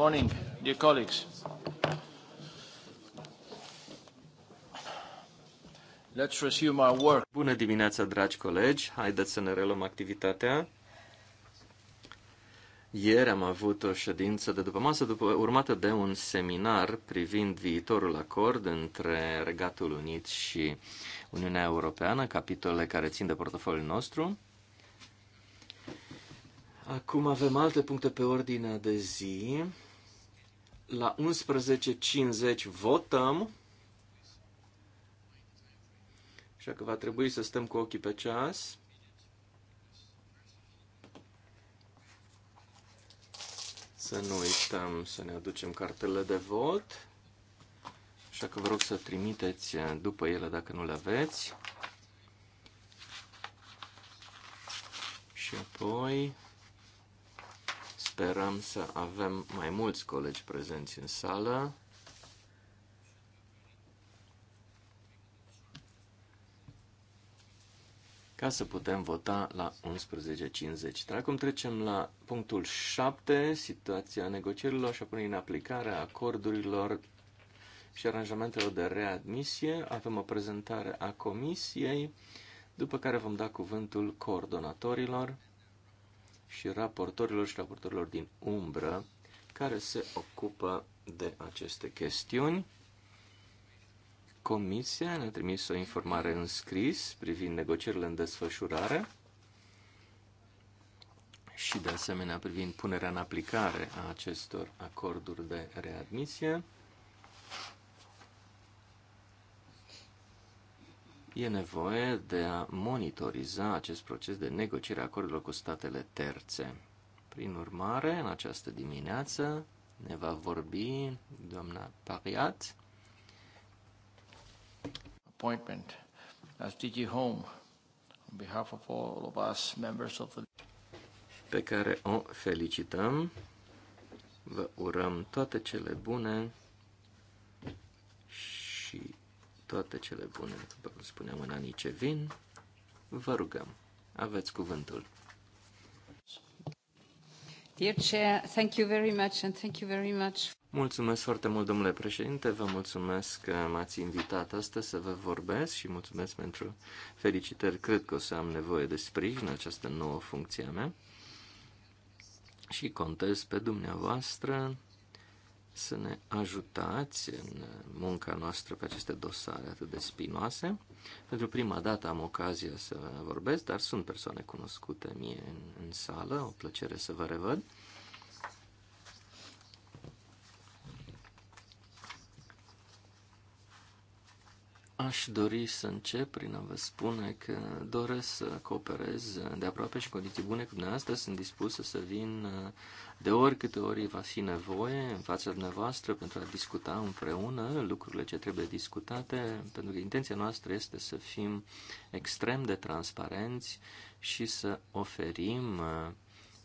morning, dear colleagues. Let's resume our work. Bună dimineața, dragi colegi. Haideți să ne reluăm activitatea. Ieri am avut o ședință de după masă, după, urmată de un seminar privind viitorul acord între Regatul Unit și Uniunea Europeană, capitole care țin de portofoliul nostru. Acum avem alte puncte pe ordinea de zi. La 11.50 votăm. Așa că va trebui să stăm cu ochii pe ceas. Să nu uităm să ne aducem cartele de vot. Așa că vă rog să trimiteți după ele dacă nu le aveți. Și apoi Sperăm să avem mai mulți colegi prezenți în sală. ca să putem vota la 11.50. Dar acum trecem la punctul 7, situația negocierilor și apoi în aplicarea acordurilor și aranjamentelor de readmisie. Avem o prezentare a comisiei, după care vom da cuvântul coordonatorilor și raportorilor și raportorilor din umbră care se ocupă de aceste chestiuni. Comisia ne-a trimis o informare în scris privind negocierile în desfășurare și de asemenea privind punerea în aplicare a acestor acorduri de readmisie. e nevoie de a monitoriza acest proces de negociere a acordurilor cu statele terțe. Prin urmare, în această dimineață ne va vorbi doamna Pariat. Appointment as DG Home on behalf of all of us members of the pe care o felicităm. Vă urăm toate cele bune toate cele bune, după cum spuneam în anii ce vin. Vă rugăm, aveți cuvântul. Dear Chair, thank you very much and thank you very much. Mulțumesc foarte mult, domnule președinte, vă mulțumesc că m-ați invitat astăzi să vă vorbesc și mulțumesc pentru felicitări. Cred că o să am nevoie de sprijin în această nouă funcție a mea și contez pe dumneavoastră să ne ajutați în munca noastră pe aceste dosare atât de spinoase. Pentru prima dată am ocazia să vorbesc, dar sunt persoane cunoscute mie în, în sală, o plăcere să vă revăd. Aș dori să încep prin a vă spune că doresc să cooperez de aproape și condiții bune cu dumneavoastră. Sunt dispus să vin uh, de ori câte ori va fi nevoie în fața dumneavoastră pentru a discuta împreună lucrurile ce trebuie discutate, pentru că intenția noastră este să fim extrem de transparenți și să oferim uh,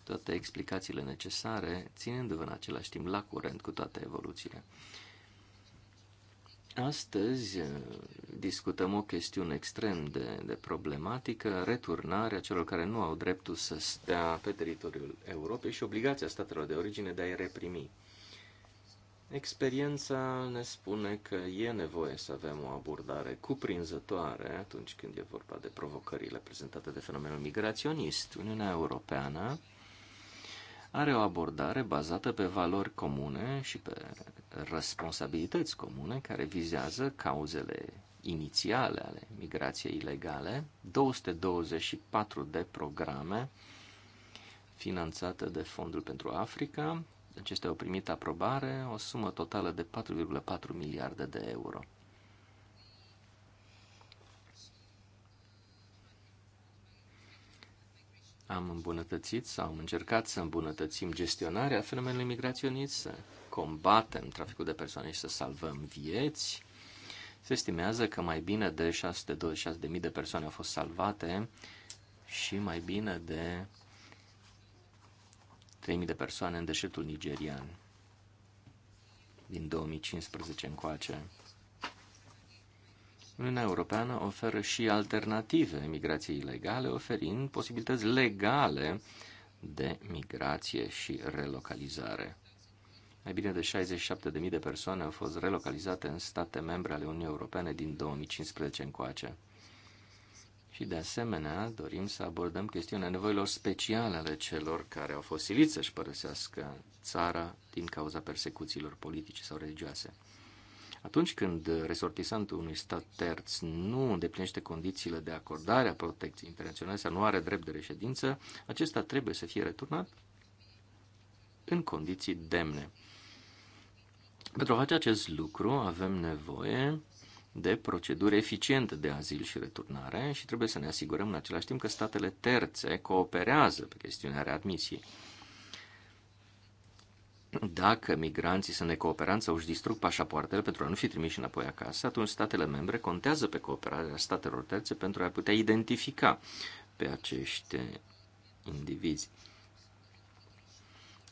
toate explicațiile necesare, ținându-vă în același timp la curent cu toate evoluțiile. Astăzi uh, discutăm o chestiune extrem de, de problematică, returnarea celor care nu au dreptul să stea pe teritoriul Europei și obligația statelor de origine de a-i reprimi. Experiența ne spune că e nevoie să avem o abordare cuprinzătoare atunci când e vorba de provocările prezentate de fenomenul migraționist. Uniunea Europeană are o abordare bazată pe valori comune și pe responsabilități comune care vizează cauzele inițiale ale migrației ilegale, 224 de programe finanțate de Fondul pentru Africa. Acestea au primit aprobare, o sumă totală de 4,4 miliarde de euro. Am îmbunătățit sau am încercat să îmbunătățim gestionarea fenomenului migraționist, să combatem traficul de persoane și să salvăm vieți. Se estimează că mai bine de 626.000 de persoane au fost salvate și mai bine de 3.000 de persoane în deșertul nigerian din 2015 încoace. Uniunea Europeană oferă și alternative migrației ilegale, oferind posibilități legale de migrație și relocalizare. Mai bine de 67.000 de persoane au fost relocalizate în state membre ale Uniunii Europene din 2015 încoace. Și de asemenea dorim să abordăm chestiunea nevoilor speciale ale celor care au fost siliți să-și părăsească țara din cauza persecuțiilor politice sau religioase. Atunci când resortisantul unui stat terț nu îndeplinește condițiile de acordare a protecției internaționale sau nu are drept de reședință, acesta trebuie să fie returnat în condiții demne. Pentru a face acest lucru avem nevoie de proceduri eficiente de azil și returnare și trebuie să ne asigurăm în același timp că statele terțe cooperează pe chestiunea readmisiei. Dacă migranții sunt necooperanți sau își distrug pașapoartele pentru a nu fi trimiși înapoi acasă, atunci statele membre contează pe cooperarea statelor terțe pentru a putea identifica pe acești indivizi.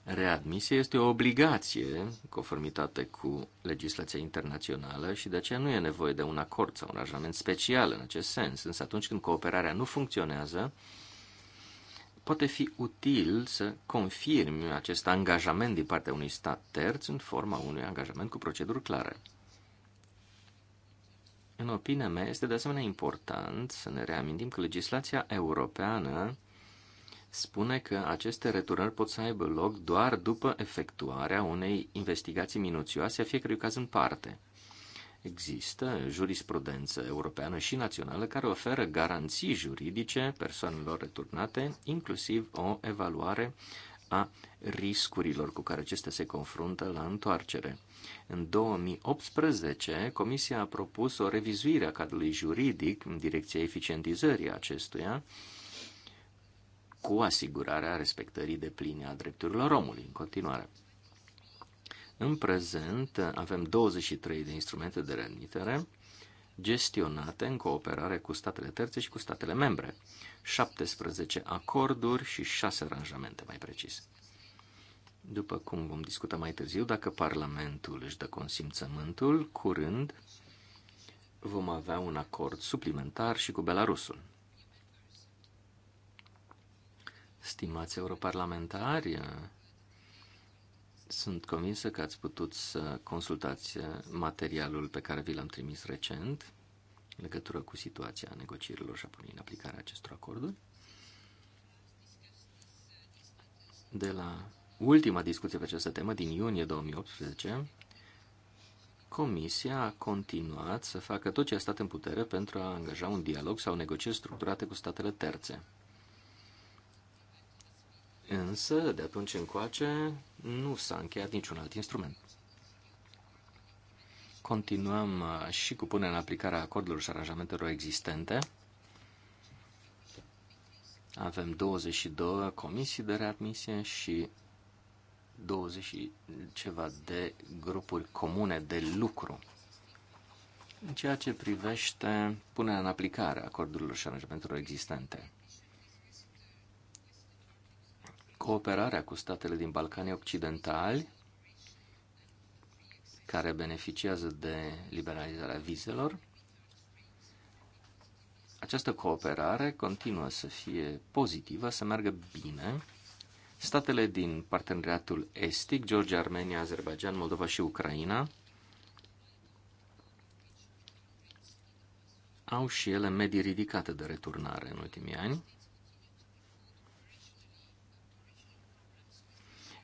Readmisia este o obligație conformitate cu legislația internațională și de aceea nu e nevoie de un acord sau un aranjament special în acest sens. Însă atunci când cooperarea nu funcționează, poate fi util să confirmi acest angajament din partea unui stat terț în forma unui angajament cu proceduri clare. În opinia mea, este de asemenea important să ne reamintim că legislația europeană spune că aceste returnări pot să aibă loc doar după efectuarea unei investigații minuțioase a fiecărui caz în parte. Există jurisprudență europeană și națională care oferă garanții juridice persoanelor returnate, inclusiv o evaluare a riscurilor cu care acestea se confruntă la întoarcere. În 2018, Comisia a propus o revizuire a cadrului juridic în direcția eficientizării acestuia cu asigurarea respectării de pline a drepturilor omului în continuare. În prezent avem 23 de instrumente de readmitere gestionate în cooperare cu statele terțe și cu statele membre, 17 acorduri și 6 aranjamente mai precis. După cum vom discuta mai târziu, dacă Parlamentul își dă consimțământul, curând vom avea un acord suplimentar și cu Belarusul. Stimați europarlamentari, sunt convinsă că ați putut să consultați eh, materialul pe care vi l-am trimis recent în legătură cu situația negocierilor și a în aplicarea acestor acorduri. De la ultima discuție pe această temă, din iunie 2018, Comisia a continuat să facă tot ce a stat în putere pentru a angaja un dialog sau negocieri structurate cu statele terțe. Însă, de atunci încoace, nu s-a încheiat niciun alt instrument. Continuăm uh, și cu punerea în aplicare a acordurilor și aranjamentelor existente. Avem 22 comisii de readmisie și 20 și ceva de grupuri comune de lucru. În ceea ce privește punerea în aplicare a acordurilor și aranjamentelor existente. cooperarea cu statele din Balcanii Occidentali, care beneficiază de liberalizarea vizelor. Această cooperare continuă să fie pozitivă, să meargă bine. Statele din parteneriatul estic, Georgia, Armenia, Azerbaijan, Moldova și Ucraina, au și ele medii ridicate de returnare în ultimii ani.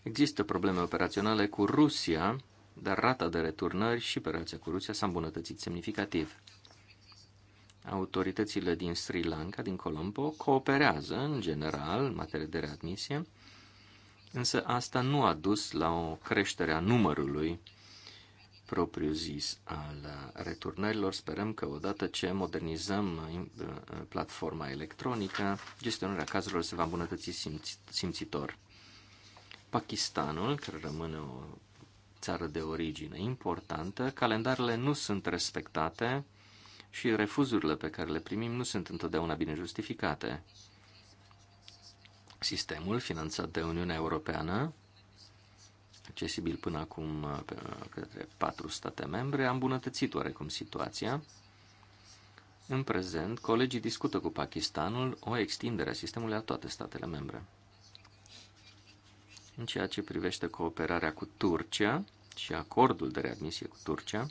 Există probleme operaționale cu Rusia, dar rata de returnări și pe relația cu Rusia s-a îmbunătățit semnificativ. Autoritățile din Sri Lanka, din Colombo, cooperează în general în materie de readmisie, însă asta nu a dus la o creștere a numărului propriu-zis al returnărilor. Sperăm că odată ce modernizăm uh, uh, platforma electronică, gestionarea cazurilor se va îmbunătăți simț- simțitor. Pakistanul, care rămâne o țară de origine importantă, calendarele nu sunt respectate și refuzurile pe care le primim nu sunt întotdeauna bine justificate. Sistemul finanțat de Uniunea Europeană, accesibil până acum uh, uh, către patru state membre, a îmbunătățit oarecum situația. În prezent, colegii discută cu Pakistanul o extindere a sistemului la toate statele membre în ceea ce privește cooperarea cu Turcia și acordul de readmisie cu Turcia.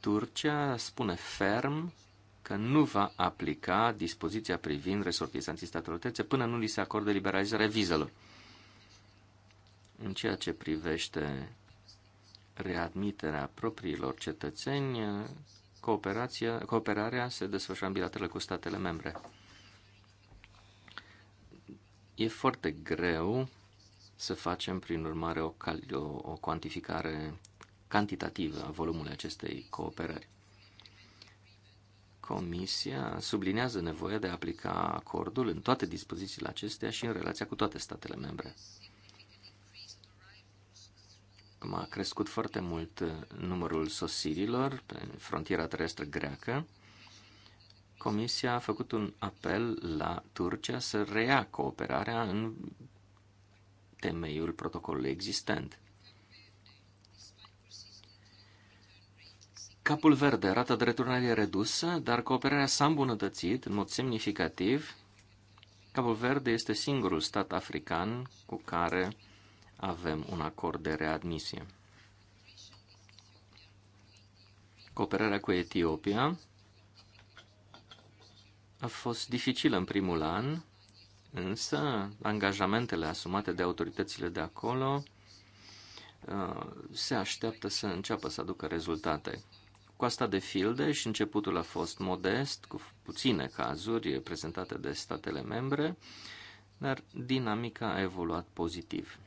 Turcia spune ferm că nu va aplica dispoziția privind resortizanții statelor terțe până nu li se acordă liberalizarea vizelor. În ceea ce privește readmiterea propriilor cetățeni, cooperația, cooperarea se desfășoară în bilaterală cu statele membre. E foarte greu să facem, prin urmare, o, o, o cuantificare cantitativă a volumului acestei cooperări. Comisia sublinează nevoia de a aplica acordul în toate dispozițiile acestea și în relația cu toate statele membre. A crescut foarte mult uh, numărul sosirilor pe frontiera terestră greacă Comisia a făcut un apel la Turcia să reia cooperarea în temeiul protocolului existent. Capul verde, rata de returnare redusă, dar cooperarea s-a îmbunătățit în mod semnificativ. Capul verde este singurul stat african cu care avem un acord de readmisie. Cooperarea cu Etiopia a fost dificil în primul an, însă angajamentele asumate de autoritățile de acolo uh, se așteaptă să înceapă să aducă rezultate. Coasta de Filde și începutul a fost modest, cu puține cazuri prezentate de statele membre, dar dinamica a evoluat pozitiv.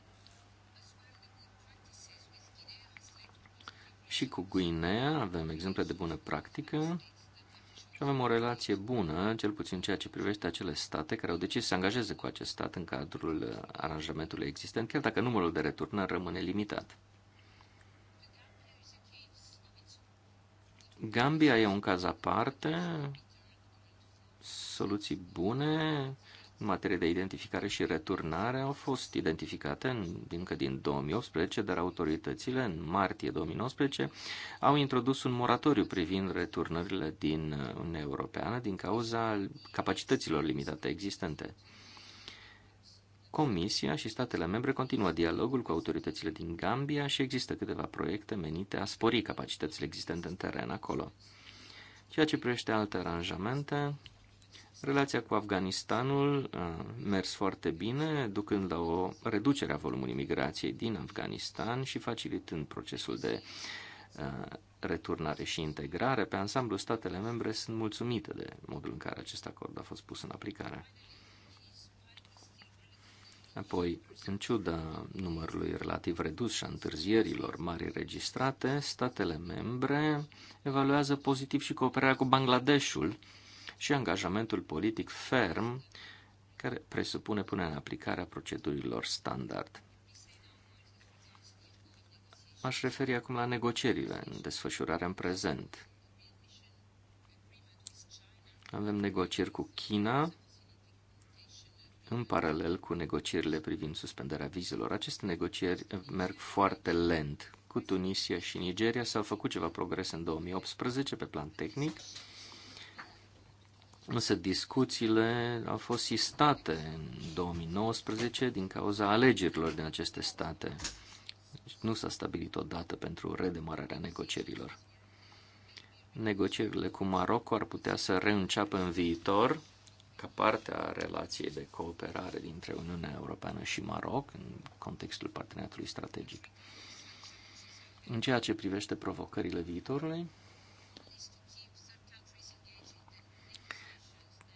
Și cu Guinea avem exemple de bună practică și avem o relație bună, cel puțin în ceea ce privește acele state care au decis să se angajeze cu acest stat în cadrul aranjamentului existent, chiar dacă numărul de returnări rămâne limitat. Gambia e un caz aparte, soluții bune, în materie de identificare și returnare au fost identificate în, încă din 2018, dar autoritățile în martie 2019 au introdus un moratoriu privind returnările din Uniunea Europeană din cauza capacităților limitate existente. Comisia și statele membre continuă dialogul cu autoritățile din Gambia și există câteva proiecte menite a spori capacitățile existente în teren acolo. Ceea ce privește alte aranjamente, Relația cu Afganistanul a uh, mers foarte bine, ducând la o reducere a volumului migrației din Afganistan și facilitând procesul de uh, returnare și integrare. Pe ansamblu, statele membre sunt mulțumite de modul în care acest acord a fost pus în aplicare. Apoi, în ciuda numărului relativ redus și a întârzierilor mari registrate, statele membre evaluează pozitiv și cooperarea cu Bangladeshul, și angajamentul politic ferm care presupune punerea în aplicare a procedurilor standard. M-aș referi acum la negocierile în desfășurare în prezent. Avem negocieri cu China, în paralel cu negocierile privind suspendarea vizelor. Aceste negocieri merg foarte lent. Cu Tunisia și Nigeria s-au făcut ceva progres în 2018 pe plan tehnic, Însă discuțiile au fost sistate în 2019 din cauza alegerilor din aceste state. Deci nu s-a stabilit o dată pentru redemararea negocierilor. Negocierile cu Maroc ar putea să reînceapă în viitor ca parte a relației de cooperare dintre Uniunea Europeană și Maroc în contextul parteneriatului strategic. În ceea ce privește provocările viitorului,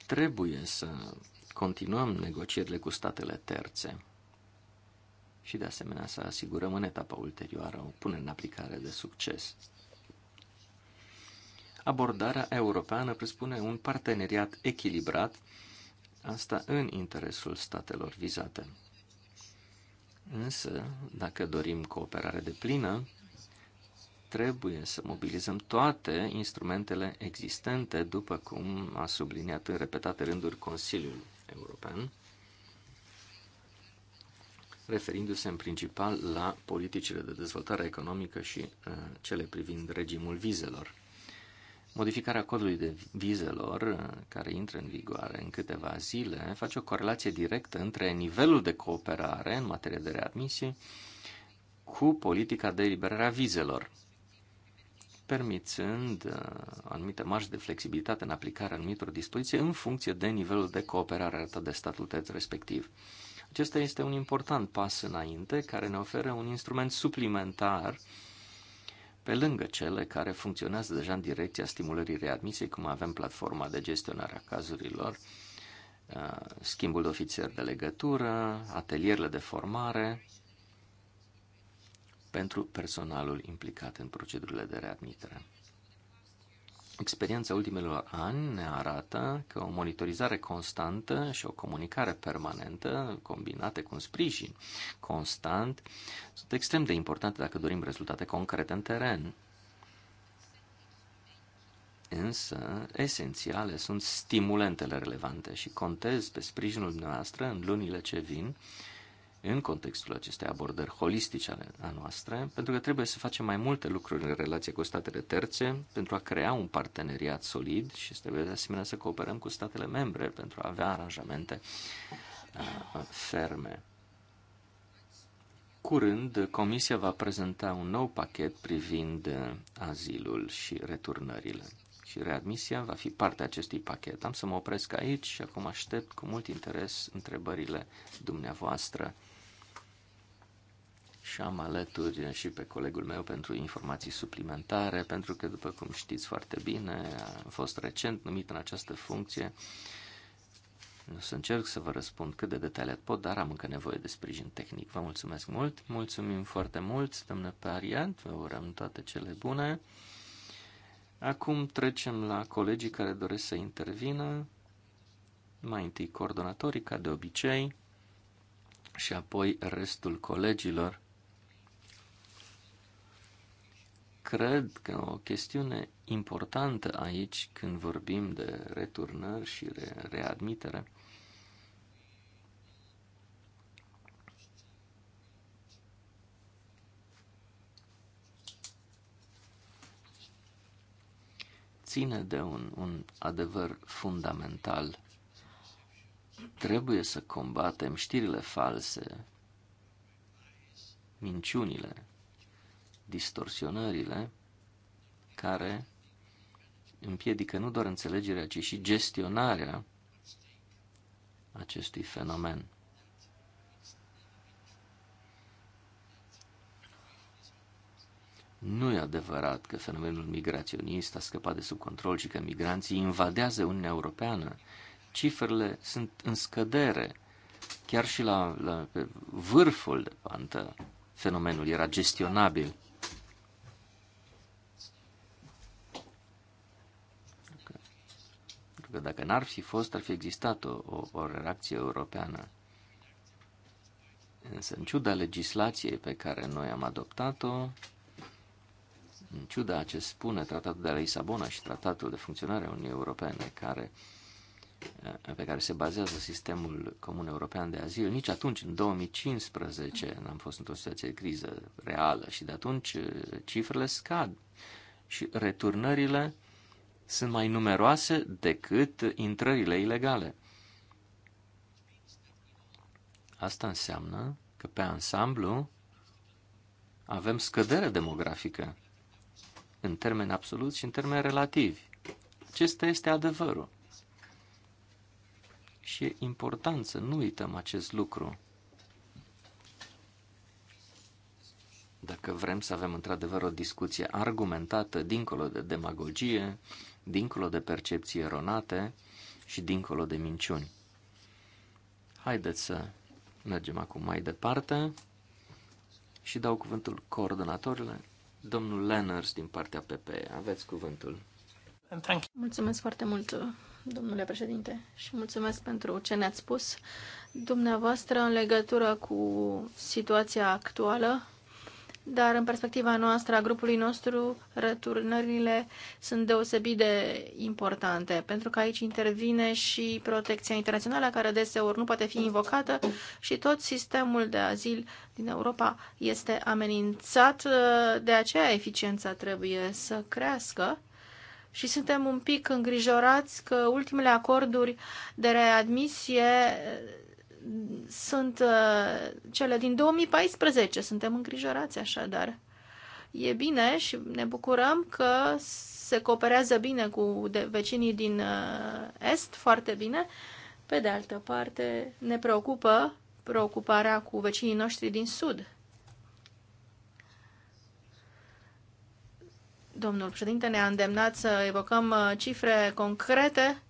Trebuie să continuăm negocierile cu statele terțe și de asemenea să asigurăm în etapa ulterioară o punere în aplicare de succes. Abordarea europeană presupune un parteneriat echilibrat, asta în interesul statelor vizate. Însă, dacă dorim cooperare de plină, trebuie să mobilizăm toate instrumentele existente, după cum a subliniat în repetate rânduri Consiliul European, referindu-se în principal la politicile de dezvoltare economică și uh, cele privind regimul vizelor. Modificarea codului de vizelor, uh, care intră în vigoare în câteva zile, face o corelație directă între nivelul de cooperare în materie de readmisie cu politica de eliberare a vizelor permițând uh, anumite marge de flexibilitate în aplicarea anumitor dispoziții în funcție de nivelul de cooperare arătat de statul terț respectiv. Acesta este un important pas înainte care ne oferă un instrument suplimentar pe lângă cele care funcționează deja în direcția stimulării readmisiei, cum avem platforma de gestionare a cazurilor, uh, schimbul de ofițeri de legătură, atelierele de formare, pentru personalul implicat în procedurile de readmitere. Experiența ultimelor ani ne arată că o monitorizare constantă și o comunicare permanentă, combinate cu un sprijin constant, sunt extrem de importante dacă dorim rezultate concrete în teren. Însă, esențiale sunt stimulentele relevante și contez pe sprijinul dumneavoastră în lunile ce vin în contextul acestei abordări holistice ale a noastre, pentru că trebuie să facem mai multe lucruri în relație cu statele terțe pentru a crea un parteneriat solid și trebuie de asemenea să cooperăm cu statele membre pentru a avea aranjamente ferme. Curând, Comisia va prezenta un nou pachet privind uh, azilul și returnările. Și readmisia va fi parte a acestui pachet. Am să mă opresc aici și acum aștept cu mult interes întrebările dumneavoastră și am alături și pe colegul meu pentru informații suplimentare, pentru că, după cum știți foarte bine, am fost recent numit în această funcție. O să încerc să vă răspund cât de detaliat pot, dar am încă nevoie de sprijin tehnic. Vă mulțumesc mult, mulțumim foarte mult, domnule Pariant, vă urăm toate cele bune. Acum trecem la colegii care doresc să intervină. Mai întâi coordonatorii, ca de obicei, și apoi restul colegilor Cred că o chestiune importantă aici, când vorbim de returnări și re- readmitere, ține de un, un adevăr fundamental. Trebuie să combatem știrile false, minciunile, distorsionările care împiedică nu doar înțelegerea, ci și gestionarea acestui fenomen. Nu e adevărat că fenomenul migraționist a scăpat de sub control și că migranții invadează Uniunea Europeană. Cifrele sunt în scădere. Chiar și la, la pe vârful de pantă fenomenul era gestionabil. că dacă n-ar fi fost, ar fi existat o, o, o reacție europeană. Însă, în ciuda legislației pe care noi am adoptat-o, în ciuda ce spune tratatul de la Lisabona și tratatul de funcționare a Uniunii Europene, care, eh, pe care se bazează sistemul comun european de azil, nici atunci, în 2015, n-am fost într-o situație de criză reală și de atunci eh, cifrele scad și returnările sunt mai numeroase decât intrările ilegale. Asta înseamnă că pe ansamblu avem scădere demografică în termeni absoluți și în termeni relativi. Acesta este adevărul. Și e important să nu uităm acest lucru. Dacă vrem să avem într-adevăr o discuție argumentată dincolo de demagogie, dincolo de percepții eronate și dincolo de minciuni. Haideți să mergem acum mai departe și dau cuvântul coordonatorilor. domnul Lenners din partea PPE. Aveți cuvântul. Mulțumesc foarte mult, domnule președinte, și mulțumesc pentru ce ne-ați spus dumneavoastră în legătură cu situația actuală dar în perspectiva noastră, a grupului nostru, returnările sunt deosebit de importante, pentru că aici intervine și protecția internațională, care deseori nu poate fi invocată și tot sistemul de azil din Europa este amenințat, de aceea eficiența trebuie să crească și suntem un pic îngrijorați că ultimele acorduri de readmisie sunt uh, cele din 2014. Suntem îngrijorați așadar. E bine și ne bucurăm că se cooperează bine cu vecinii din uh, Est, foarte bine. Pe de altă parte, ne preocupă preocuparea cu vecinii noștri din Sud. Domnul președinte ne-a îndemnat să evocăm uh, cifre concrete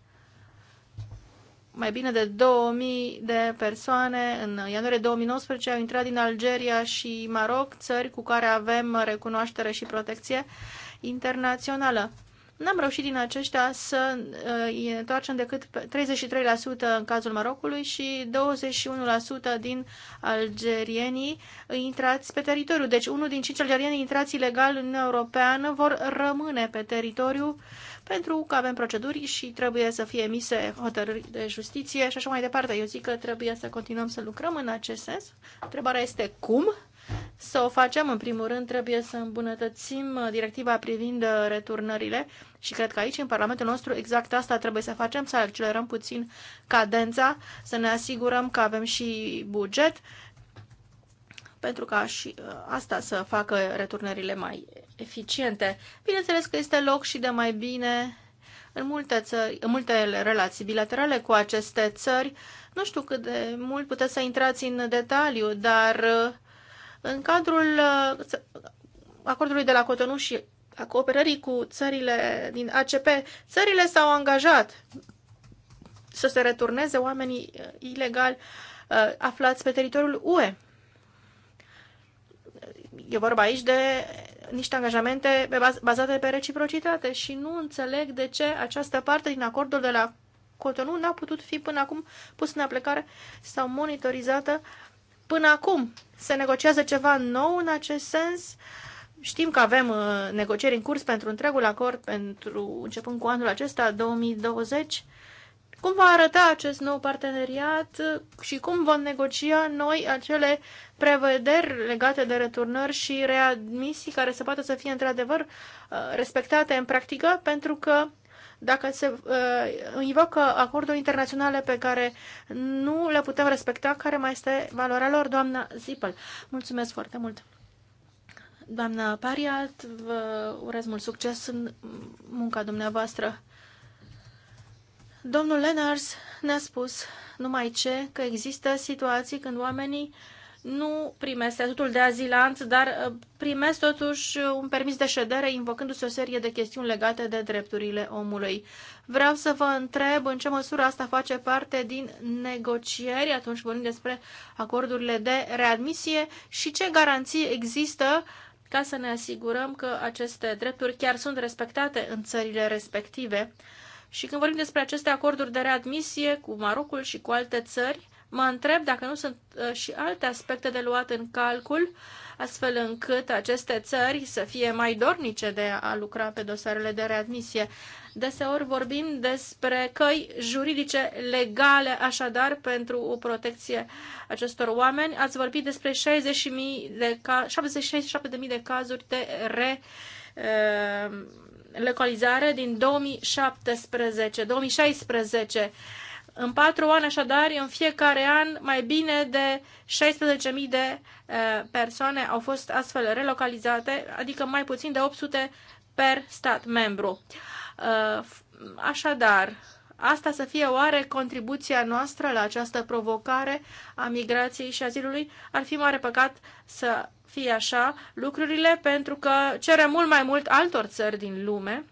mai bine de 2000 de persoane în ianuarie 2019 au intrat din Algeria și Maroc, țări cu care avem recunoaștere și protecție internațională. N-am reușit din aceștia să uh, îi întoarcem decât 33% în cazul Marocului și 21% din algerienii intrați pe teritoriu. Deci unul din cinci algerieni intrați ilegal în Europeană vor rămâne pe teritoriu pentru că avem proceduri și trebuie să fie emise hotărâri de justiție și așa mai departe. Eu zic că trebuie să continuăm să lucrăm în acest sens. Întrebarea este cum să o facem. În primul rând, trebuie să îmbunătățim uh, directiva privind uh, returnările și cred că aici, în Parlamentul nostru, exact asta trebuie să facem, să accelerăm puțin cadența, să ne asigurăm că avem și buget pentru ca și uh, asta să facă returnările mai eficiente. Bineînțeles că este loc și de mai bine în multe, țări, în multe relații bilaterale cu aceste țări. Nu știu cât de mult puteți să intrați în detaliu, dar în cadrul uh, acordului de la Cotonou și a cooperării cu țările din ACP, țările s-au angajat să se returneze oamenii uh, ilegali uh, aflați pe teritoriul UE. E vorba aici de niște angajamente bazate pe reciprocitate și nu înțeleg de ce această parte din acordul de la Cotonou n-a putut fi până acum pus în aplicare sau monitorizată uh, până acum. Se negociază ceva nou în acest sens? Știm că avem uh, negocieri în curs pentru întregul acord, pentru începând cu anul acesta, 2020. Cum va arăta acest nou parteneriat uh, și cum vom negocia noi acele prevederi legate de returnări și readmisii care se poate să fie într-adevăr uh, respectate în practică, pentru că dacă se uh, invocă acorduri internaționale pe care nu le putem respecta, care mai este valoarea lor, doamna Zipel. Mulțumesc foarte mult! Doamna Pariat, vă urez mult succes în munca dumneavoastră. Domnul Lenars ne-a spus numai ce, că există situații când oamenii uh, nu primesc statutul de azilant, dar uh, primesc totuși uh, un permis de ședere invocându-se o serie de chestiuni legate de drepturile omului. Vreau să vă întreb în ce măsură asta face parte din negocieri atunci vorbim despre acordurile de readmisie și ce garanții există ca să ne asigurăm că aceste drepturi chiar sunt respectate în țările respective. Și când vorbim despre aceste acorduri de readmisie cu Marocul și cu alte țări, mă întreb dacă nu sunt uh, și alte aspecte de luat în calcul, astfel încât aceste țări să fie mai dornice de a lucra pe dosarele de readmisie. Deseori vorbim despre căi juridice legale, așadar, pentru o protecție acestor oameni. Ați vorbit despre 60 de ca- 77.000 de cazuri de re uh, localizare din 2017, 2016 în patru ani, așadar, în fiecare an, mai bine de 16.000 de persoane au fost astfel relocalizate, adică mai puțin de 800 per stat membru. Așadar, asta să fie oare contribuția noastră la această provocare a migrației și azilului? Ar fi mare păcat să fie așa lucrurile, pentru că cere mult mai mult altor țări din lume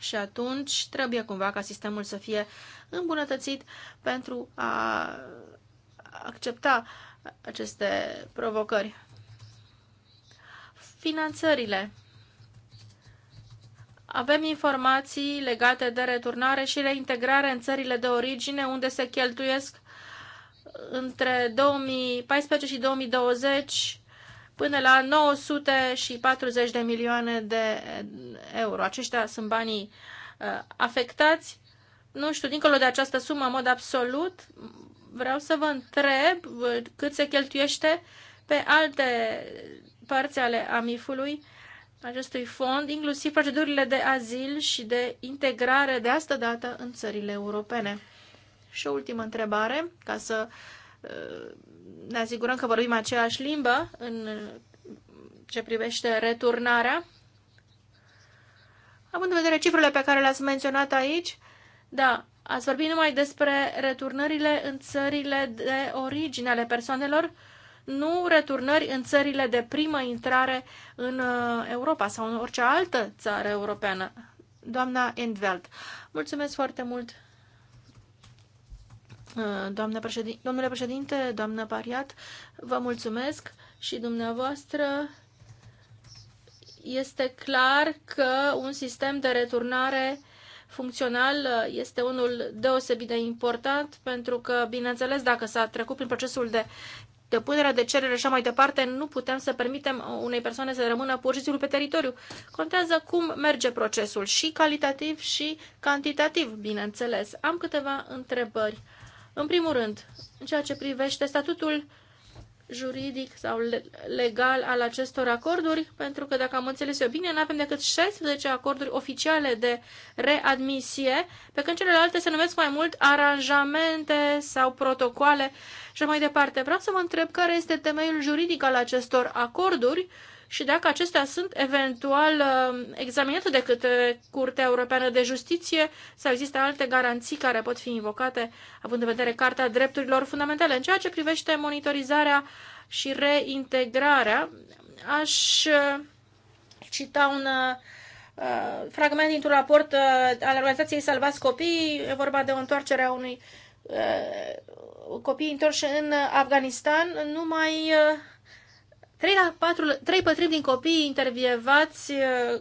și atunci trebuie cumva ca sistemul să fie îmbunătățit pentru a accepta aceste provocări. Finanțările. Avem informații legate de returnare și reintegrare în țările de origine unde se cheltuiesc între 2014 și 2020 până la 940 de milioane de euro. Aceștia sunt banii uh, afectați. Nu știu, dincolo de această sumă, în mod absolut, vreau să vă întreb uh, cât se cheltuiește pe alte părți ale amifului acestui fond, inclusiv procedurile de azil și de integrare de asta dată în țările europene. Și o ultimă întrebare, ca să uh, ne asigurăm că vorbim aceeași limbă în ce privește returnarea. Având în vedere cifrele pe care le-ați menționat aici, da, ați vorbit numai despre returnările în țările de origine ale persoanelor, nu returnări în țările de primă intrare în uh, Europa sau în orice altă țară europeană. Doamna Endveld, mulțumesc foarte mult Uh, Doamne președin... Domnule președinte, doamnă Pariat, vă mulțumesc și dumneavoastră este clar că un sistem de returnare funcțional uh, este unul deosebit de important pentru că, bineînțeles, dacă s-a trecut prin procesul de depunerea de cerere și așa mai departe, nu putem să permitem unei persoane să rămână pur și simplu pe teritoriu. Contează cum merge procesul, și calitativ și cantitativ, bineînțeles. Am câteva întrebări în primul rând, în ceea ce privește statutul juridic sau legal al acestor acorduri, pentru că, dacă am înțeles eu bine, nu avem decât 16 acorduri oficiale de readmisie, pe când celelalte se numesc mai mult aranjamente sau protocoale și mai departe. Vreau să vă întreb care este temeiul juridic al acestor acorduri și dacă acestea sunt eventual uh, examinate de către Curtea Europeană de Justiție sau există alte garanții care pot fi invocate, având în vedere Carta Drepturilor Fundamentale. În ceea ce privește monitorizarea și reintegrarea, aș uh, cita un uh, fragment dintr-un raport al organizației Salvați Copii, e vorba de o întoarcere a unui copii întorși în Afganistan, numai 3, la 4, 3 pătrimi din copiii intervievați uh,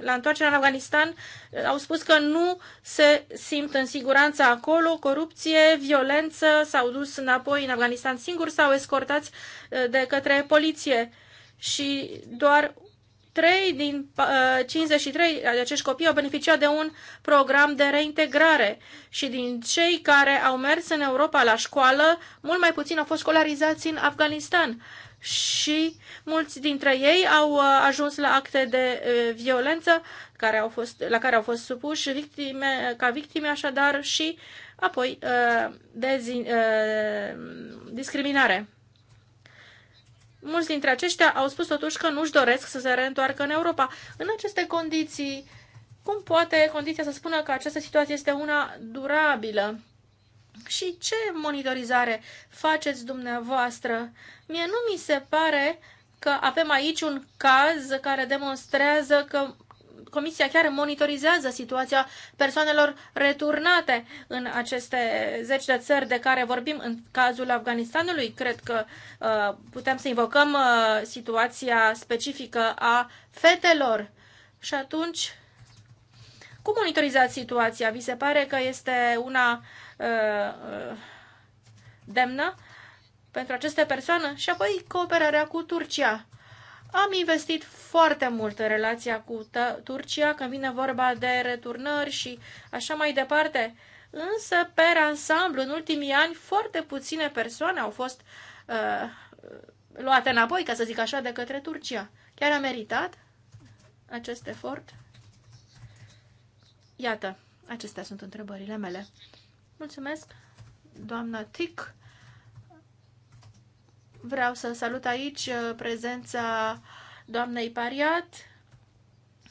la întoarcerea în Afganistan uh, au spus că nu se simt în siguranță acolo, corupție, violență, s-au dus înapoi în Afganistan singur s-au escortați uh, de către poliție și doar 3 din 53 de acești copii au beneficiat de un program de reintegrare și din cei care au mers în Europa la școală, mult mai puțin au fost școlarizați în Afganistan și mulți dintre ei au uh, ajuns la acte de uh, violență care au fost, la care au fost supuși victime, ca victime așadar și apoi uh, zi, discriminare. Mulți dintre aceștia au spus totuși că nu-și doresc să se reîntoarcă în Europa. În aceste condiții, cum poate condiția să spună că această situație este una durabilă? Și ce monitorizare faceți dumneavoastră? Mie nu mi se pare că avem aici un caz care demonstrează că Comisia chiar monitorizează situația persoanelor returnate în aceste zeci de țări de care vorbim în cazul Afganistanului. Cred că uh, putem să invocăm uh, situația specifică a fetelor. Și atunci, cum monitorizați situația? Vi se pare că este una uh, Uh, uh, demnă pentru aceste persoane și apoi cooperarea cu Turcia. Am investit foarte mult în relația cu Turcia când vine vorba de returnări și așa mai departe, însă, pe ansamblu, în ultimii ani, foarte puține persoane au fost uh, luate înapoi, ca să zic așa, de către Turcia. Chiar a meritat acest efort? Iată, acestea sunt întrebările mele. Mulțumesc, doamna Tic. Vreau să salut aici uh, prezența doamnei Pariat.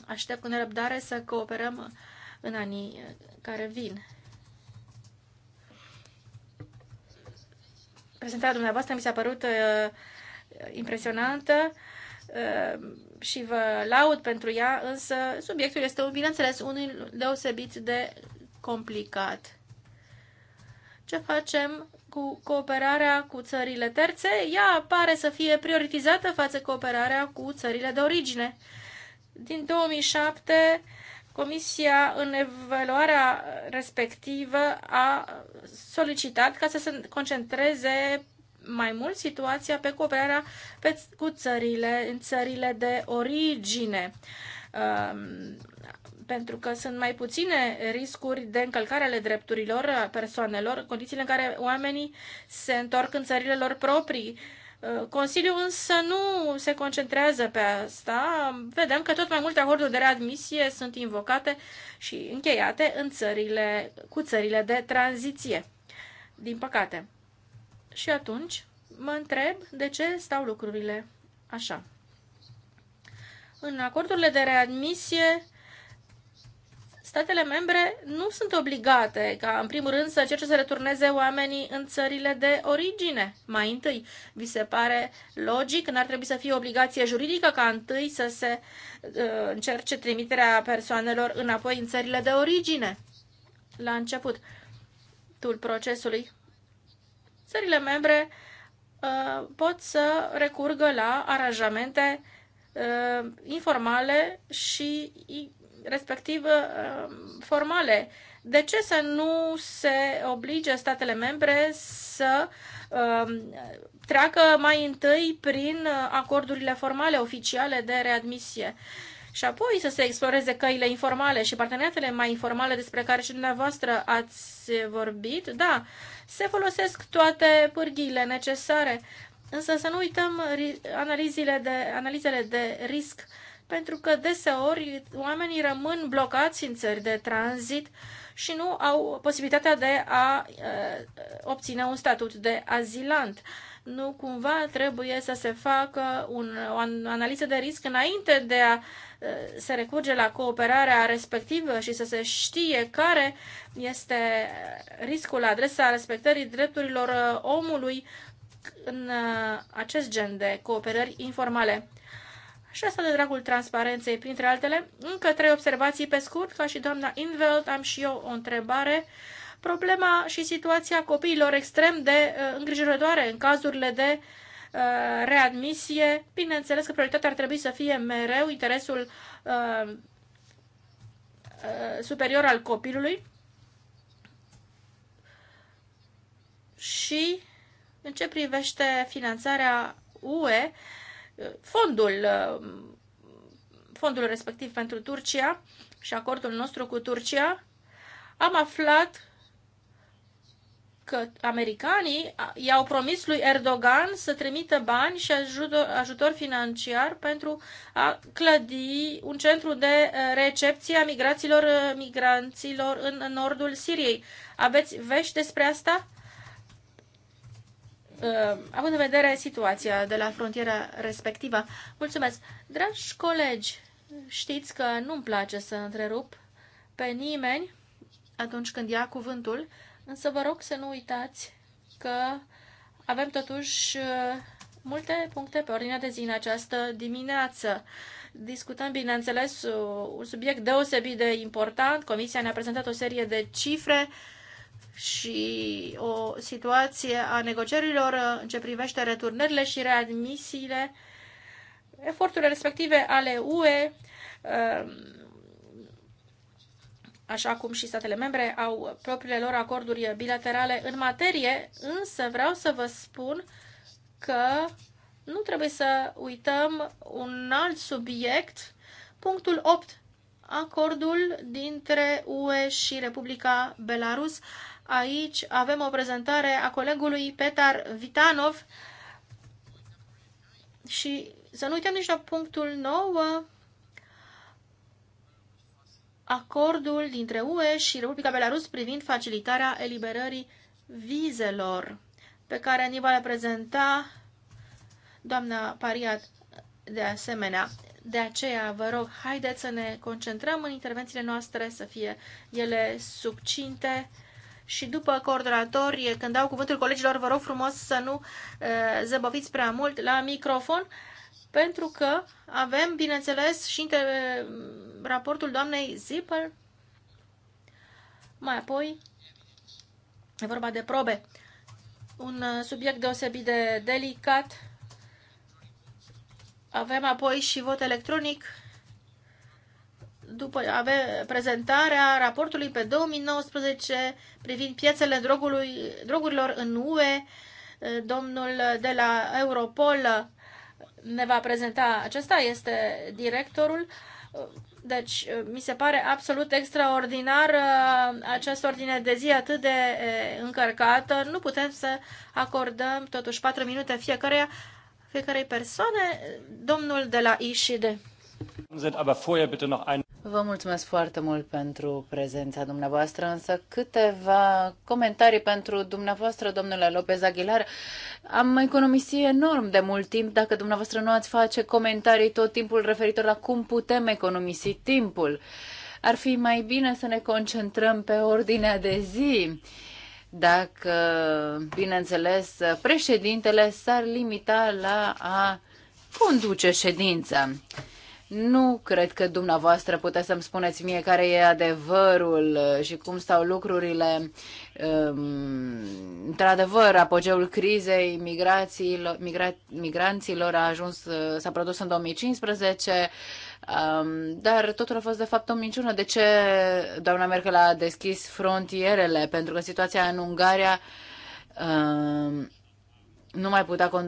Aștept cu nerăbdare să cooperăm în anii uh, care vin. Prezentarea dumneavoastră mi s-a părut uh, impresionantă uh, și vă laud pentru ea, însă subiectul este, bineînțeles, unul deosebit de complicat ce facem cu cooperarea cu țările terțe, ea pare să fie prioritizată față cooperarea cu țările de origine. Din 2007, Comisia, în evaluarea respectivă, a solicitat ca să se concentreze mai mult situația pe cooperarea pe, cu țările, în țările de origine. Um, pentru că sunt mai puține riscuri de încălcare ale drepturilor a persoanelor, condițiile în care oamenii se întorc în țările lor proprii. Uh, Consiliul însă nu se concentrează pe asta. Vedem că tot mai multe acorduri de readmisie sunt invocate și încheiate în țările, cu țările de tranziție. Din păcate. Și atunci mă întreb de ce stau lucrurile așa. În acordurile de readmisie statele membre nu sunt obligate ca, în primul rând, să cerce să returneze oamenii în țările de origine. Mai întâi, vi se pare logic, n-ar trebui să fie obligație juridică ca întâi să se uh, încerce trimiterea persoanelor înapoi în țările de origine la începutul procesului. Țările membre uh, pot să recurgă la aranjamente uh, informale și respectiv um, formale. De ce să nu se oblige statele membre să um, treacă mai întâi prin acordurile formale, oficiale de readmisie? și apoi să se exploreze căile informale și parteneriatele mai informale despre care și dumneavoastră ați vorbit. Da, se folosesc toate pârghiile necesare, însă să nu uităm analizele de, analizele de risc pentru că deseori oamenii rămân blocați în țări de tranzit și nu au posibilitatea de a obține un statut de azilant. Nu cumva trebuie să se facă un, o analiză de risc înainte de a se recurge la cooperarea respectivă și să se știe care este riscul la adresa respectării drepturilor omului în acest gen de cooperări informale și asta de dragul transparenței, printre altele. Încă trei observații pe scurt, ca și doamna Inveld, am și eu o întrebare. Problema și situația copiilor extrem de uh, îngrijorătoare în cazurile de uh, readmisie. Bineînțeles că prioritatea ar trebui să fie mereu interesul uh, uh superior al copilului și în ce privește finanțarea UE, fondul, uh, fondul respectiv pentru Turcia și acordul nostru cu Turcia, am aflat că americanii i-au promis lui Erdogan să trimită bani și ajutor, ajutor financiar pentru a clădi un centru de uh, recepție a migraților uh, migranților în nordul Siriei. Aveți vești despre asta? Uh, având în vedere situația de la frontiera respectivă. Mulțumesc! Dragi colegi, știți că nu-mi place să întrerup pe nimeni atunci când ia cuvântul, însă vă rog să nu uitați că avem totuși uh, multe puncte pe ordinea de zi în această dimineață. Discutăm, bineînțeles, uh, un subiect deosebit de important. Comisia ne-a prezentat o serie de cifre uh, și o situație a negocierilor uh, în ce privește returnările și readmisiile, eforturile respective ale UE, uh, așa cum și statele membre au propriile lor acorduri bilaterale în materie, însă vreau să vă spun că nu trebuie să uităm un alt subiect, punctul 8 acordul dintre UE și Republica Belarus Aici avem o prezentare a colegului Petar Vitanov și să nu uităm nici la punctul 9, acordul dintre UE și Republica Belarus privind facilitarea eliberării vizelor, pe care ni va prezenta doamna Pariat de asemenea. De aceea, vă rog, haideți să ne concentrăm în intervențiile noastre, să fie ele subcinte și după coordonatori, când dau cuvântul colegilor, vă rog frumos să nu zăbăviți prea mult la microfon, pentru că avem, bineînțeles, și raportul doamnei Zipper, mai apoi e vorba de probe, un subiect deosebit de delicat. Avem apoi și vot electronic după ave, prezentarea raportului pe 2019 privind piețele drogului, drogurilor în UE. Domnul de la Europol ne va prezenta, acesta este directorul. Deci, mi se pare absolut extraordinar această ordine de zi atât de încărcată. Nu putem să acordăm totuși patru minute fiecare fiecarei persoane. Domnul de la ISHID. Vă mulțumesc foarte mult pentru prezența dumneavoastră, însă câteva comentarii pentru dumneavoastră, domnule Lopez Aguilar. Am economisit enorm de mult timp dacă dumneavoastră nu ați face comentarii tot timpul referitor la cum putem economisi timpul. Ar fi mai bine să ne concentrăm pe ordinea de zi dacă, bineînțeles, președintele s-ar limita la a conduce ședința. Nu cred că dumneavoastră puteți să-mi spuneți mie care e adevărul uh, și cum stau lucrurile. Um, într-adevăr, apogeul crizei migra, migranților a ajuns, uh, s-a produs în 2015, um, dar totul a fost de fapt o minciună. De ce doamna Merkel a deschis frontierele? Pentru că situația în Ungaria um, nu mai putea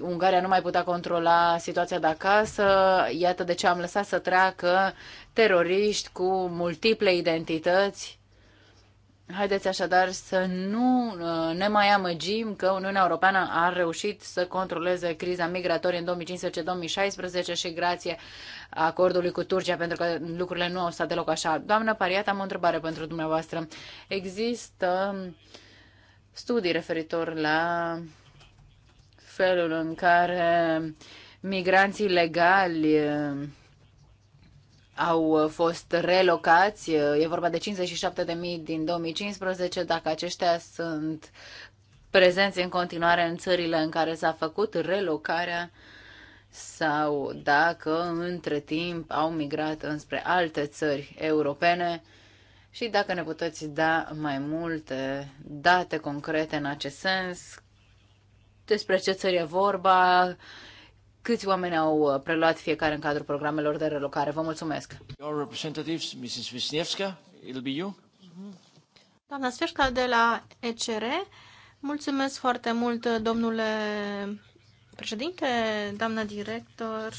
Ungaria nu mai putea controla situația de acasă, iată de ce am lăsat să treacă teroriști cu multiple identități. Haideți așadar să nu uh, ne mai amăgim că Uniunea Europeană a reușit să controleze criza migratorie în 2015-2016 și grație acordului cu Turcia, pentru că lucrurile nu au stat deloc așa. Doamnă Pariat, am o întrebare pentru dumneavoastră. Există studii referitor la felul în care migranții legali eh, au fost relocați. Eh, e vorba de 57.000 din 2015. Dacă aceștia sunt prezenți în continuare în țările în care s-a făcut relocarea sau dacă între timp au migrat înspre alte țări europene și dacă ne puteți da mai multe date concrete în acest sens, despre ce țări e vorba, câți oameni au uh, preluat fiecare în cadrul programelor de relocare. Vă mulțumesc. Your representatives, Mrs. Wisniewska, it'll be you. Mhm. Doamna Sfeșca de la ECR, mulțumesc foarte mult, domnule președinte, doamna director.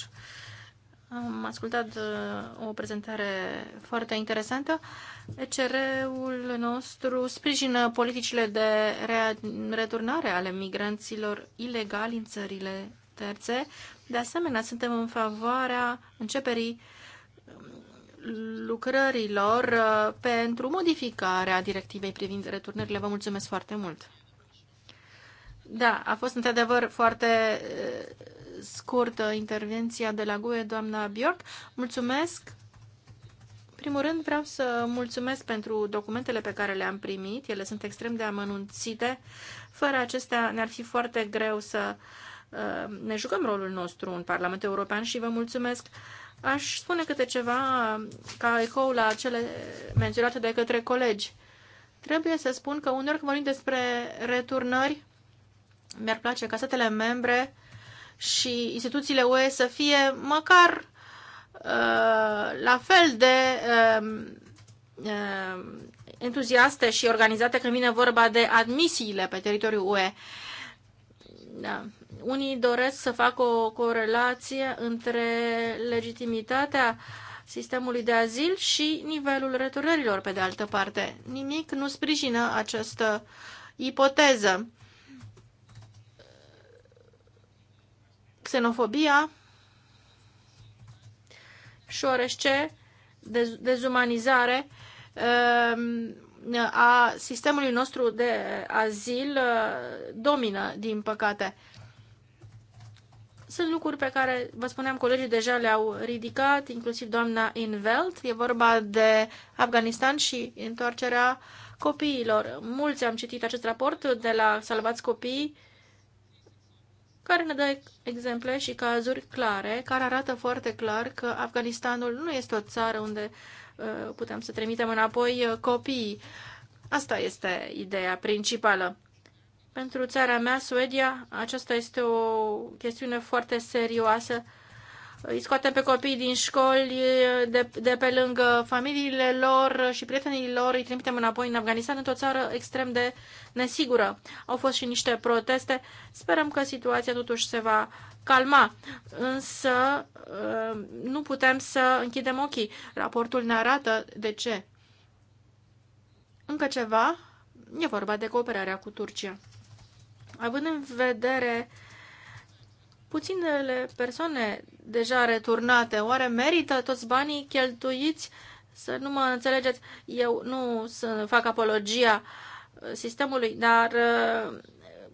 Am ascultat uh, o prezentare foarte interesantă. ECR-ul nostru sprijină politicile de returnare ale migranților ilegali în țările terțe. De asemenea, suntem în favoarea începerii um, lucrărilor uh, pentru modificarea directivei privind returnările. Vă mulțumesc foarte mult! Da, a fost într-adevăr foarte uh, scurtă uh, intervenția de la GUE, doamna Bjork. Mulțumesc! primul rând vreau să mulțumesc pentru documentele pe care le-am primit. Ele sunt extrem de amănunțite. Fără acestea ne-ar fi foarte greu să uh, ne jucăm rolul nostru în Parlamentul European și vă mulțumesc. Aș spune câte ceva ca ecou la cele menționate de către colegi. Trebuie să spun că uneori când vorbim despre returnări, mi-ar place ca statele membre și instituțiile UE să fie măcar uh, la fel de uh, uh, entuziaste și organizate când vine vorba de admisiile pe teritoriul UE. Da. Unii doresc să facă o corelație între legitimitatea sistemului de azil și nivelul returnărilor, pe de altă parte. Nimic nu sprijină această ipoteză. xenofobia și orește dezumanizare um, a sistemului nostru de azil uh, domină, din păcate. Sunt lucruri pe care, vă spuneam, colegii deja le-au ridicat, inclusiv doamna Invelt. E vorba de Afganistan și întoarcerea copiilor. Mulți am citit acest raport de la Salvați uh, care ne dă exemple și cazuri clare, care arată foarte clar că Afganistanul nu este o țară unde uh, putem să trimitem înapoi uh, copiii. Asta este ideea principală. Pentru țara mea, Suedia, aceasta este o chestiune foarte serioasă îi scoatem pe copii din școli, de, de pe lângă familiile lor și prietenii lor, îi trimitem înapoi în Afganistan, într-o țară extrem de nesigură. Au fost și niște proteste. Sperăm că situația totuși se va calma, însă uh, nu putem să închidem ochii. Raportul ne arată de ce. Încă ceva, e vorba de cooperarea cu Turcia. Având în vedere uh, puținele persoane deja returnate, oare merită toți banii cheltuiți? Să nu mă înțelegeți, eu nu să fac apologia uh, sistemului, dar uh,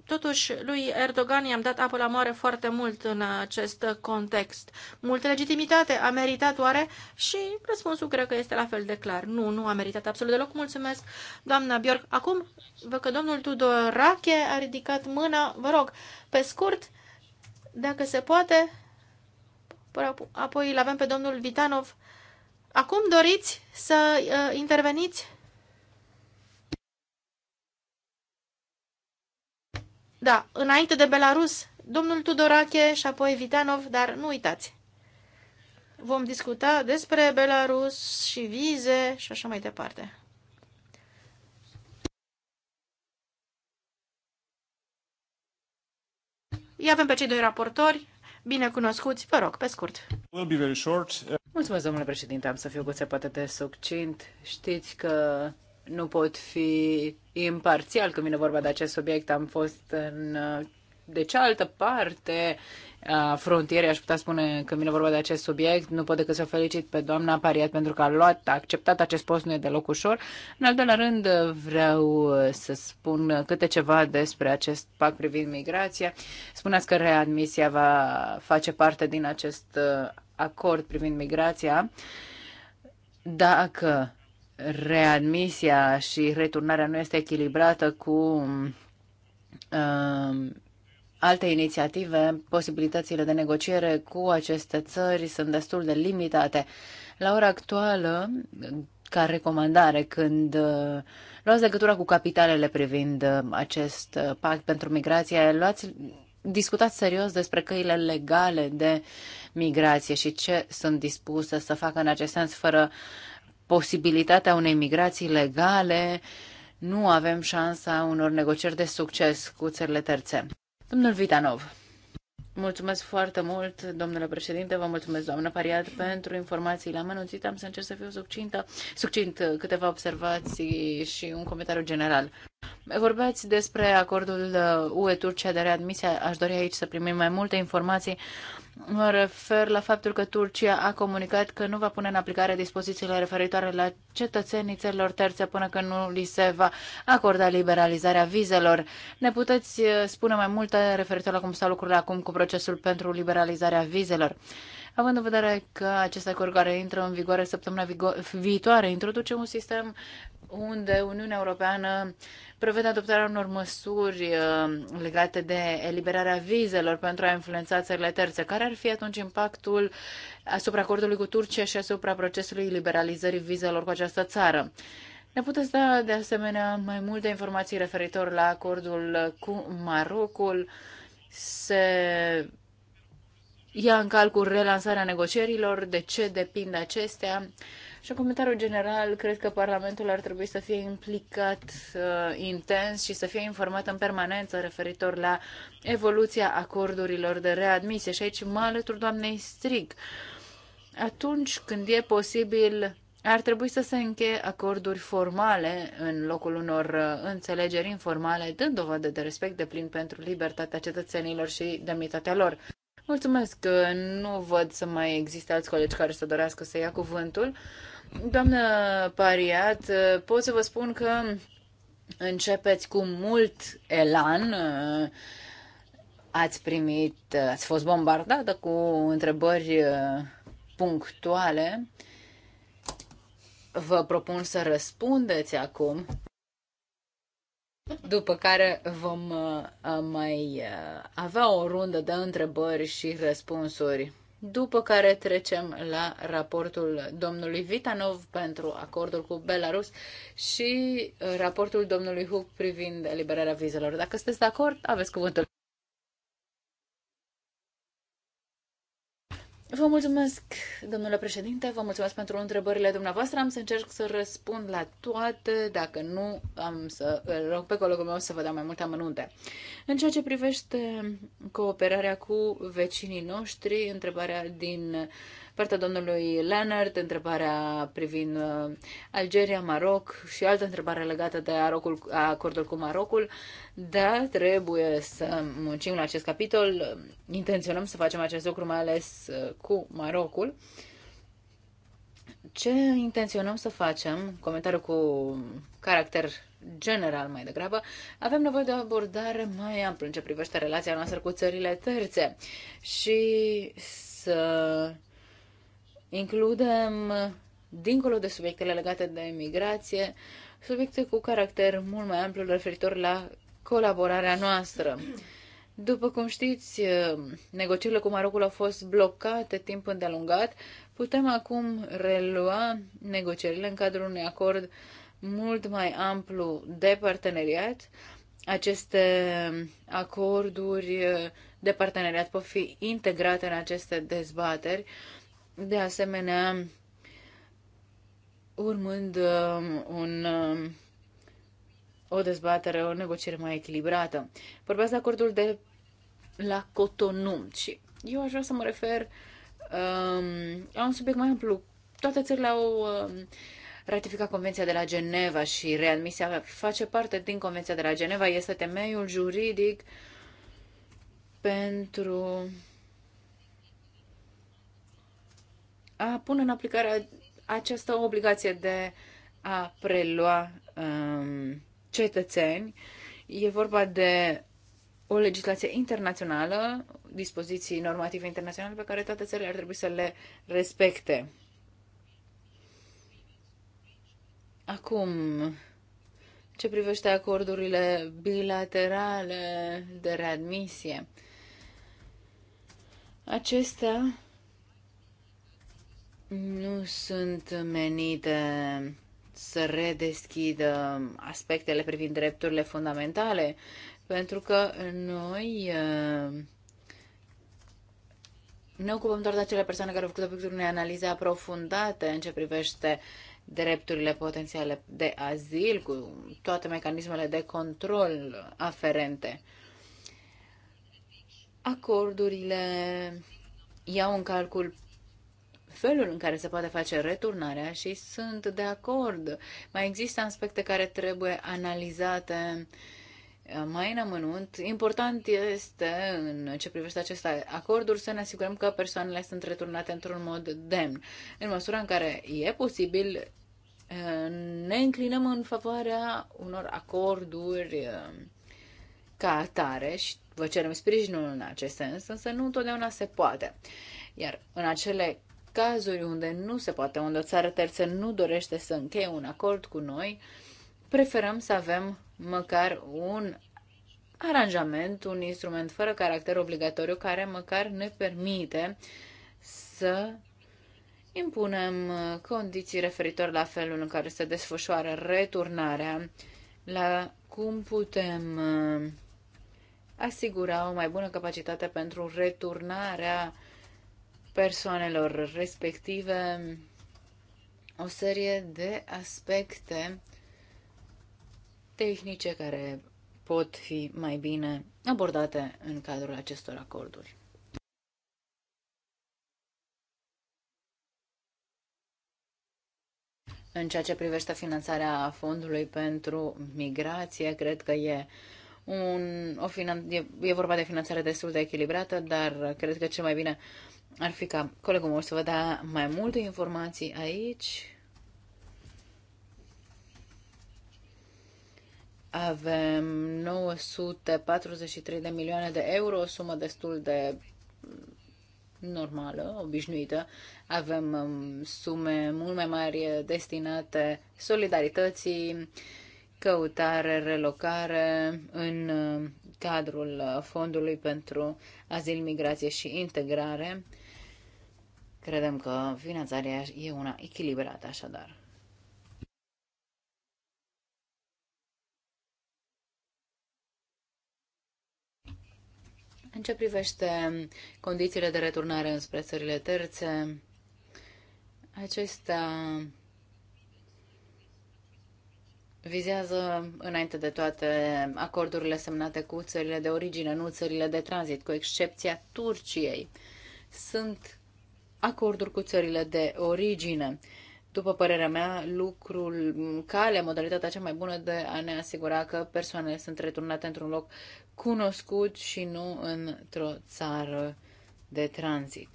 totuși lui Erdogan i-am dat apă la moare foarte mult în acest context. Multă legitimitate a meritat oare? Și răspunsul cred că este la fel de clar. Nu, nu a meritat absolut deloc. Mulțumesc, doamna Bjork. Acum, văd că domnul Tudorache a ridicat mâna. Vă rog, pe scurt, dacă se poate, apoi îl avem pe domnul Vitanov. Acum doriți să uh, interveniți? Da, înainte de Belarus, domnul Tudorache și apoi Vitanov, dar nu uitați. Vom discuta despre Belarus și vize și așa mai departe. Îi avem pe cei doi raportori, bine cunoscuți, vă rog, pe scurt. We'll be very short. Mulțumesc, domnule președinte, am să fiu cu poate de succint. Știți că nu pot fi imparțial când vine vorba de acest subiect. Am fost în de cealaltă parte a frontierei, aș putea spune când vine vorba de acest subiect, nu pot decât să felicit pe doamna Pariat pentru că a luat, a acceptat acest post, nu e deloc ușor. În al doilea rând vreau să spun câte ceva despre acest pact privind migrația. Spuneați că readmisia va face parte din acest uh, acord privind migrația. Dacă readmisia și returnarea nu este echilibrată cu uh, alte inițiative, posibilitățile de negociere cu aceste țări sunt destul de limitate. La ora actuală, ca recomandare, când uh, luați legătura cu capitalele privind uh, acest uh, pact pentru migrație, luați discutați serios despre căile legale de migrație și ce sunt dispuse să facă în acest sens fără posibilitatea unei migrații legale, nu avem șansa unor negocieri de succes cu țările terțe. Domnul Vitanov. Mulțumesc foarte mult, domnule președinte, vă mulțumesc, doamnă Pariat, pentru informațiile amănunțite. Am să încerc să fiu succintă, succint câteva observații și un comentariu general. Vorbeați despre acordul uh, UE-Turcia de readmisie. Aș dori aici să primim mai multe informații Mă refer la faptul că Turcia a comunicat că nu va pune în aplicare dispozițiile referitoare la cetățenii țărilor terțe până când nu li se va acorda liberalizarea vizelor. Ne puteți uh, spune mai multe referitor la cum stau lucrurile acum cu procesul pentru liberalizarea vizelor având în vedere că acest acord care intră în vigoare săptămâna viitoare introduce un sistem unde Uniunea Europeană prevede adoptarea unor măsuri uh, legate de eliberarea vizelor pentru a influența țările terțe. Care ar fi atunci impactul asupra acordului cu Turcia și asupra procesului liberalizării vizelor cu această țară? Ne puteți da de asemenea mai multe informații referitor la acordul cu Marocul? Se ia în calcul relansarea negocierilor, de ce depind acestea. Și în comentariu general, cred că Parlamentul ar trebui să fie implicat uh, intens și să fie informat în permanență referitor la evoluția acordurilor de readmisie. Și aici mă alătur doamnei Strig. Atunci când e posibil, ar trebui să se încheie acorduri formale în locul unor uh, înțelegeri informale, dând dovadă de respect de plin pentru libertatea cetățenilor și demnitatea lor. Mulțumesc că nu văd să mai există alți colegi care să dorească să ia cuvântul. Doamnă Pariat, pot să vă spun că începeți cu mult elan. Ați primit, ați fost bombardată cu întrebări punctuale. Vă propun să răspundeți acum după care vom uh, mai uh, avea o rundă de întrebări și răspunsuri, după care trecem la raportul domnului Vitanov pentru acordul cu Belarus și uh, raportul domnului Huc privind eliberarea vizelor. Dacă sunteți de acord, aveți cuvântul. Vă mulțumesc, domnule președinte, vă mulțumesc pentru întrebările dumneavoastră. Am să încerc să răspund la toate, dacă nu, am să îl rog pe colegul meu să vă dau mai multe amănunte. În ceea ce privește cooperarea cu vecinii noștri, întrebarea din partea domnului Leonard, întrebarea privind uh, Algeria, Maroc și altă întrebare legată de arocul, acordul cu Marocul. Da, trebuie să muncim la acest capitol. Intenționăm să facem acest lucru, mai ales uh, cu Marocul. Ce intenționăm să facem, comentariu cu caracter general mai degrabă, avem nevoie de o abordare mai amplă în ce privește relația noastră cu țările terțe și să includem, dincolo de subiectele legate de migrație, subiecte cu caracter mult mai amplu referitor la colaborarea noastră. După cum știți, negocierile cu Marocul au fost blocate timp îndelungat. Putem acum relua negocierile în cadrul unui acord mult mai amplu de parteneriat. Aceste acorduri de parteneriat pot fi integrate în aceste dezbateri de asemenea, urmând um, un, um, o dezbatere, o negociere mai echilibrată. Vorbeați de acordul de la Cotonou și eu aș vrea să mă refer um, la un subiect mai amplu. Toate țările au uh, ratificat Convenția de la Geneva și readmisia face parte din Convenția de la Geneva, este temeiul juridic pentru a pune în aplicare această obligație de a prelua um, cetățeni. E vorba de o legislație internațională, dispoziții normative internaționale pe care toate țările ar trebui să le respecte. Acum, ce privește acordurile bilaterale de readmisie, acestea nu sunt menite să redeschidă aspectele privind drepturile fundamentale, pentru că noi eh, ne ocupăm doar de acele persoane care au făcut obiectul unei analize aprofundate în ce privește drepturile potențiale de azil, cu toate mecanismele de control aferente. Acordurile iau în calcul felul în care se poate face returnarea și sunt de acord. Mai există aspecte care trebuie analizate uh, mai în amănunt. Important este, în ce privește aceste acorduri, să ne asigurăm că persoanele sunt returnate într-un mod demn. În măsura în care e posibil, uh, ne înclinăm în favoarea unor acorduri uh, ca atare și vă cerem sprijinul în acest sens, însă nu întotdeauna se poate. Iar în acele cazuri unde nu se poate, unde o țară terță nu dorește să încheie un acord cu noi, preferăm să avem măcar un aranjament, un instrument fără caracter obligatoriu care măcar ne permite să impunem condiții referitor la felul în care se desfășoară returnarea, la cum putem uh, asigura o mai bună capacitate pentru returnarea persoanelor respective, o serie de aspecte tehnice care pot fi mai bine abordate în cadrul acestor acorduri. În ceea ce privește finanțarea fondului pentru migrație, cred că e, un, o finan- e, e vorba de finanțare destul de echilibrată, dar cred că cel mai bine ar fi ca colegul meu să vă da mai multe informații aici. Avem 943 de milioane de euro, o sumă destul de normală, obișnuită. Avem um, sume mult mai mari destinate solidarității, căutare, relocare în um, cadrul uh, Fondului pentru Azil, Migrație și Integrare. Credem că finanțarea e una echilibrată așadar. În ce privește condițiile de returnare înspre țările terțe, acestea vizează, înainte de toate, acordurile semnate cu țările de origine, nu țările de tranzit, cu excepția Turciei. Sunt acorduri cu țările de origine. După părerea mea, lucrul, calea, modalitatea cea mai bună de a ne asigura că persoanele sunt returnate într-un loc cunoscut și nu într-o țară de tranzit.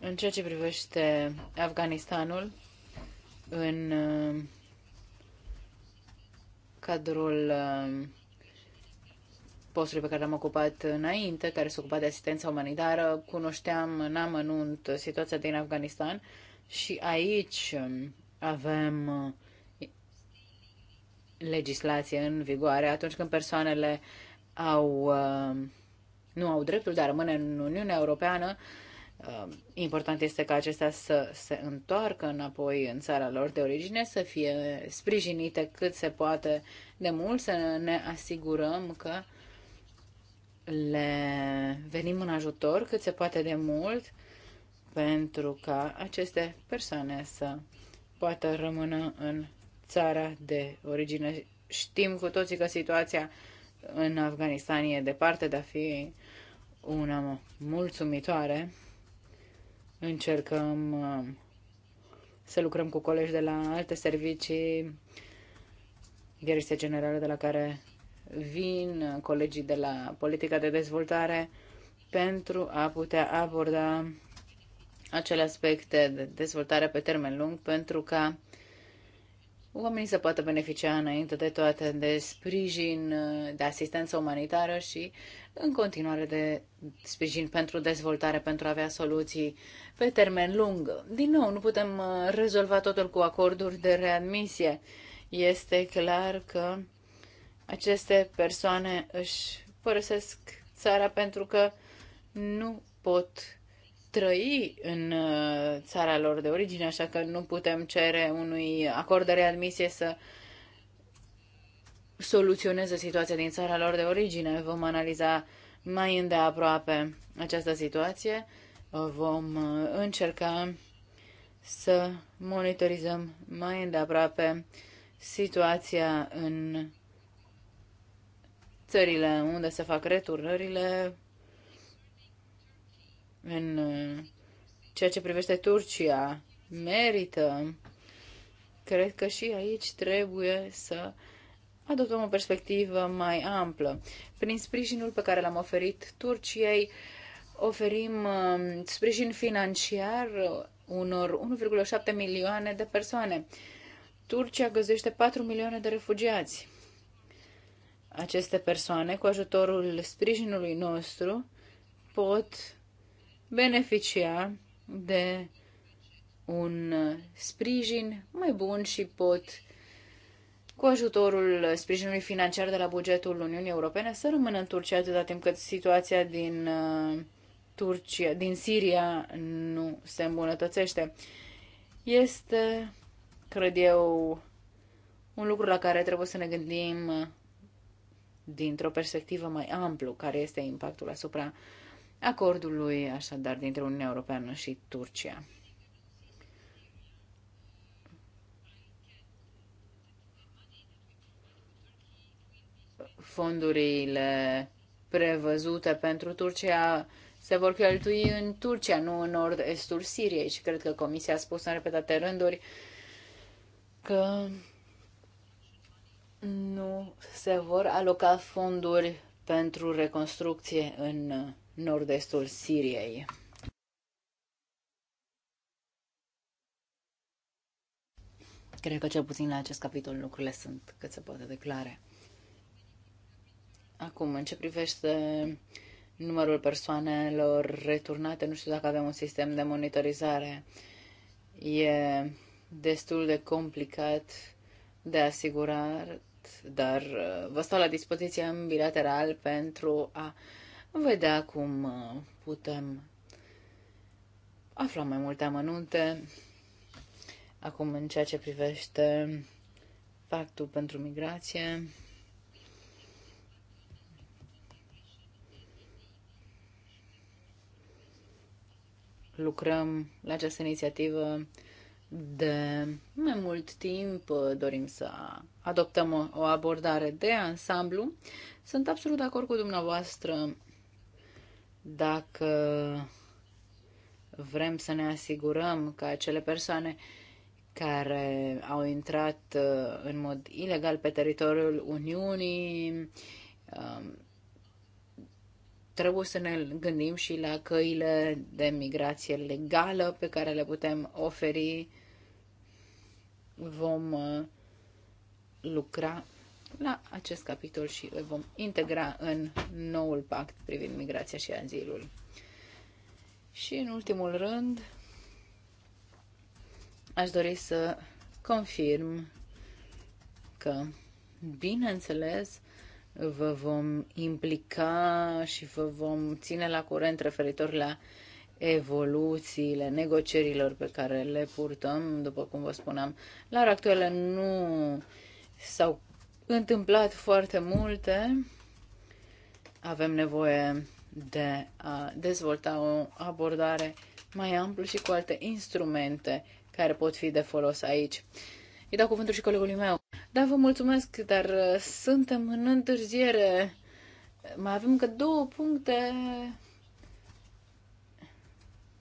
În ceea ce privește Afganistanul, în uh, cadrul uh, postului pe care l-am ocupat înainte, care se ocupa de asistența umanitară, cunoșteam în amănunt situația din Afganistan și aici um, avem uh, legislație în vigoare atunci când persoanele au, um, nu au dreptul de a rămâne în Uniunea Europeană, um, Important este ca acestea să se întoarcă înapoi în țara lor de origine, să fie sprijinite cât se poate de mult, să ne asigurăm că le venim în ajutor cât se poate de mult pentru ca aceste persoane să poată rămână în țara de origine. Știm cu toții că situația în Afganistan e departe de a fi una mulțumitoare. Încercăm uh, să lucrăm cu colegi de la alte servicii, Gherește Generală de la care vin colegii de la politica de dezvoltare pentru a putea aborda acele aspecte de dezvoltare pe termen lung pentru ca oamenii să poată beneficia înainte de toate de sprijin, de asistență umanitară și în continuare de sprijin pentru dezvoltare, pentru a avea soluții pe termen lung. Din nou, nu putem uh, rezolva totul cu acorduri de readmisie. Este clar că aceste persoane își părăsesc țara pentru că nu pot trăi în uh, țara lor de origine, așa că nu putem cere unui acord de readmisie să soluționeze situația din țara lor de origine. Vom analiza mai îndeaproape această situație. Vom uh, încerca să monitorizăm mai îndeaproape situația în țările unde se fac returnările în uh, ceea ce privește Turcia merită. Cred că și aici trebuie să adoptăm o perspectivă mai amplă. Prin sprijinul pe care l-am oferit Turciei, oferim uh, sprijin financiar unor 1,7 milioane de persoane. Turcia găzduiește 4 milioane de refugiați. Aceste persoane, cu ajutorul sprijinului nostru, pot beneficia de un sprijin mai bun și pot, cu ajutorul sprijinului financiar de la bugetul Uniunii Europene, să rămână în Turcia atâta timp cât situația din uh, Turcia, din Siria nu se îmbunătățește. Este, cred eu, un lucru la care trebuie să ne gândim dintr-o perspectivă mai amplu care este impactul asupra acordului, așadar, dintre Uniunea Europeană și Turcia. Fondurile prevăzute pentru Turcia se vor cheltui în Turcia, nu în nord-estul Siriei și cred că Comisia a spus în repetate rânduri că nu se vor aloca fonduri pentru reconstrucție în nord-estul Siriei. Cred că cel puțin la acest capitol lucrurile sunt cât se poate de clare. Acum, în ce privește numărul persoanelor returnate, nu știu dacă avem un sistem de monitorizare. E destul de complicat de asigurat, dar uh, vă stau la dispoziție în bilateral pentru a vedea cum uh, putem afla mai multe amănunte. Acum, în ceea ce privește pactul pentru migrație, lucrăm la această inițiativă de mai mult timp dorim să adoptăm o, o abordare de ansamblu. Sunt absolut de acord cu dumneavoastră dacă vrem să ne asigurăm că acele persoane care au intrat uh, în mod ilegal pe teritoriul Uniunii um, trebuie să ne gândim și la căile de migrație legală pe care le putem oferi vom uh, lucra la acest capitol și îl vom integra în noul pact privind migrația și azilul. Și în ultimul rând, aș dori să confirm că, bineînțeles, vă vom implica și vă vom ține la curent referitor la evoluțiile negocierilor pe care le purtăm, după cum vă spuneam, la ora actuală nu s-au întâmplat foarte multe. Avem nevoie de a dezvolta o abordare mai amplă și cu alte instrumente care pot fi de folos aici. Îi dau cuvântul și colegului meu. Da, vă mulțumesc, dar uh, suntem în întârziere. Mai avem încă două puncte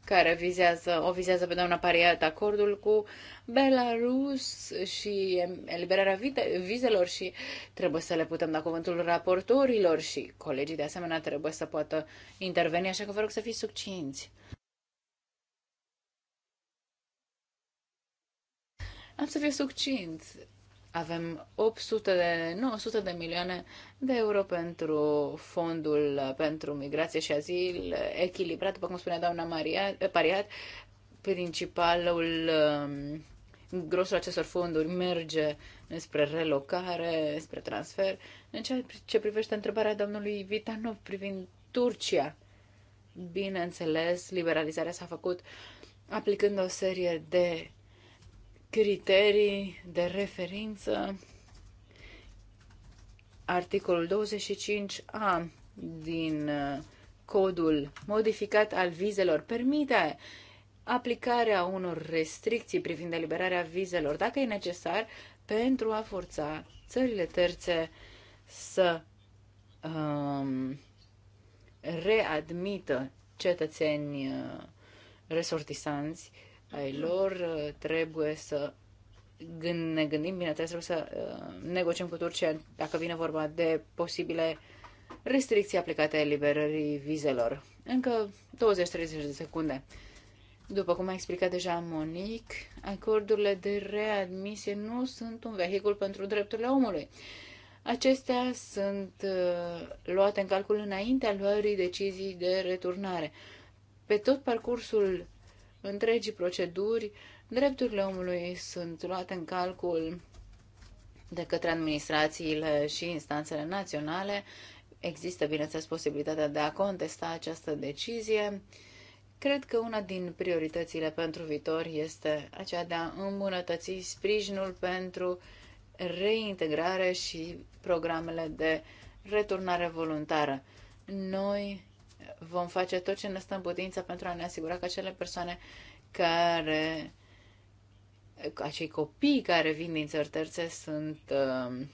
care vizează, o vizează pe doamna Pariat, acordul cu Belarus și eliberarea vizelor și trebuie să le putem da cuvântul raportorilor și colegii de asemenea trebuie să poată interveni, așa că vă rog să fiți succinți. Am să fiu succint. Avem 800 de, 900 de milioane de euro pentru fondul pentru migrație și azil echilibrat, după cum spunea doamna Maria, Pariat, principalul um, grosul acestor fonduri merge spre relocare, spre transfer. În ceea ce privește întrebarea domnului Vitanov privind Turcia, bineînțeles, liberalizarea s-a făcut aplicând o serie de criterii de referință. Articolul 25a din uh, codul modificat al vizelor permite aplicarea unor restricții privind eliberarea vizelor, dacă e necesar, pentru a forța țările terțe să um, readmită cetățeni uh, resortisanți ai lor. Uh, trebuie să gând, ne gândim, bine trebuie să uh, negociem cu Turcia dacă vine vorba de posibile restricții aplicate eliberării vizelor. Încă 20-30 de secunde. După cum a explicat deja Monique, acordurile de readmisie nu sunt un vehicul pentru drepturile omului. Acestea sunt uh, luate în calcul înaintea luării decizii de returnare. Pe tot parcursul întregii proceduri, drepturile omului sunt luate în calcul de către administrațiile și instanțele naționale. Există, bineînțeles, posibilitatea de a contesta această decizie. Cred că una din prioritățile pentru viitor este aceea de a îmbunătăți sprijinul pentru reintegrare și programele de returnare voluntară. Noi vom face tot ce ne stă în putință pentru a ne asigura că acele persoane care, acei copii care vin din țări terțe sunt um,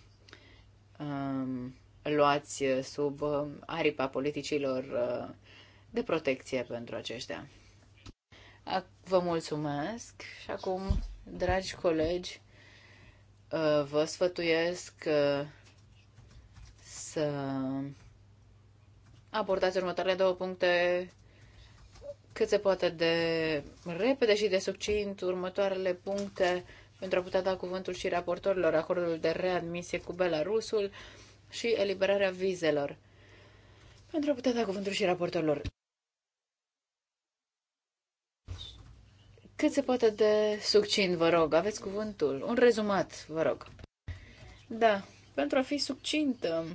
um, luați sub um, aripa politicilor uh, de protecție pentru aceștia. Vă mulțumesc și acum, dragi colegi, uh, vă sfătuiesc uh, să abordați următoarele două puncte cât se poate de repede și de succint următoarele puncte pentru a putea da cuvântul și raportorilor acordul de readmisie cu Belarusul și eliberarea vizelor. Pentru a putea da cuvântul și raportorilor. Cât se poate de succint, vă rog, aveți cuvântul. Un rezumat, vă rog. Da, pentru a fi succintă,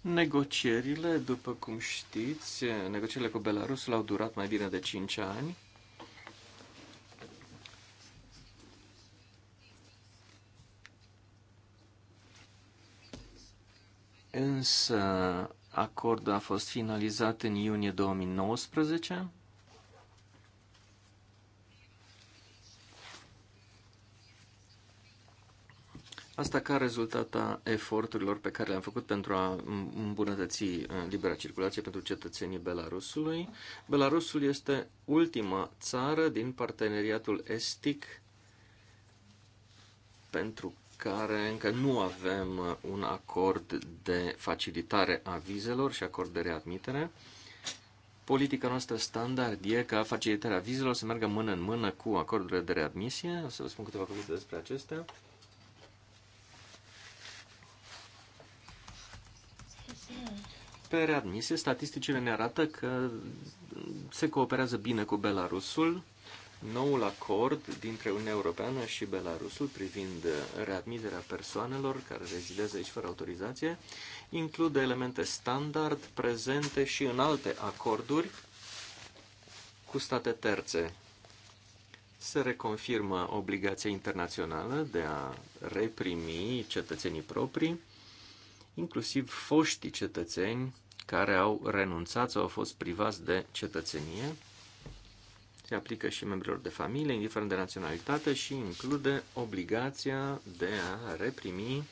Negocierile, după cum știți, negocierile cu l au durat mai bine de 5 ani. Însă acordul a fost finalizat în iunie 2019 Asta ca rezultat a eforturilor pe care le-am făcut pentru a îmbunătăți uh, libera circulație pentru cetățenii Belarusului. Belarusul este ultima țară din parteneriatul estic pentru care încă nu avem uh, un acord de facilitare a vizelor și acord de readmitere. Politica noastră standard e ca facilitarea vizelor să meargă mână în mână cu acordurile de readmisie. O să vă spun câteva cuvinte despre acestea. Pe readmisie, statisticile ne arată că se cooperează bine cu Belarusul. Noul acord dintre Uniunea Europeană și Belarusul privind readmiterea persoanelor care rezidează aici fără autorizație include elemente standard prezente și în alte acorduri cu state terțe. Se reconfirmă obligația internațională de a reprimi cetățenii proprii inclusiv foștii cetățeni care au renunțat sau au fost privați de cetățenie. Se aplică și membrilor de familie, indiferent de naționalitate, și include obligația de a reprimi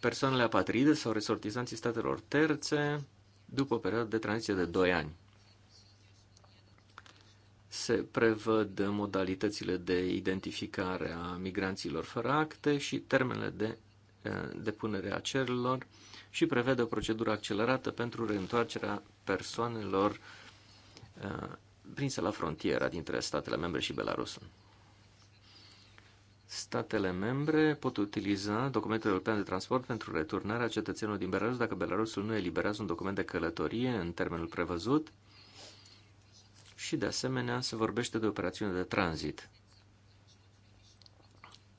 persoanele apatride sau resortizanții statelor terțe după o perioadă de tranziție de 2 ani. Se prevăd modalitățile de identificare a migranților fără acte și termenele de Eh, depunerea cererilor și prevede o procedură accelerată pentru reîntoarcerea persoanelor eh, prinse la frontiera dintre statele membre și Belarus. Statele membre pot utiliza documentul european de transport pentru returnarea cetățenilor din Belarus dacă Belarusul nu eliberează un document de călătorie în termenul prevăzut și, de asemenea, se vorbește de operațiune de tranzit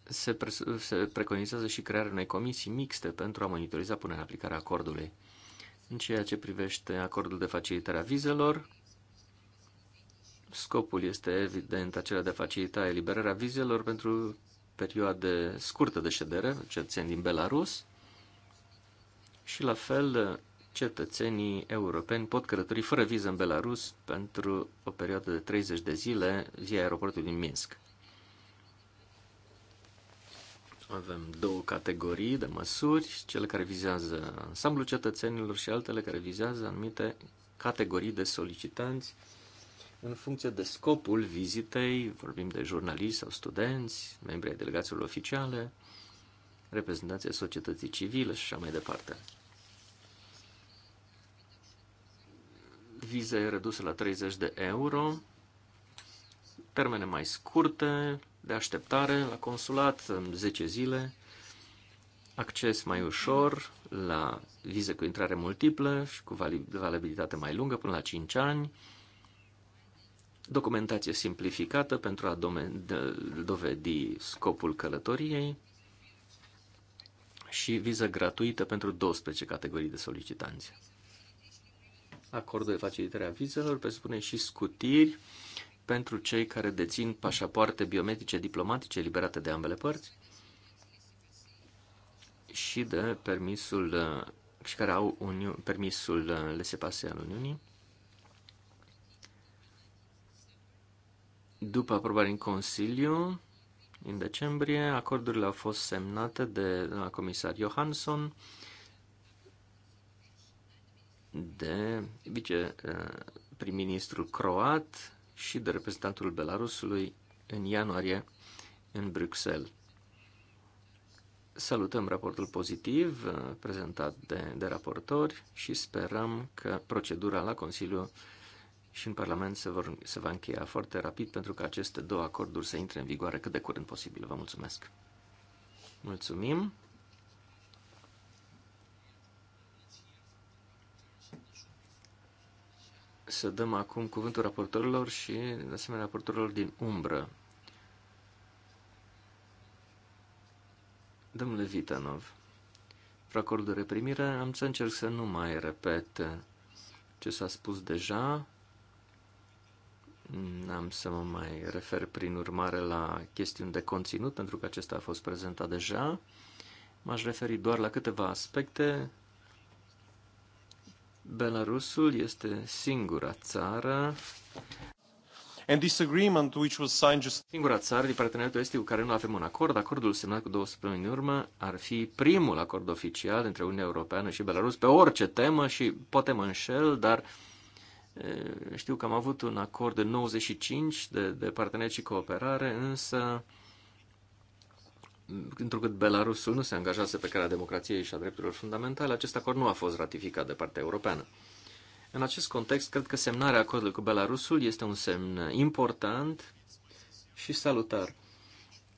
se, pre- se preconizează și crearea unei comisii mixte pentru a monitoriza punerea în aplicare a acordului. În ceea ce privește acordul de facilitare a vizelor, scopul este evident acela de a facilita eliberarea vizelor pentru perioade scurte de ședere, cetățeni din Belarus, și la fel cetățenii europeni pot călători fără viză în Belarus pentru o perioadă de 30 de zile via aeroportului din Minsk. Avem două categorii de măsuri, cele care vizează ansamblul cetățenilor și altele care vizează anumite categorii de solicitanți în funcție de scopul vizitei, vorbim de jurnaliști sau studenți, membri ai delegațiilor oficiale, reprezentanții societății civile și așa mai departe. Viza e redusă la 30 de euro, termene mai scurte, de așteptare la consulat, 10 zile, acces mai ușor la vize cu intrare multiplă și cu valabilitate mai lungă, până la 5 ani, documentație simplificată pentru a dovedi scopul călătoriei și viză gratuită pentru 12 categorii de solicitanți. Acordul de facilitare a vizelor presupune și scutiri pentru cei care dețin pașapoarte biometrice diplomatice liberate de ambele părți și de permisul uh, și care au uni- permisul uh, lesepase al Uniunii. După aprobare în Consiliu, în decembrie, acordurile au fost semnate de la comisar Johansson, de vice uh, prim-ministrul croat și de reprezentantul Belarusului în ianuarie în Bruxelles. Salutăm raportul pozitiv uh, prezentat de, de raportori și sperăm că procedura la Consiliu și în Parlament se, vor, se va încheia foarte rapid pentru că aceste două acorduri să intre în vigoare cât de curând posibil. Vă mulțumesc! Mulțumim! să dăm acum cuvântul raportorilor și, de asemenea, raportorilor din umbră. Domnule Vitanov, pe acordul de reprimire am să încerc să nu mai repet ce s-a spus deja. N-am să mă mai refer prin urmare la chestiuni de conținut, pentru că acesta a fost prezentat deja. M-aș referi doar la câteva aspecte Belarusul este singura țară And this agreement, which was signed just... Singura țară din parteneriatul estic cu care nu avem un acord, acordul semnat cu două săptămâni în urmă, ar fi primul acord oficial între Uniunea Europeană și Belarus pe orice temă și poate mă înșel, dar știu că am avut un acord de 95 de, de parteneriat și cooperare, însă întrucât Belarusul nu se angajase pe calea democrației și a drepturilor fundamentale, acest acord nu a fost ratificat de partea europeană. În acest context, cred că semnarea acordului cu Belarusul este un semn important și salutar.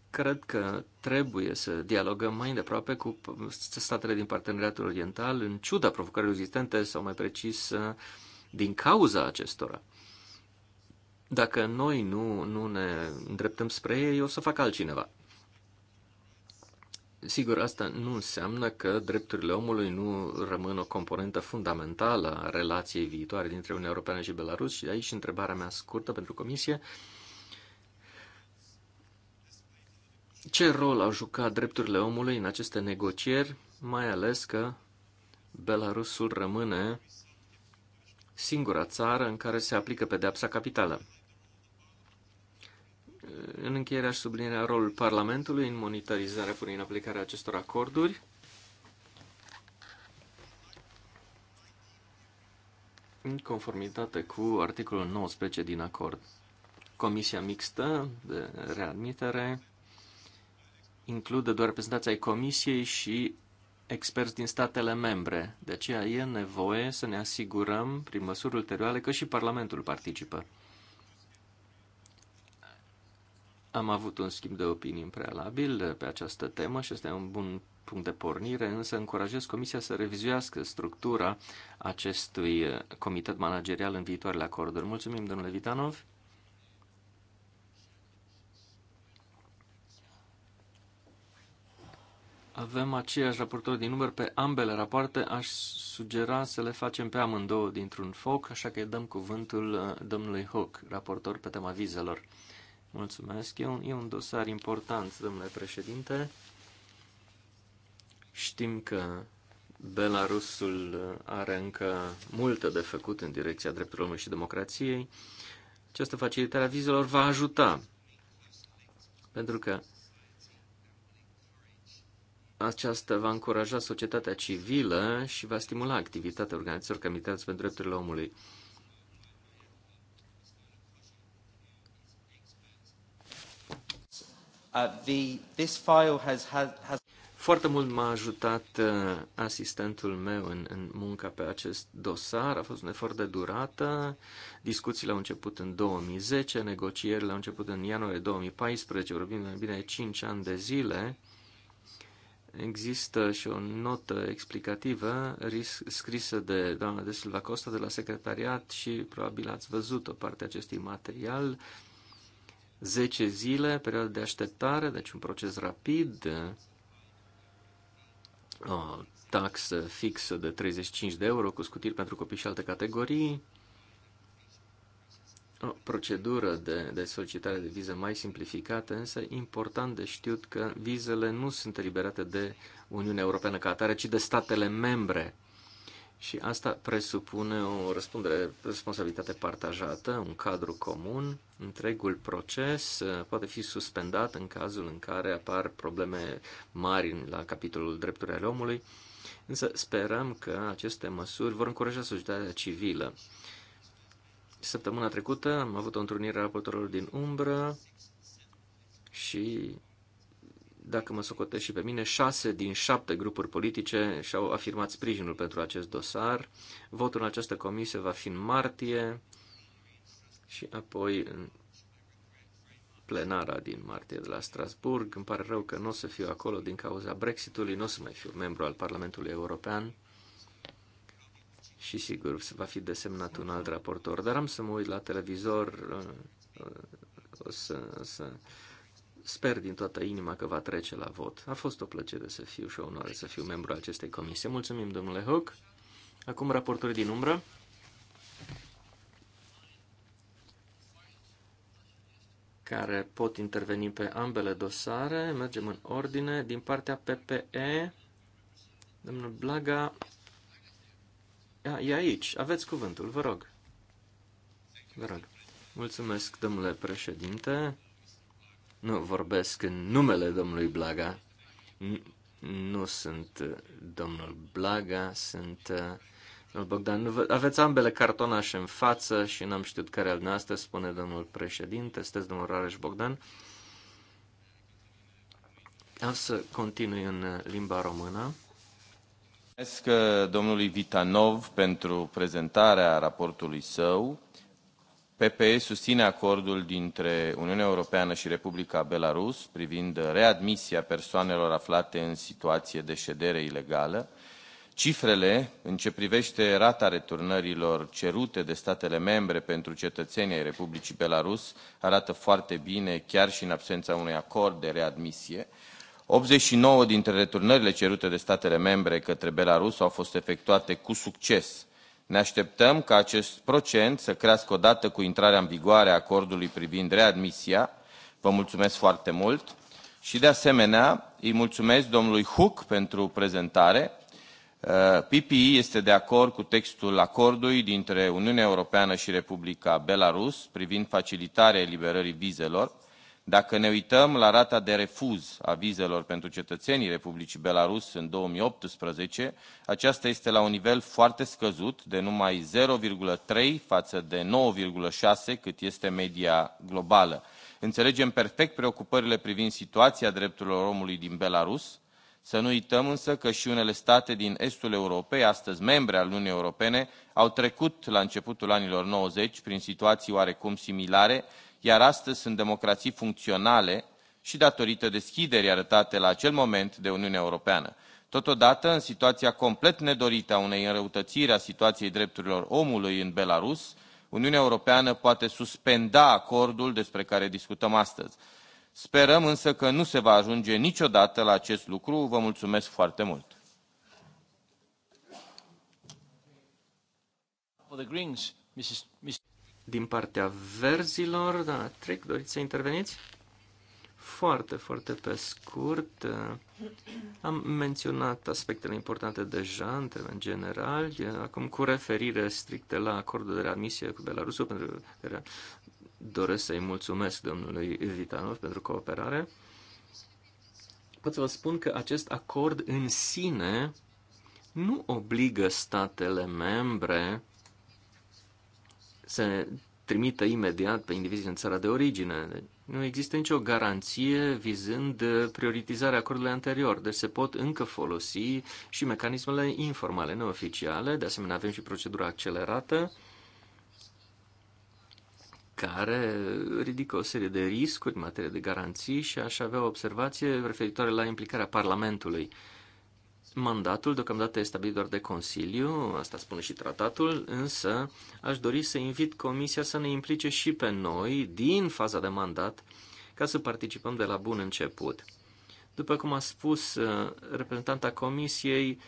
Cred că trebuie să dialogăm mai îndeaproape cu statele din parteneriatul oriental, în ciuda provocărilor existente, sau mai precis, din cauza acestora. Dacă noi nu, nu ne îndreptăm spre ei, o să facă altcineva. Sigur, asta nu înseamnă că drepturile omului nu rămân o componentă fundamentală a relației viitoare dintre Uniunea Europeană și Belarus și aici întrebarea mea scurtă pentru Comisie. Ce rol au jucat drepturile omului în aceste negocieri, mai ales că Belarusul rămâne singura țară în care se aplică pedeapsa capitală? În încheiere aș sublinia rolul Parlamentului în monitorizarea până în aplicarea acestor acorduri. În conformitate cu articolul 19 din acord, Comisia Mixtă de Readmitere include doar reprezentanții ai Comisiei și experți din statele membre. De aceea e nevoie să ne asigurăm, prin măsuri ulterioare, că și Parlamentul participă. Am avut un schimb de opinii în prealabil pe această temă și este un bun punct de pornire, însă încurajez Comisia să revizuiască structura acestui uh, comitet managerial în viitoarele acorduri. Mulțumim, domnule Vitanov. Avem aceiași raportori din număr pe ambele rapoarte. Aș sugera să le facem pe amândouă dintr-un foc, așa că îi dăm cuvântul uh, domnului Hook, raportor pe tema vizelor. Mulțumesc. E un, e un dosar important, domnule președinte. Știm că Belarusul are încă multe de făcut în direcția drepturilor omului și democrației. Această facilitare a vizelor va ajuta, pentru că aceasta va încuraja societatea civilă și va stimula activitatea organizațiilor Comitetului pentru Drepturile Omului. Uh, Foarte mult m-a ajutat uh, asistentul meu în, în munca pe acest dosar. A fost un efort de durată. Discuțiile au început în 2010, negocierile au început în ianuarie 2014, vorbim mai bine 5 ani de zile. Există și o notă explicativă scrisă de doamna de Silva Costa de la secretariat și probabil ați văzut o parte a acestui material. Uh, 10 zile, perioadă de așteptare, deci un proces rapid, o taxă fixă de 35 de euro cu scutiri pentru copii și alte categorii, o procedură de, de solicitare de viză mai simplificată, însă important de știut că vizele nu sunt eliberate de Uniunea Europeană ca atare, ci de statele membre. Și asta presupune o răspundere, responsabilitate partajată, un cadru comun. Întregul proces uh, poate fi suspendat în cazul în care apar probleme mari la capitolul drepturile omului, însă sperăm că aceste măsuri vor încuraja societatea civilă. Săptămâna trecută am avut o întrunire a raportorilor din umbră și dacă mă socotesc și pe mine, șase din șapte grupuri politice și-au afirmat sprijinul pentru acest dosar. Votul în această comisie va fi în martie și apoi în plenara din martie de la Strasburg. Îmi pare rău că nu o să fiu acolo din cauza Brexitului, nu o să mai fiu membru al Parlamentului European și sigur va fi desemnat un alt raportor, dar am să mă uit la televizor, uh, uh, o să, o să sper din toată inima că va trece la vot. A fost o plăcere să fiu și o onoare să fiu membru al acestei comisii. Mulțumim, domnule Hoc. Acum raportorii din umbră. care pot interveni pe ambele dosare. Mergem în ordine. Din partea PPE, domnul Blaga, a, e aici. Aveți cuvântul, vă rog. Vă rog. Mulțumesc, domnule președinte. Nu vorbesc în numele domnului Blaga. Nu sunt uh, domnul Blaga, sunt uh, domnul Bogdan. Aveți ambele cartonașe în față și n-am știut care al noastră, spune domnul președinte. Sunteți domnul Rareș Bogdan. Am să continui în uh, limba română. Mulțumesc domnului Vitanov pentru prezentarea raportului său PPE susține acordul dintre Uniunea Europeană și Republica Belarus privind readmisia persoanelor aflate în situație de ședere ilegală. Cifrele în ce privește rata returnărilor cerute de statele membre pentru cetățenii ai Republicii Belarus arată foarte bine chiar și în absența unui acord de readmisie. 89 dintre returnările cerute de statele membre către Belarus au fost efectuate cu succes ne așteptăm ca acest procent să crească odată cu intrarea în vigoare a acordului privind readmisia. Vă mulțumesc foarte mult și, de asemenea, îi mulțumesc domnului Huc pentru prezentare. Uh, PPI este de acord cu textul acordului dintre Uniunea Europeană și Republica Belarus privind facilitarea eliberării vizelor dacă ne uităm la rata de refuz a vizelor pentru cetățenii Republicii Belarus în 2018, aceasta este la un nivel foarte scăzut, de numai 0,3 față de 9,6 cât este media globală. Înțelegem perfect preocupările privind situația drepturilor omului din Belarus, să nu uităm însă că și unele state din estul Europei, astăzi membre al Uniunii Europene, au trecut la începutul anilor 90 prin situații oarecum similare iar astăzi sunt democrații funcționale și datorită deschiderii arătate la acel moment de uniunea europeană. totodată în situația complet nedorită a unei înrăutățiri a situației drepturilor omului în belarus uniunea europeană poate suspenda acordul despre care discutăm astăzi. sperăm însă că nu se va ajunge niciodată la acest lucru. vă mulțumesc foarte mult din partea verzilor. Da, trec, doriți să interveniți? Foarte, foarte pe scurt. Am menționat aspectele importante deja, în termen general, acum cu referire strictă la acordul de readmisie cu Belarusul, pentru că doresc să-i mulțumesc domnului Vitanov pentru cooperare. Pot să vă spun că acest acord în sine nu obligă statele membre se trimită imediat pe indivizii în țara de origine. Deci, nu există nicio garanție vizând uh, prioritizarea acordului anterior, deci se pot încă folosi și mecanismele informale, neoficiale. De asemenea, avem și procedura accelerată care ridică o serie de riscuri în materie de garanții și aș avea o observație referitoare la implicarea Parlamentului. Uh, Mandatul deocamdată este stabilit doar de Consiliu, asta spune și tratatul, însă aș dori să invit Comisia să ne implice și pe noi din faza de mandat ca să participăm de la bun început. După cum a spus uh, reprezentanta Comisiei,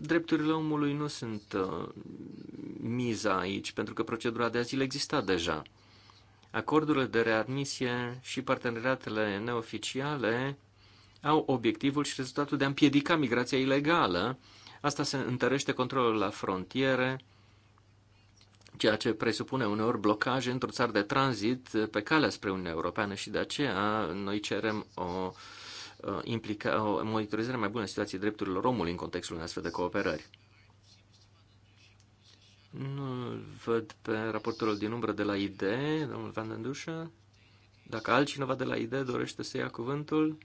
drepturile omului nu sunt uh, miza aici, pentru că procedura de azil exista deja. Acordurile de readmisie și parteneriatele neoficiale au obiectivul și rezultatul de a împiedica migrația ilegală. Asta se întărește controlul la frontiere, ceea ce presupune uneori blocaje într-o țară de tranzit pe calea spre Uniunea Europeană și de aceea noi cerem o, implica, o monitorizare mai bună a situației drepturilor omului în contextul unei astfel de cooperări. Nu văd pe raportorul din umbră de la ID, domnul Van den Dacă altcineva de la ID dorește să ia cuvântul,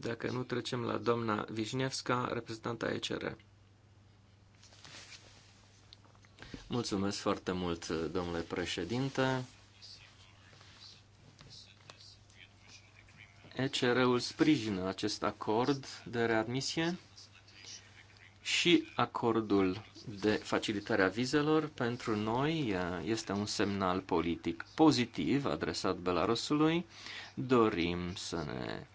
dacă nu, trecem la doamna Vișnevska, reprezentanta ECR. Mulțumesc foarte mult, domnule președinte. ECR-ul sprijină acest acord de readmisie și acordul de facilitare a vizelor pentru noi este un semnal politic pozitiv adresat Belarusului. Dorim să ne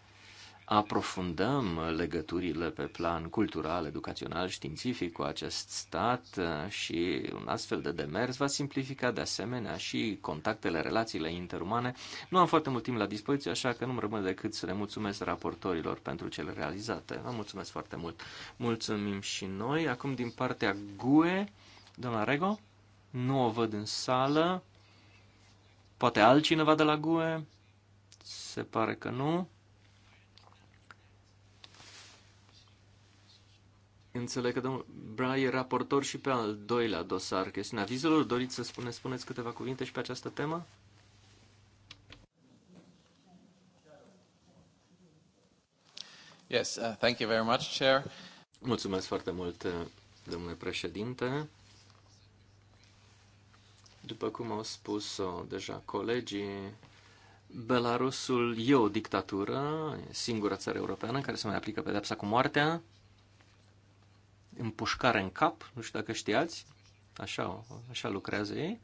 aprofundăm legăturile pe plan cultural, educațional, științific cu acest stat și un astfel de demers va simplifica de asemenea și contactele, relațiile interumane. Nu am foarte mult timp la dispoziție, așa că nu-mi rămâne decât să le mulțumesc raportorilor pentru cele realizate. Vă mulțumesc foarte mult. Mulțumim și noi. Acum din partea GUE, doamna Rego, nu o văd în sală. Poate altcineva de la GUE? Se pare că nu. Înțeleg că domnul Bra e raportor și pe al doilea dosar, chestiunea vizelor. Doriți să spune, spuneți câteva cuvinte și pe această temă? Yes, uh, thank you very much, Chair. Mulțumesc foarte mult, uh, domnule președinte. După cum au spus deja colegii, Belarusul e o dictatură, singura țară europeană care se mai aplică pedepsa cu moartea împușcare în cap, nu știu dacă știați, așa, așa lucrează ei.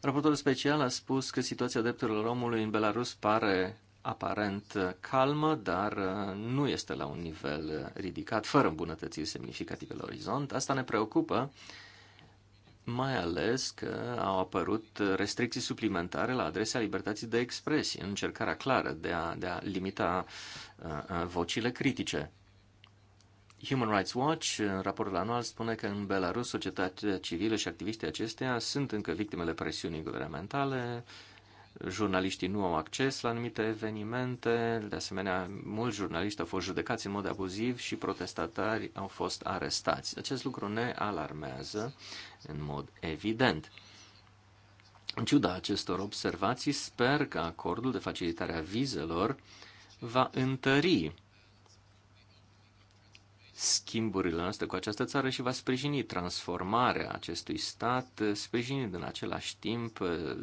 Raportorul special a spus că situația drepturilor omului în Belarus pare aparent calmă, dar uh, nu este la un nivel uh, ridicat, fără îmbunătățiri semnificative la orizont. Asta ne preocupă, mai ales că au apărut uh, restricții suplimentare la adresa libertății de expresie, în încercarea clară de a, de a limita vocile critice. Human Rights Watch, în raportul anual, spune că în Belarus societatea civilă și activiștii acestea sunt încă victimele presiunii guvernamentale, jurnaliștii nu au acces la anumite evenimente, de asemenea, mulți jurnaliști au fost judecați în mod abuziv și protestatari au fost arestați. Acest lucru ne alarmează în mod evident. În ciuda acestor observații, sper că acordul de facilitare a vizelor va întări schimburile noastre cu această țară și va sprijini transformarea acestui stat, sprijinind în același timp eh,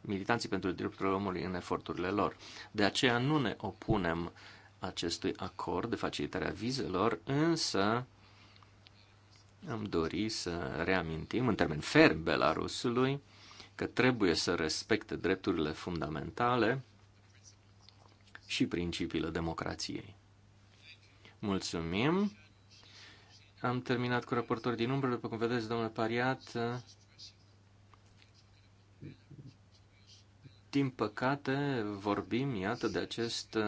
militanții pentru drepturile omului în eforturile lor. De aceea nu ne opunem acestui acord de facilitare a vizelor, însă am dori să reamintim în termen ferm Belarusului că trebuie să respecte drepturile fundamentale și principiile democrației. Mulțumim! Am terminat cu raportori din umbră, după cum vedeți, domnule Pariat. Din păcate, vorbim, iată, de acest uh,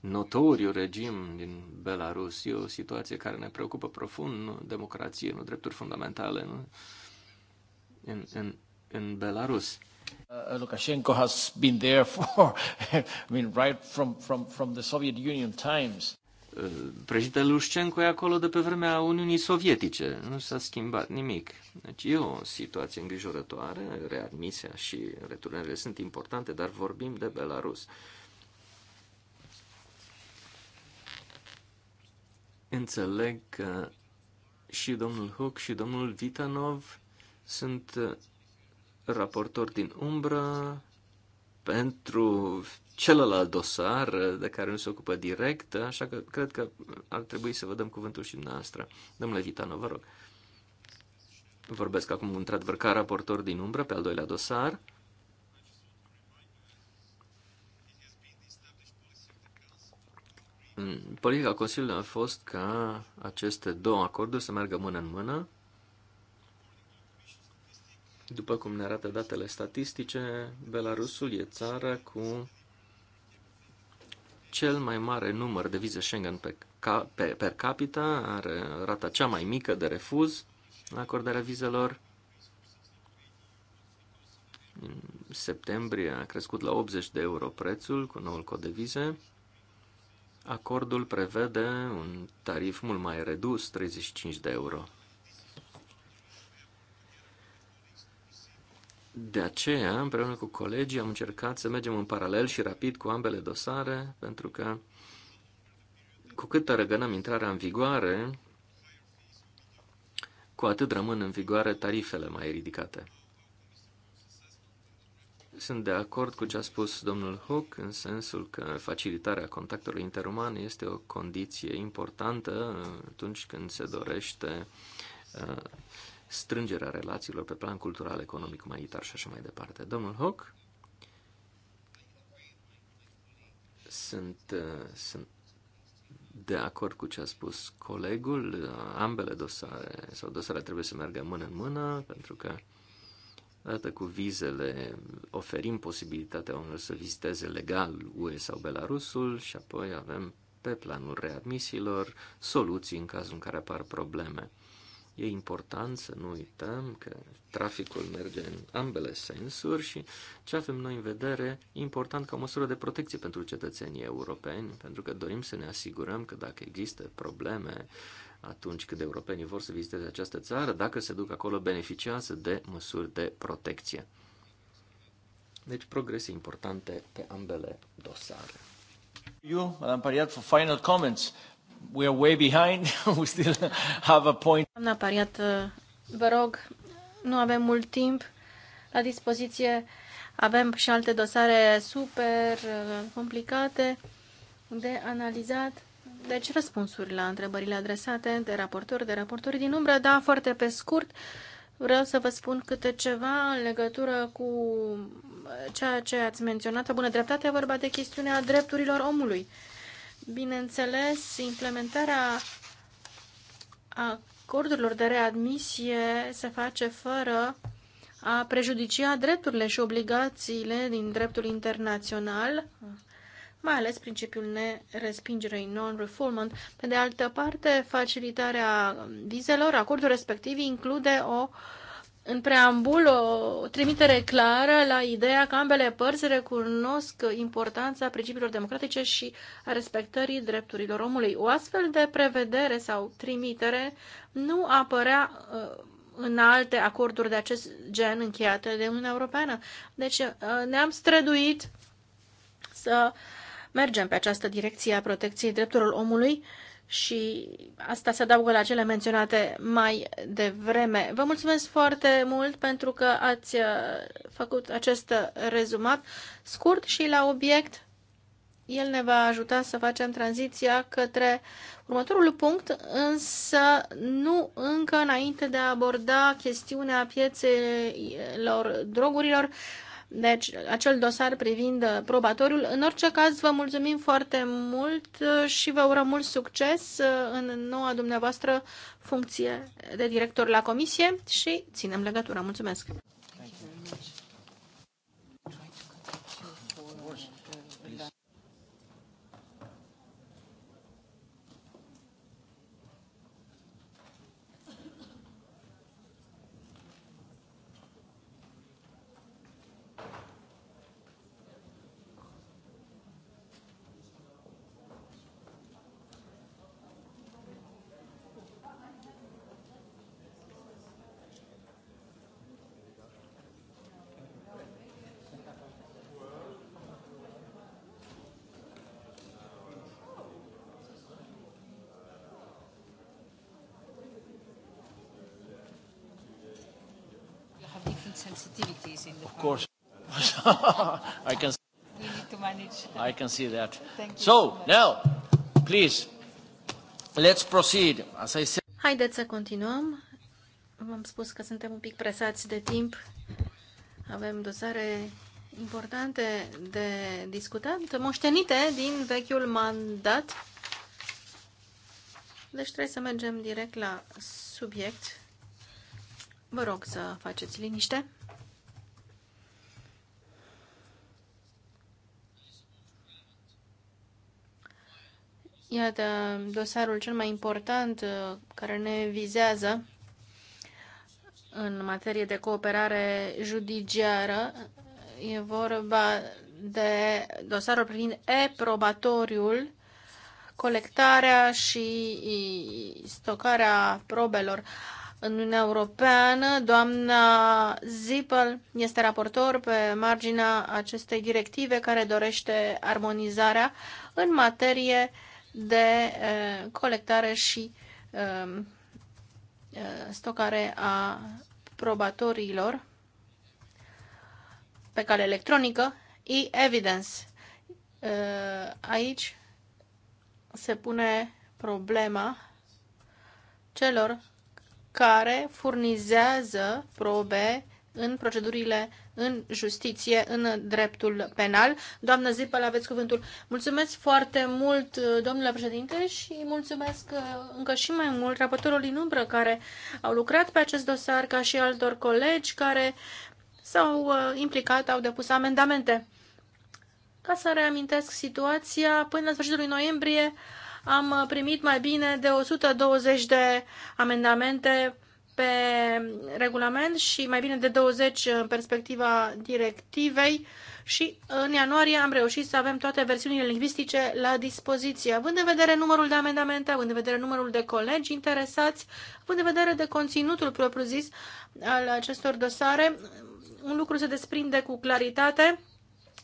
notoriu regim din Belarus. E o situație care ne preocupă profund, nu democrație, nu drepturi fundamentale, nu? În, în, în Belarus. Uh, Lukashenko has been there for, I mean, right from, from, from the Soviet Union times. Președintele Lușcenco e acolo de pe vremea Uniunii Sovietice. Nu s-a schimbat nimic. Deci e o situație îngrijorătoare. Readmisia și returnările sunt importante, dar vorbim de Belarus. Înțeleg că și domnul Hook și domnul Vitanov sunt raportori din umbră pentru celălalt dosar uh, de care nu se ocupă direct, uh, așa că cred că ar trebui să vă dăm cuvântul și dumneavoastră. Domnule Vitano, vă rog. Vorbesc acum într-adevăr ca raportor din umbră pe al doilea dosar. Politica Consiliului a fost ca aceste două acorduri să meargă mână în mână. După cum ne arată datele statistice, Belarusul e țara cu cel mai mare număr de vize Schengen pe, ca, pe, per capita, are rata cea mai mică de refuz la acordarea vizelor. În septembrie a crescut la 80 de euro prețul cu noul cod de vize. Acordul prevede un tarif mult mai redus, 35 de euro. De aceea, împreună cu colegii, am încercat să mergem în paralel și rapid cu ambele dosare, pentru că cu cât răgănăm intrarea în vigoare, cu atât rămân în vigoare tarifele mai ridicate. Sunt de acord cu ce a spus domnul Hook, în sensul că facilitarea contactelor interumane este o condiție importantă atunci când se dorește uh, strângerea relațiilor pe plan cultural, economic, umanitar și așa mai departe. Domnul Hoc, sunt, uh, sunt de acord cu ce a spus colegul. Uh, ambele dosare sau dosare trebuie să meargă mână în mână, pentru că odată cu vizele oferim posibilitatea unor să viziteze legal UE sau Belarusul și apoi avem pe planul readmisiilor soluții în cazul în care apar probleme. E important să nu uităm că traficul merge în ambele sensuri și ce avem noi în vedere e important ca o măsură de protecție pentru cetățenii europeni, pentru că dorim să ne asigurăm că dacă există probleme atunci când europenii vor să viziteze această țară, dacă se duc acolo, beneficiază de măsuri de protecție. Deci progrese importante pe ambele dosare. You, Madam Pariat, for final comments we are way behind. we still have a point. Doamna Pariat, vă rog, nu avem mult timp la dispoziție. Avem și alte dosare super uh, complicate de analizat. Deci răspunsuri la întrebările adresate de raportori, de raportori din umbră, da, foarte pe scurt. Vreau să vă spun câte ceva în legătură cu ceea ce ați menționat. Bună dreptate, vorba de chestiunea drepturilor omului. Bineînțeles, implementarea acordurilor de readmisie se face fără a prejudicia drepturile și obligațiile din dreptul internațional, mai ales principiul nerespingerei, non-refoulement. Pe de altă parte, facilitarea vizelor, acordul respectiv include o uh, în preambul o trimitere clară la ideea că ambele părți recunosc importanța principiilor democratice și a respectării drepturilor omului. O astfel de prevedere sau trimitere nu apărea uh, în alte acorduri de acest gen încheiate de Uniunea Europeană. Deci uh, ne-am străduit să mergem pe această direcție a protecției drepturilor omului și asta se adaugă la cele menționate mai devreme. Vă mulțumesc foarte mult pentru că ați uh, făcut acest rezumat scurt și la obiect. El ne va ajuta să facem tranziția către următorul punct, însă nu încă înainte de a aborda chestiunea piețelor drogurilor. Deci, acel dosar privind uh, probatorul. În orice caz, vă mulțumim foarte mult uh, și vă urăm mult succes uh, în noua dumneavoastră funcție de director la comisie și ținem legătura. Mulțumesc! I can. We need to manage. I can see that. Thank you so now, please, let's proceed. As I said. Haideți să continuăm. V-am spus că suntem un pic presați de timp. Avem dosare importante de discutat, moștenite din vechiul mandat. Deci trebuie să mergem direct la subiect. Vă rog să faceți liniște. Iată, dosarul cel mai important uh, care ne vizează în materie de cooperare judiciară e vorba de dosarul privind e-probatoriul, colectarea și stocarea probelor în Uniunea Europeană. Doamna Zippel este raportor pe marginea acestei directive care dorește armonizarea în materie de colectare și stocare a probatorilor pe cale electronică, e-evidence. Aici se pune problema celor care furnizează probe în procedurile în justiție, în dreptul penal. Doamnă Zipăl, aveți cuvântul. Mulțumesc foarte mult, domnule președinte, și mulțumesc uh, încă și mai mult raportorul din umbră care au lucrat pe acest dosar, ca și altor colegi care s-au uh, implicat, au depus amendamente. Ca să reamintesc situația, până la sfârșitul lui noiembrie am primit mai bine de 120 de amendamente pe regulament și mai bine de 20 în perspectiva directivei și în ianuarie am reușit să avem toate versiunile lingvistice la dispoziție, având în vedere numărul de amendamente, având în vedere numărul de colegi interesați, având în vedere de conținutul propriu-zis al acestor dosare, un lucru se desprinde cu claritate,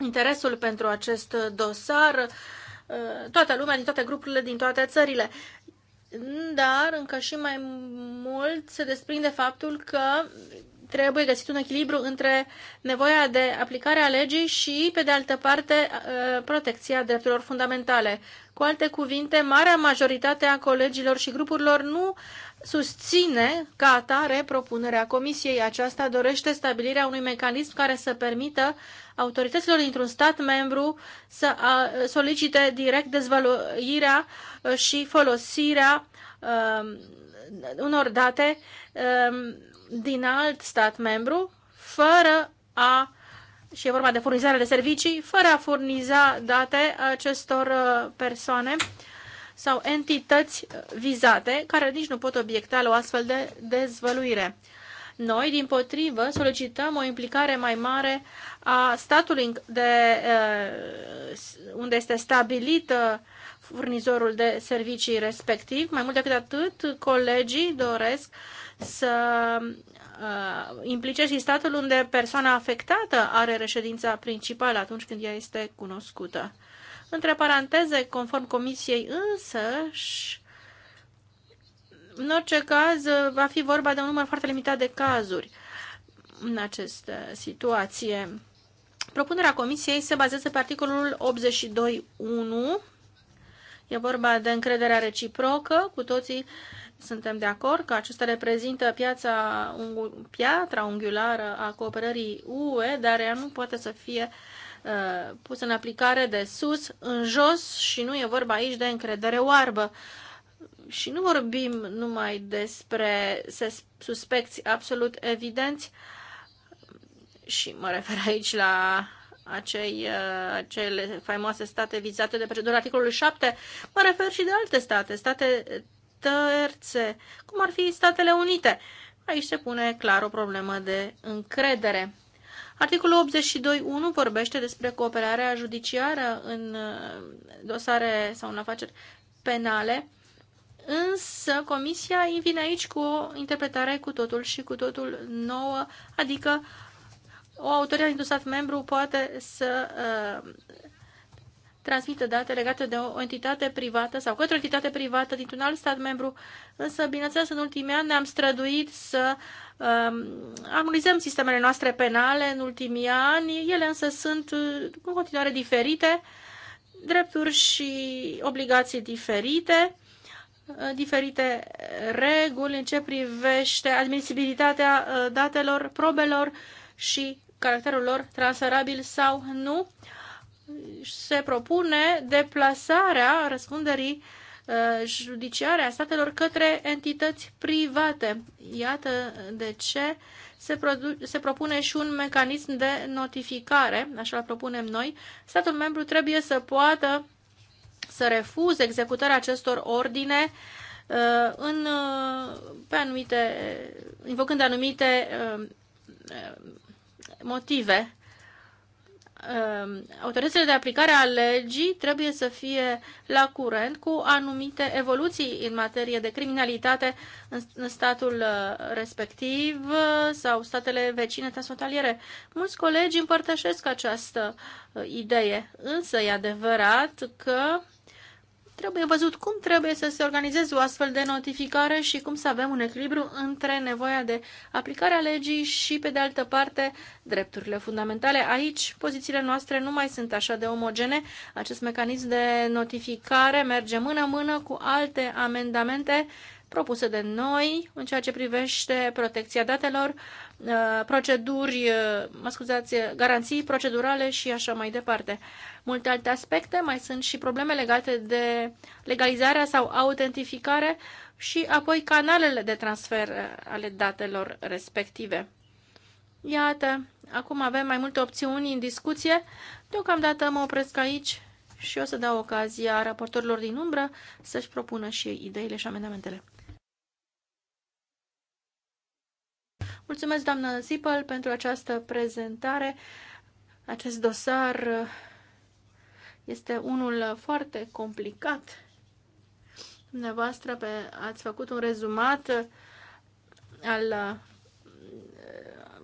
interesul pentru acest dosar, uh, toată lumea, din toate grupurile, din toate țările dar încă și mai mult se desprinde faptul că trebuie găsit un echilibru între nevoia de aplicare a legii și, pe de altă parte, uh, protecția drepturilor fundamentale. Cu alte cuvinte, marea majoritate a colegilor și grupurilor nu susține ca atare propunerea Comisiei. Aceasta dorește stabilirea unui mecanism care să permită autorităților dintr-un stat membru să solicite direct dezvăluirea uh, și folosirea uh, unor date um, din alt stat membru fără a și e vorba de furnizare de servicii, fără a furniza date acestor uh, persoane sau entități vizate, care nici nu pot obiecta la o astfel de dezvăluire. Noi, din potrivă, solicităm o implicare mai mare a statului de, eh, unde este stabilită eh, furnizorul de servicii respectiv. Mai mult decât atât, colegii doresc să eh, implice și statul unde persoana afectată are reședința principală atunci când ea este cunoscută. Între paranteze, conform comisiei însăși, în orice caz, uh, va fi vorba de un număr foarte limitat de cazuri în această situație. Propunerea Comisiei se bazează pe articolul 82.1. E vorba de încrederea reciprocă. Cu toții suntem de acord că acesta reprezintă piața, piatra unghiulară a cooperării UE, dar ea nu poate să fie uh, pus în aplicare de sus în jos și nu e vorba aici de încredere oarbă și nu vorbim numai despre suspecți absolut evidenți, și mă refer aici la acei, uh, acele faimoase state vizate de procedura articolului 7, mă refer și de alte state, state terțe, cum ar fi Statele Unite. Aici se pune clar o problemă de încredere. Articolul 82.1 vorbește despre cooperarea judiciară în uh, dosare sau în afaceri penale însă Comisia vine aici cu o interpretare cu totul și cu totul nouă, adică o autoritate dintr-un stat membru poate să uh, transmită date legate de o entitate privată sau către o entitate privată dintr-un alt stat membru, însă, bineînțeles, în ultimii ani ne-am străduit să uh, armonizăm sistemele noastre penale în ultimii ani, ele însă sunt uh, în continuare diferite, drepturi și obligații diferite Uh, diferite reguli în ce privește admisibilitatea uh, datelor, probelor și caracterul lor transferabil sau nu. Se propune deplasarea răspunderii uh, judiciare a statelor către entități private. Iată de ce se, se propune și un mecanism de notificare, așa propunem noi. Statul membru trebuie să poată să refuz executarea acestor ordine uh, în, uh, pe anumite, invocând anumite uh, motive Um, autoritățile de aplicare a legii trebuie să fie la curent cu anumite evoluții în materie de criminalitate în statul uh, respectiv uh, sau statele vecine transfrontaliere. Mulți colegi împărtășesc această uh, idee, însă e adevărat că Trebuie văzut cum trebuie să se organizeze o astfel de notificare și cum să avem un echilibru între nevoia de aplicare a legii și, pe de altă parte, drepturile fundamentale. Aici, pozițiile noastre nu mai sunt așa de omogene. Acest mecanism de notificare merge mână-mână cu alte amendamente propuse de noi în ceea ce privește protecția datelor, Uh, proceduri, uh, mă scuzați, garanții procedurale și așa mai departe. Multe alte aspecte, mai sunt și probleme legate de legalizarea sau autentificare și apoi canalele de transfer uh, ale datelor respective. Iată, acum avem mai multe opțiuni în discuție. Deocamdată mă opresc aici și o să dau ocazia raportorilor din umbră să-și propună și ideile și amendamentele. Mulțumesc, doamnă Zipăl, pentru această prezentare. Acest dosar uh, este unul foarte complicat. Dumneavoastră ați făcut un rezumat uh, al uh,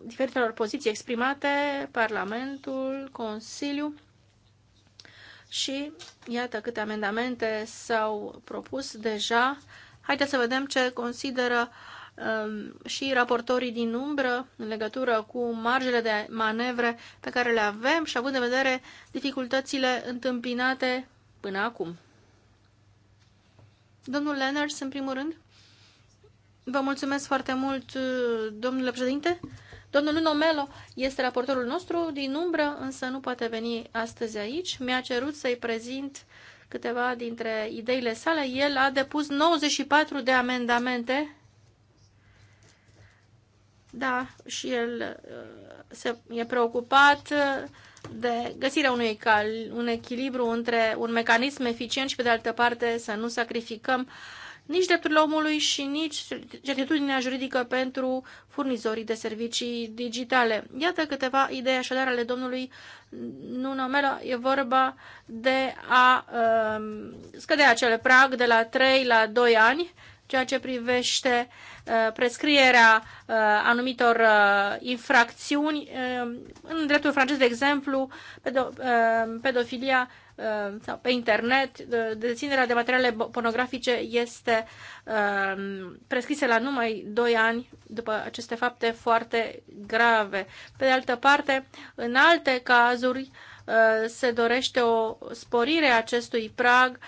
diferitelor poziții exprimate, Parlamentul, Consiliu și iată câte amendamente s-au propus deja. Haideți să vedem ce consideră uh, Um, și raportorii din umbră în legătură cu marjele de manevre pe care le avem și având în vedere dificultățile întâmpinate până acum. Domnul Lenners, în primul rând, vă mulțumesc foarte mult, domnule președinte. Domnul Nuno Melo este raportorul nostru din umbră, însă nu poate veni astăzi aici. Mi-a cerut să-i prezint câteva dintre ideile sale. El a depus 94 de amendamente da, și el uh, se, e preocupat uh, de găsirea unui cal, un echilibru între un mecanism eficient și, pe de altă parte, să nu sacrificăm nici drepturile omului și nici certitudinea juridică pentru furnizorii de servicii digitale. Iată câteva idei așadar ale domnului Nuno Mela. E vorba de a uh, scădea acel prag de la 3 la 2 ani ceea ce privește uh, prescrierea uh, anumitor uh, infracțiuni. În dreptul francez, de exemplu, pedofilia sau pe internet, deținerea de materiale pornografice este prescrisă la numai 2 ani după aceste fapte foarte grave. Pe de altă parte, în alte cazuri se dorește o sporire a acestui prag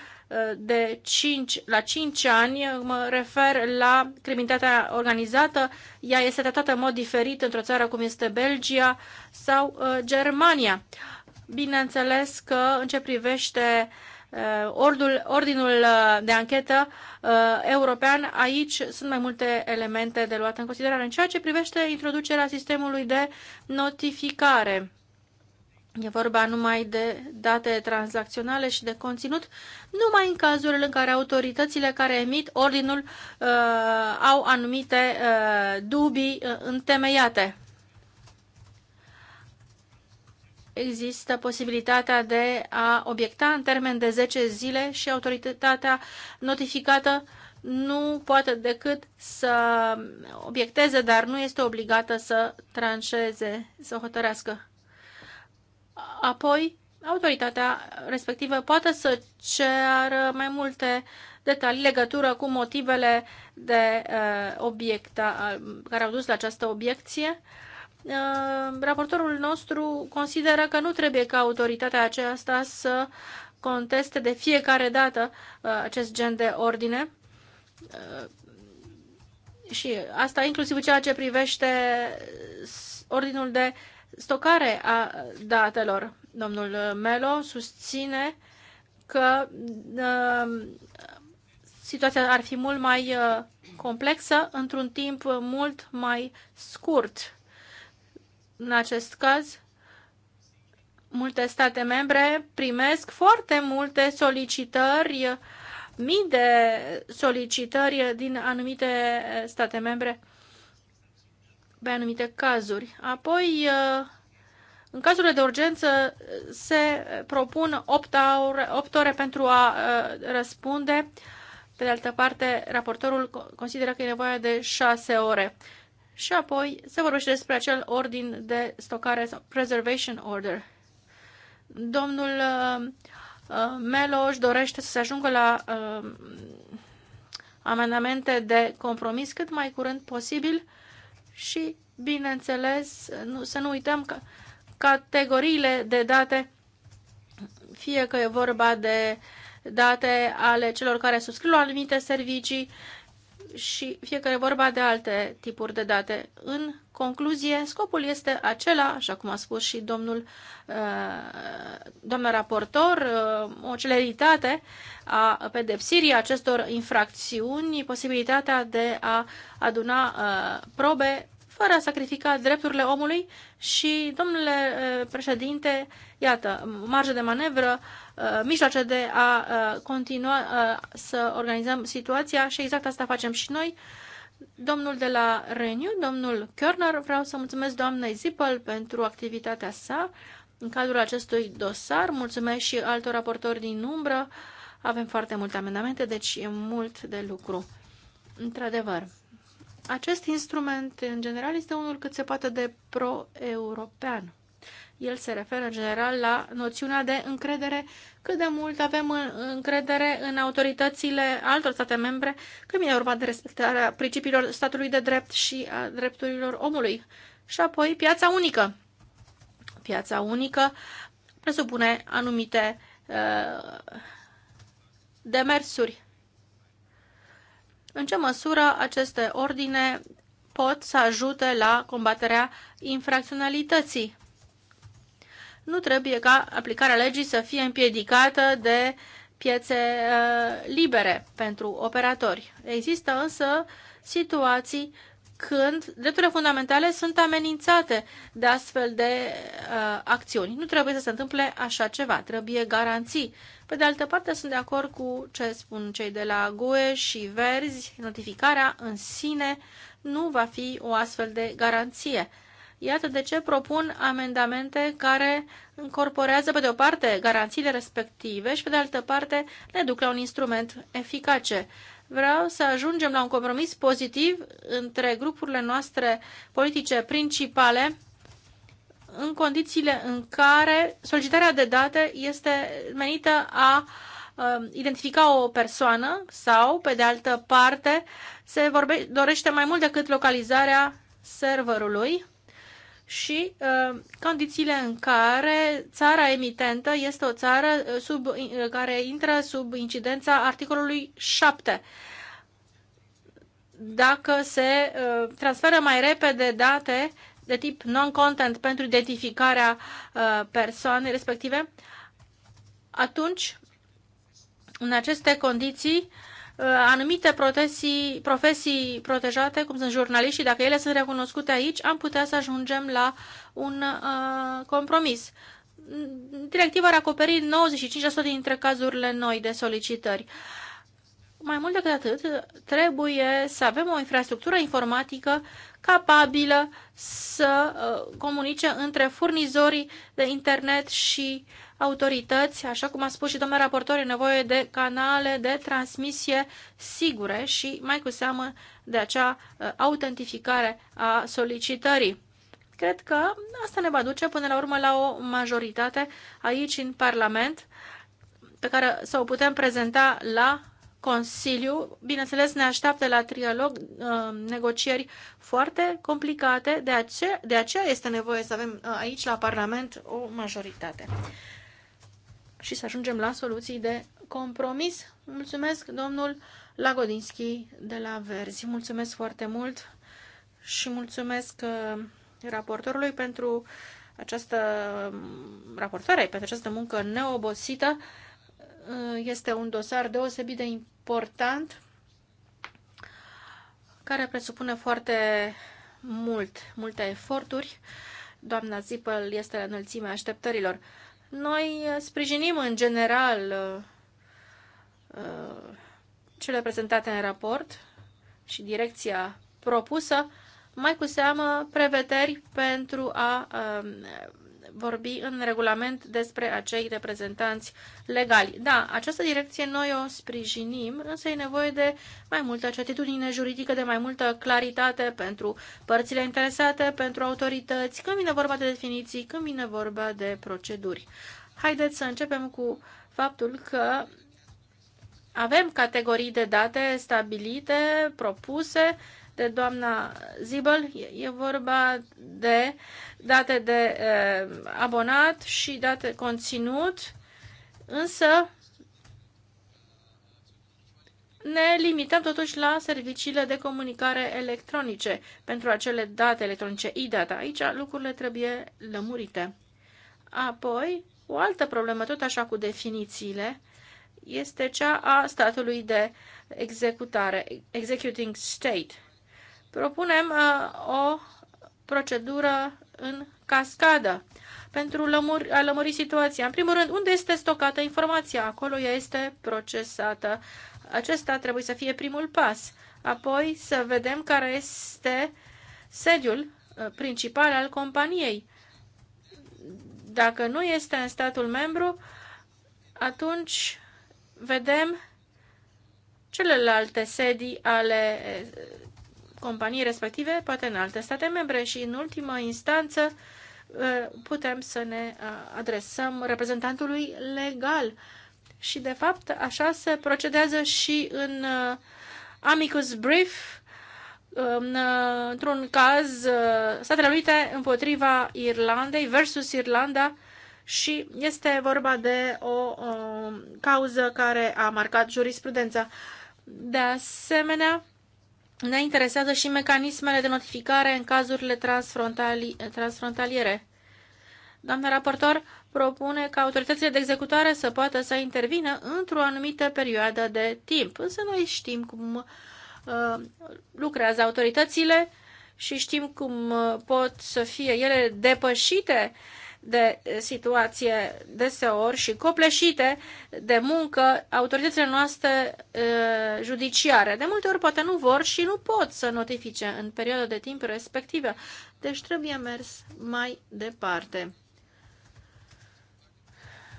de 5, la 5 ani, mă refer la criminalitatea organizată, ea este tratată în mod diferit într-o țară cum este Belgia sau uh, Germania. Bineînțeles că în ce privește uh, ordul, ordinul uh, de anchetă european, aici sunt mai multe elemente de luat în considerare în ceea ce privește introducerea sistemului de notificare E vorba numai de date tranzacționale și de conținut, numai în cazurile în care autoritățile care emit ordinul uh, au anumite uh, dubii uh, întemeiate. Există posibilitatea de a obiecta în termen de 10 zile și autoritatea notificată nu poate decât să obiecteze, dar nu este obligată să tranșeze, să hotărească. Apoi, autoritatea respectivă poate să ceară mai multe detalii legătură cu motivele de uh, obiect uh, care au dus la această obiecție. Uh, raportorul nostru consideră că nu trebuie ca autoritatea aceasta să conteste de fiecare dată uh, acest gen de ordine. Uh, și asta inclusiv ceea ce privește ordinul de uh, stocare a datelor. Domnul Melo susține că uh, situația ar fi mult mai uh, complexă într-un timp mult mai scurt. În acest caz, multe state membre primesc foarte multe solicitări, mii de solicitări din anumite state membre pe anumite cazuri. Apoi, uh, în cazurile de urgență se propun 8 ore, 8 ore pentru a uh, răspunde. Pe de altă parte, raportorul consideră că e nevoie de 6 ore. Și apoi se vorbește despre acel ordin de stocare sau preservation order. Domnul uh, Melo își dorește să se ajungă la amendamente de compromis cât mai curând posibil și, bineînțeles, nu, să nu uităm că categoriile de date, fie că e vorba de date ale celor care subscriu la anumite servicii și fiecare vorba de alte tipuri de date. În concluzie, scopul este acela, așa cum a spus și domnul uh, doamna raportor, uh, o celeritate a pedepsirii acestor infracțiuni, posibilitatea de a aduna uh, probe fără a sacrifica drepturile omului și, domnule președinte, iată, marge de manevră, Uh, mijloace de a uh, continua uh, să organizăm situația și exact asta facem și noi. Domnul de la Renew, domnul Körner, vreau să mulțumesc doamnei Zippel pentru activitatea sa în cadrul acestui dosar. Mulțumesc și altor raportori din umbră. Avem foarte multe amendamente, deci e mult de lucru. Într-adevăr, acest instrument, în general, este unul cât se poate de pro-european. El se referă în general la noțiunea de încredere, cât de mult avem încredere în autoritățile altor state membre când e vorba de respectarea principiilor statului de drept și a drepturilor omului. Și apoi piața unică. Piața unică presupune anumite uh, demersuri. În ce măsură aceste ordine pot să ajute la combaterea infracționalității? nu trebuie ca aplicarea legii să fie împiedicată de piețe uh, libere pentru operatori. Există însă situații când drepturile fundamentale sunt amenințate de astfel de uh, acțiuni. Nu trebuie să se întâmple așa ceva, trebuie garanții. Pe de altă parte, sunt de acord cu ce spun cei de la GUE și Verzi, notificarea în sine nu va fi o astfel de garanție Iată de ce propun amendamente care încorporează, pe de o parte, garanțiile respective și, pe de altă parte, le duc la un instrument eficace. Vreau să ajungem la un compromis pozitiv între grupurile noastre politice principale în condițiile în care solicitarea de date este menită a um, identifica o persoană sau, pe de altă parte, se vorbe, dorește mai mult decât localizarea serverului și uh, condițiile în care țara emitentă este o țară uh, sub, uh, care intră sub incidența articolului 7. Dacă se uh, transferă mai repede date de tip non-content pentru identificarea uh, persoanei respective, atunci, în aceste condiții, uh, Uh, anumite profesii, profesii protejate, cum sunt jurnaliștii, dacă ele sunt recunoscute aici, am putea să ajungem la un uh, compromis. Directiva ar acoperi 95% dintre cazurile noi de solicitări. Mai mult decât atât, trebuie să avem o infrastructură informatică capabilă să uh, comunice între furnizorii de internet și autorități. Așa cum a spus și domnul raportor, e nevoie de canale de transmisie sigure și mai cu seamă de acea uh, autentificare a solicitării. Cred că asta ne va duce până la urmă la o majoritate aici în Parlament pe care să o putem prezenta la Consiliu, bineînțeles, ne așteaptă la trialog uh, negocieri foarte complicate, de aceea, de aceea este nevoie să avem uh, aici la Parlament o majoritate și să ajungem la soluții de compromis. Mulțumesc, domnul Lagodinski de la Verzi. Mulțumesc foarte mult și mulțumesc uh, raportorului pentru această raportare, pentru această muncă neobosită. Uh, este un dosar deosebit de important care presupune foarte mult, multe eforturi. Doamna Zipăl este la înălțimea așteptărilor. Noi uh, sprijinim în general uh, cele prezentate în raport și direcția propusă, mai cu seamă preveteri pentru a um, vorbi în regulament despre acei reprezentanți legali. Da, această direcție noi o sprijinim, însă e nevoie de mai multă certitudine juridică, de mai multă claritate pentru părțile interesate, pentru autorități, când vine vorba de definiții, când vine vorba de proceduri. Haideți să începem cu faptul că avem categorii de date stabilite, propuse, de doamna Zibel. E vorba de date de abonat și date conținut, însă ne limităm totuși la serviciile de comunicare electronice pentru acele date electronice e-data. Aici lucrurile trebuie lămurite. Apoi, o altă problemă, tot așa cu definițiile, este cea a statului de executare, executing state propunem uh, o procedură în cascadă pentru lămuri, a lămuri situația. În primul rând, unde este stocată informația? Acolo ea este procesată. Acesta trebuie să fie primul pas. Apoi să vedem care este sediul uh, principal al companiei. Dacă nu este în statul membru, atunci vedem celelalte sedii ale companii respective, poate în alte state membre și, în ultimă instanță, uh, putem să ne uh, adresăm reprezentantului legal. Și, de fapt, așa se procedează și în uh, amicus brief, în, într-un caz Statele Unite împotriva Irlandei versus Irlanda și este vorba de o, o cauză care a marcat jurisprudența. De asemenea, ne interesează și mecanismele de notificare în cazurile transfrontali transfrontaliere. Doamna raportor propune ca autoritățile de executare să poată să intervină într-o anumită perioadă de timp. Însă noi știm cum uh, lucrează autoritățile și știm cum uh, pot să fie ele depășite uh, de situație deseori și copleșite de muncă autoritățile noastre judiciare. De multe ori poate nu vor și nu pot să notifice în perioada de timp respectivă. Deci trebuie mers mai departe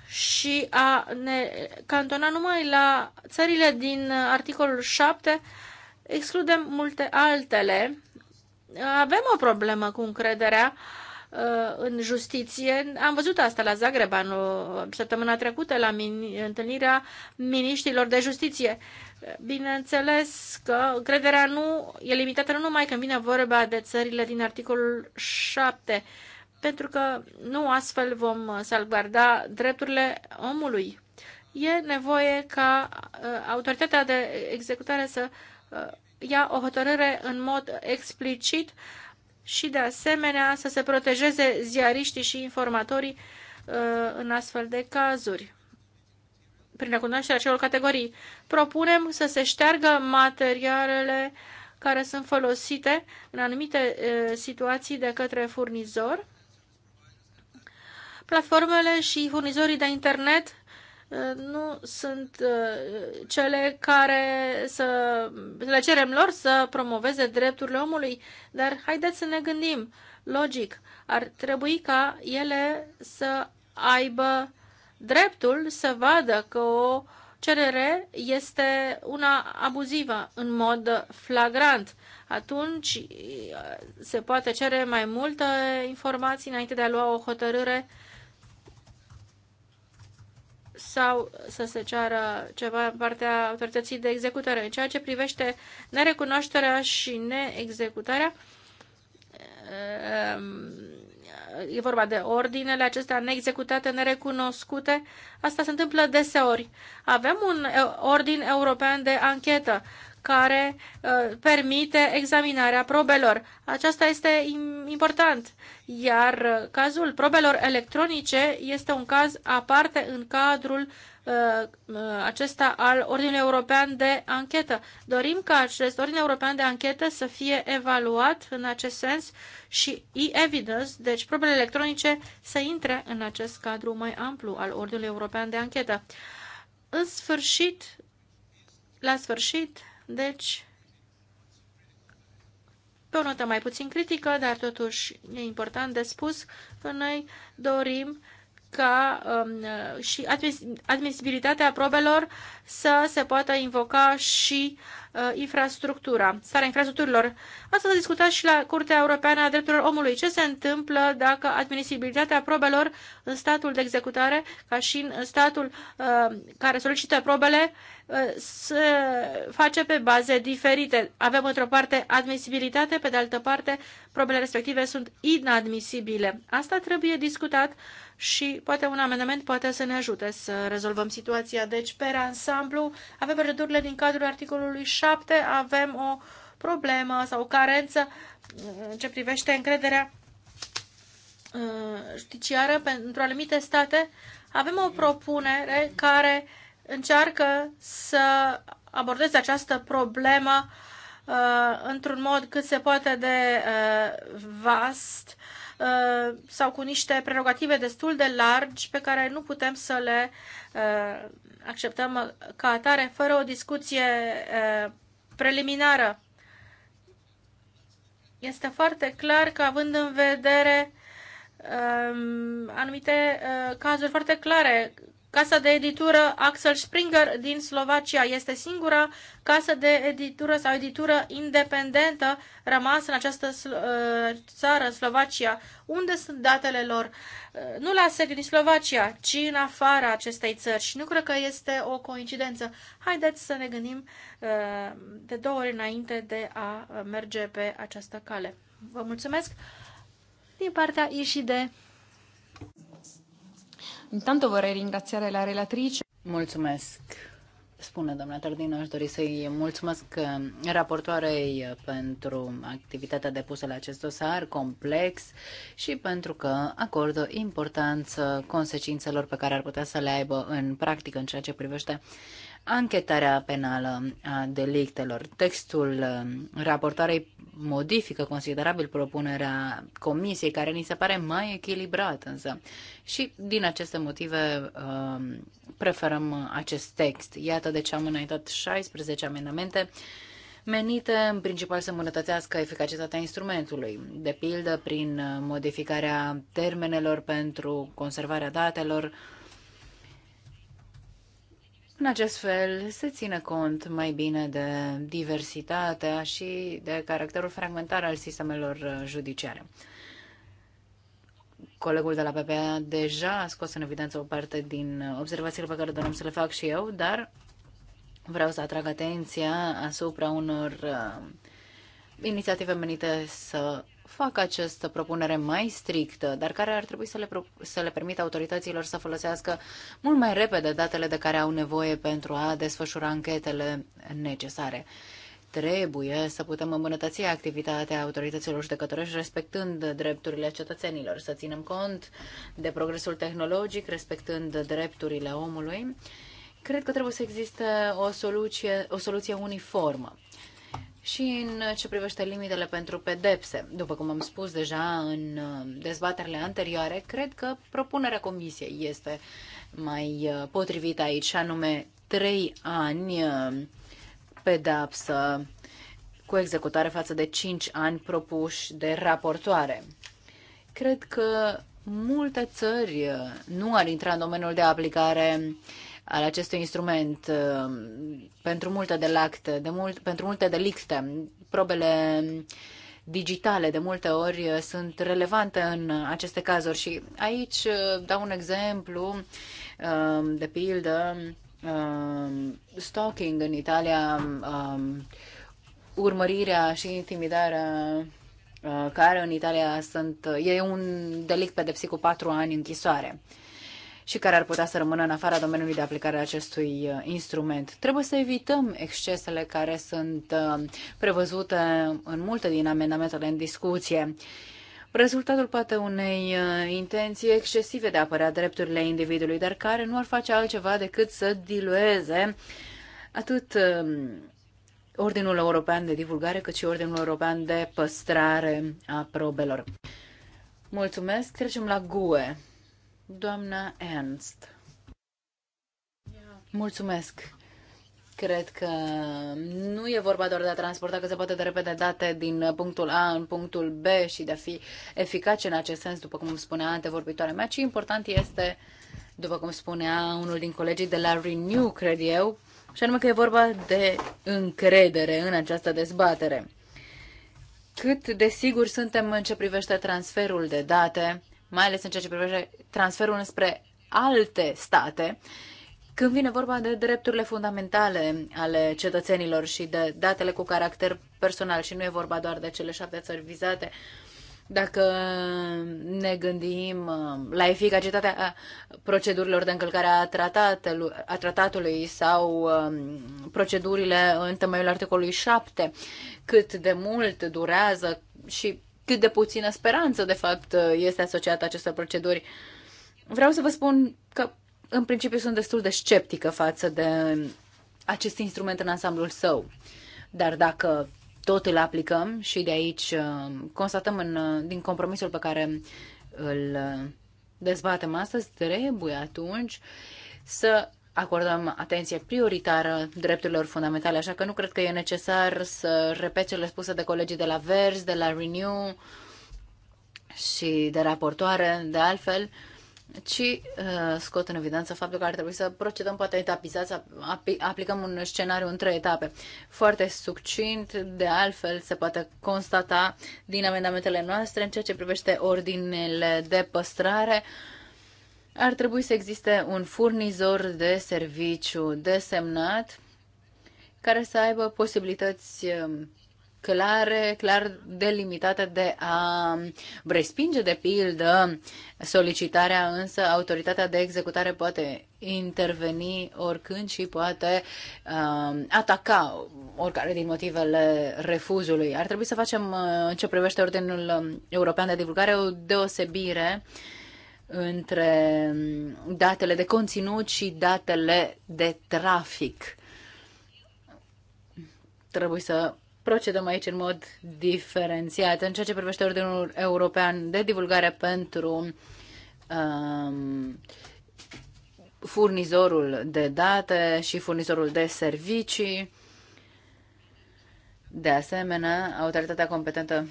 și a ne cantona numai la țările din articolul 7, excludem multe altele. Avem o problemă cu încrederea Uh, în justiție. Am văzut asta la Zagreb în săptămâna trecută, la min- întâlnirea miniștilor de justiție. Bineînțeles că crederea nu e limitată nu numai când vine vorba de țările din articolul 7, pentru că nu astfel vom salvarda drepturile omului. E nevoie ca uh, autoritatea de executare să uh, ia o hotărâre în mod explicit uh, și, de asemenea, să se protejeze ziariștii și informatorii uh, în astfel de cazuri. Prin recunoașterea celor categorii, propunem să se șteargă materialele care sunt folosite în anumite uh, situații de către furnizor. Platformele și furnizorii de internet Uh, nu sunt uh, cele care să le cerem lor să promoveze drepturile omului, dar haideți să ne gândim. Logic, ar trebui ca ele să aibă dreptul să vadă că o cerere este una abuzivă în mod flagrant. Atunci uh, se poate cere mai multă informații înainte de a lua o hotărâre sau să se ceară ceva în partea autorității de executare. În ceea ce privește nerecunoașterea și neexecutarea, ehm, e vorba de ordinele acestea neexecutate, nerecunoscute. Asta se întâmplă deseori. Avem un ordin european de anchetă care uh, permite examinarea probelor. Aceasta este important, iar uh, cazul probelor electronice este un caz aparte în cadrul uh, uh, acesta al Ordinului European de Anchetă. Dorim ca acest Ordin European de Anchetă să fie evaluat în acest sens și e-evidence, deci probele electronice, să intre în acest cadru mai amplu al Ordinului European de Anchetă. În sfârșit, la sfârșit, deci, pe o notă mai puțin critică, dar totuși e important de spus că noi dorim ca um, și admis, admisibilitatea probelor să se poată invoca și Uh, infrastructura, starea infrastructurilor. Asta s-a discutat și la Curtea Europeană a Drepturilor Omului. Ce se întâmplă dacă admisibilitatea probelor în statul de executare, ca și în statul uh, care solicită probele, uh, se face pe baze diferite. Avem într-o parte admisibilitate, pe de altă parte probele respective sunt inadmisibile. Asta trebuie discutat și poate un amendament poate să ne ajute să rezolvăm situația. Deci, pe ansamblu, avem procedurile din cadrul articolului 7 7 avem o problemă sau o carență mm, ce privește încrederea mm, judiciară pentru anumite state, avem o propunere care încearcă să abordeze această problemă mm, într-un mod cât se poate de vast sau cu niște prerogative destul de largi pe care nu putem să le uh, acceptăm ca atare fără o discuție preliminară. Este foarte clar că având în vedere anumite cazuri foarte clare Casa de editură Axel Springer din Slovacia este singura casă de editură sau editură independentă rămasă în această uh, țară, Slovacia. Unde sunt datele lor? Uh, nu la sediu din Slovacia, ci în afara acestei țări și nu cred că este o coincidență. Haideți să ne gândim uh, de două ori înainte de a merge pe această cale. Vă mulțumesc din partea ISI Intanto vorrei ringraziare la relatrice. Mulțumesc. Spune, doamna Tardino, aș dori să-i mulțumesc uh, raportoarei uh, pentru activitatea depusă la acest dosar complex și pentru că acordă importanță consecințelor pe care ar putea să le aibă în practică în ceea ce privește anchetarea penală a delictelor. Textul um, raportoarei modifică considerabil propunerea comisiei, care ni se pare mai echilibrat însă. Și din aceste motive um, preferăm acest text. Iată de ce am înaintat 16 amendamente menite în principal să îmbunătățească eficacitatea instrumentului, de pildă prin modificarea termenelor pentru conservarea datelor, în acest fel se ține cont mai bine de diversitatea și de caracterul fragmentar al sistemelor uh, judiciare. Colegul de la PPA deja a scos în evidență o parte din uh, observațiile pe care doream să le fac și eu, dar vreau să atrag atenția asupra unor uh, inițiative menite să fac această propunere mai strictă, dar care ar trebui să le, să le permită autorităților să folosească mult mai repede datele de care au nevoie pentru a desfășura anchetele necesare. Trebuie să putem îmbunătăți activitatea autorităților judecătorești respectând drepturile cetățenilor, să ținem cont de progresul tehnologic, respectând drepturile omului. Cred că trebuie să existe o soluție, o soluție uniformă și în ce privește limitele pentru pedepse. După cum am spus deja în uh, dezbaterile anterioare, cred că propunerea comisiei este mai uh, potrivită aici, și anume trei ani uh, pedapsă cu executare față de 5 ani propuși de raportoare. Cred că multe țări nu ar intra în domeniul de aplicare al acestui instrument um, pentru multe de lacte, de mult, pentru multe delicte. Probele digitale de multe ori sunt relevante în aceste cazuri și aici uh, dau un exemplu um, de pildă um, stalking în Italia, urmărirea și intimidarea uh, care în Italia sunt, e un delict pedepsit cu patru ani închisoare și care ar putea să rămână în afara domeniului de aplicare a acestui uh, instrument. Trebuie să evităm excesele care sunt uh, prevăzute în multe din amendamentele în discuție. Rezultatul poate unei uh, intenții excesive de a apărea drepturile individului, dar care nu ar face altceva decât să dilueze atât um, Ordinul European de Divulgare, cât și Ordinul European de Păstrare a Probelor. Mulțumesc, trecem la GUE. Doamna Ernst. Mulțumesc. Cred că nu e vorba doar de a transporta că se poate de repede date din punctul A în punctul B și de a fi eficace în acest sens, după cum spunea antevorbitoarea mea, ci important este, după cum spunea unul din colegii de la Renew, cred eu, și anume că e vorba de încredere în această dezbatere. Cât de sigur suntem în ce privește transferul de date, mai ales în ceea ce privește transferul spre alte state, când vine vorba de drepturile fundamentale ale cetățenilor și de datele cu caracter personal și nu e vorba doar de cele șapte țări vizate, dacă ne gândim uh, la eficacitatea uh, procedurilor de încălcare a, a tratatului sau um, procedurile în temeiul articolului 7, cât de mult durează și cât de puțină speranță, de fapt, este asociată acestor proceduri. Vreau să vă spun că, în principiu, sunt destul de sceptică față de acest instrument în ansamblul său. Dar dacă tot îl aplicăm și de aici uh, constatăm în, uh, din compromisul pe care îl uh, dezbatem astăzi, trebuie atunci să acordăm atenție prioritară drepturilor fundamentale, așa că nu cred că e necesar să repet cele spuse de colegii de la Vers, de la Renew și de raportoare, de altfel, ci uh, scot în evidență faptul că ar trebui să procedăm poate etapizat, să aplicăm un scenariu în trei etape. Foarte succint, de altfel, se poate constata din amendamentele noastre în ceea ce privește ordinele de păstrare. Uh, ar trebui să existe un furnizor de serviciu desemnat care să aibă posibilități um, clare, clar delimitate de a um, respinge, de pildă, solicitarea, însă autoritatea de executare poate interveni oricând și poate uh, ataca oricare din motivele refuzului. Ar trebui să facem, uh, în ce privește Ordinul European de Divulgare, o deosebire uh, între mm, datele de conținut și datele de trafic. Trebuie să procedăm aici în mod diferențiat. În ceea ce privește Ordinul European de Divulgare pentru um, furnizorul de date și furnizorul de servicii, de asemenea, autoritatea competentă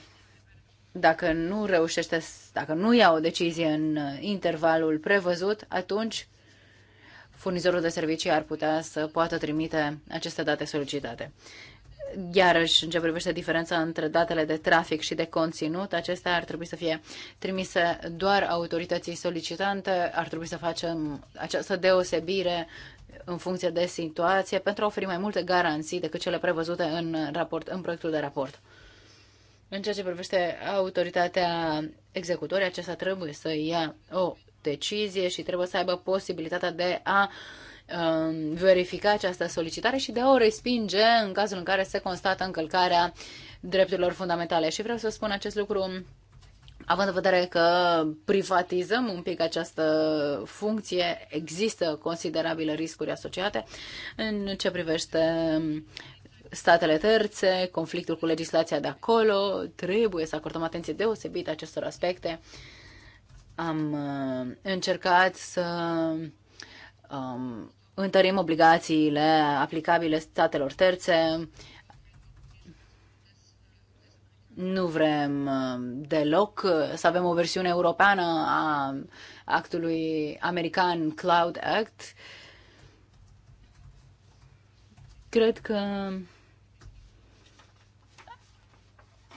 dacă nu reușește, dacă nu ia o decizie în uh, intervalul prevăzut, atunci furnizorul de servicii ar putea să poată trimite aceste date solicitate. Iarăși, în ce privește diferența între datele de trafic și de conținut, acestea ar trebui să fie trimise doar autorității solicitante, ar trebui să facem această deosebire în funcție de situație pentru a oferi mai multe garanții decât cele prevăzute în, raport, în proiectul de raport. În ceea ce privește autoritatea executorii, aceasta trebuie să ia o decizie și trebuie să aibă posibilitatea de a um, verifica această solicitare și de a o respinge în cazul în care se constată încălcarea drepturilor fundamentale. Și vreau să spun acest lucru având în vedere că privatizăm un pic această funcție, există considerabile riscuri asociate în ce privește statele terțe, conflictul cu legislația de acolo, trebuie să acordăm atenție deosebită acestor aspecte. Am uh, încercat să um, întărim obligațiile aplicabile statelor terțe. Nu vrem uh, deloc să avem o versiune europeană a actului american Cloud Act. Cred că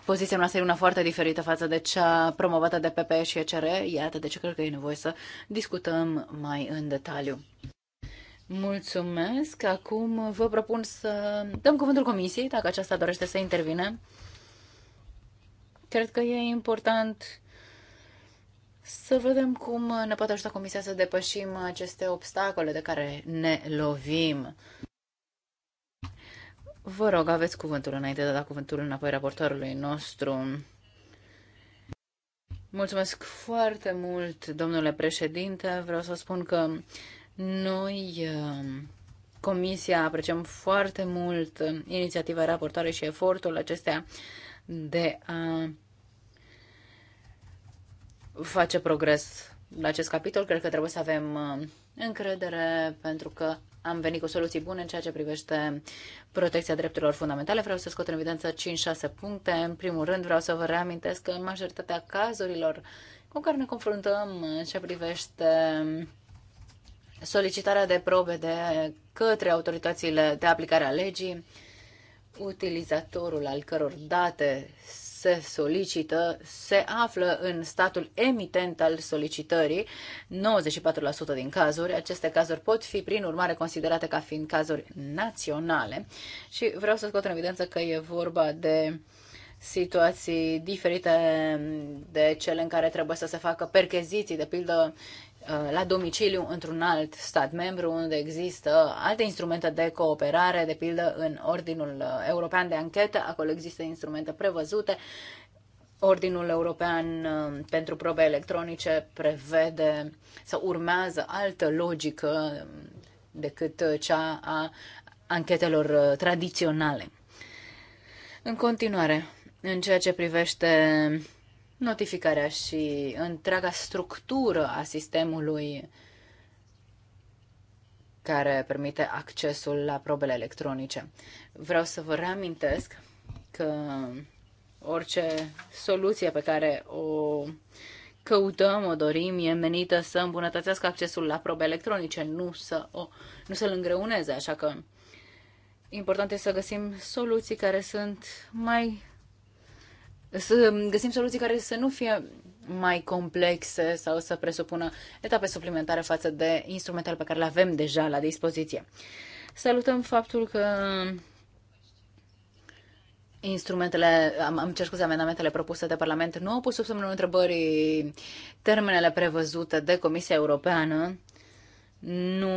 Poziția noastră e una foarte diferită față de cea promovată de PP și ECR. Iată de ce cred că e nevoie să discutăm mai în detaliu. Mulțumesc. Acum vă propun să dăm cuvântul comisiei, dacă aceasta dorește să intervine. Cred că e important să vedem cum ne poate ajuta comisia să depășim aceste obstacole de care ne lovim. Vă rog, aveți cuvântul înainte de a da cuvântul înapoi raportorului nostru. Mulțumesc foarte mult, domnule președinte. Vreau să spun că noi, uh, Comisia, apreciăm foarte mult inițiativa raportoare și efortul acestea de a face progres la acest capitol. Cred că trebuie să avem uh, încredere pentru că am venit cu soluții bune în ceea ce privește protecția drepturilor fundamentale. Vreau să scot în evidență 5-6 puncte. În primul rând vreau să vă reamintesc că în majoritatea cazurilor cu care ne confruntăm în ce privește solicitarea de probe de către autoritățile de aplicare a legii, utilizatorul al căror date se solicită se află în statul emitent al solicitării, 94% din cazuri. Aceste cazuri pot fi, prin urmare, considerate ca fiind cazuri naționale și vreau să scot în evidență că e vorba de situații diferite de cele în care trebuie să se facă percheziții, de pildă uh, la domiciliu într-un alt stat membru unde există alte instrumente de cooperare, de pildă în Ordinul uh, European de Anchetă, acolo există instrumente prevăzute. Ordinul European uh, pentru probe electronice prevede sau urmează altă logică decât cea a anchetelor tradiționale. În continuare, în ceea ce privește notificarea și întreaga structură a sistemului care permite accesul la probele electronice. Vreau să vă reamintesc că orice soluție pe care o căutăm, o dorim, e menită să îmbunătățească accesul la probe electronice, nu, să o, nu să-l îngreuneze, așa că important este să găsim soluții care sunt mai să găsim soluții care să nu fie mai complexe sau să presupună etape suplimentare față de instrumentele pe care le avem deja la dispoziție. Salutăm faptul că instrumentele, am, am cer scuze, amendamentele propuse de Parlament nu au pus sub semnul întrebării termenele prevăzute de Comisia Europeană. Nu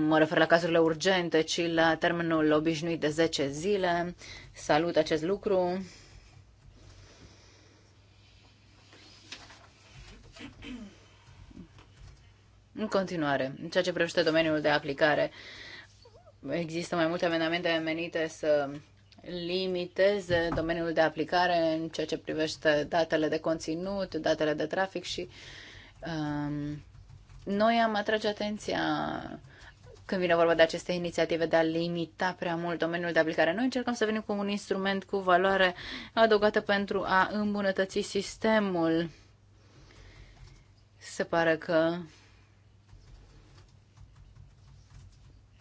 mă refer la cazurile urgente, ci la termenul obișnuit de 10 zile. Salut acest lucru. În continuare, în ceea ce privește domeniul de aplicare, există mai multe amendamente menite să limiteze domeniul de aplicare în ceea ce privește datele de conținut, datele de trafic și um, noi am atrage atenția când vine vorba de aceste inițiative de a limita prea mult domeniul de aplicare. Noi încercăm să venim cu un instrument cu valoare adăugată pentru a îmbunătăți sistemul. Se pare că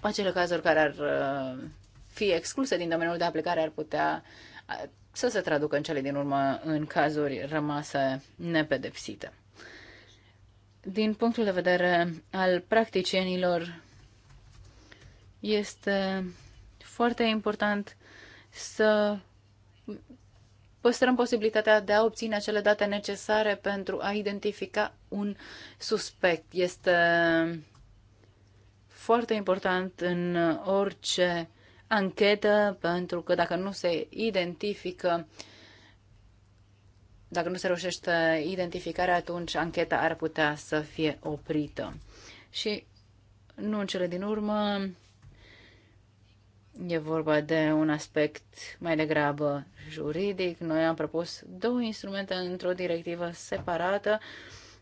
acele cazuri care ar uh, fi excluse din domeniul de aplicare ar putea uh, să se traducă în cele din urmă în cazuri rămase nepedepsite. Din punctul de vedere al practicienilor, este foarte important să păstrăm posibilitatea de a obține acele date necesare pentru a identifica un suspect. Este foarte important în orice anchetă, pentru că dacă nu se identifică, dacă nu se reușește identificarea, atunci ancheta ar putea să fie oprită. Și nu în cele din urmă, e vorba de un aspect mai degrabă juridic. Noi am propus două instrumente într-o directivă separată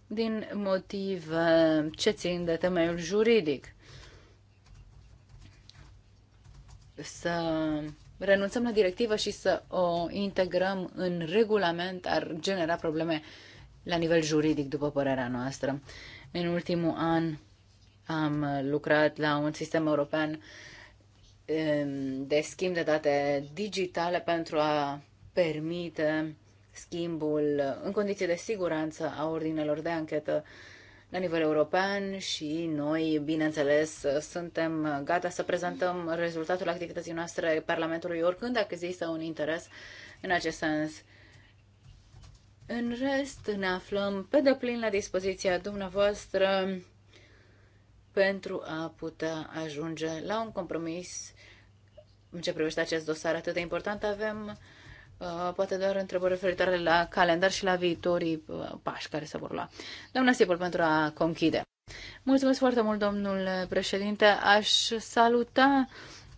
din motive ce țin de temeiul juridic. să renunțăm la directivă și să o integrăm în regulament ar genera probleme la nivel juridic, după părerea noastră. În ultimul an am lucrat la un sistem european de schimb de date digitale pentru a permite schimbul în condiții de siguranță a ordinelor de anchetă la nivel european și noi, bineînțeles, suntem gata să prezentăm rezultatul activității noastre Parlamentului oricând, dacă există un interes în acest sens. În rest, ne aflăm pe deplin la dispoziția dumneavoastră pentru a putea ajunge la un compromis în ce privește acest dosar atât de important. Avem Uh, poate doar întrebări referitoare la calendar și la viitorii uh, pași care se vor lua. Doamna Sipol, pentru a conchide. Mulțumesc foarte mult, domnul președinte. Aș saluta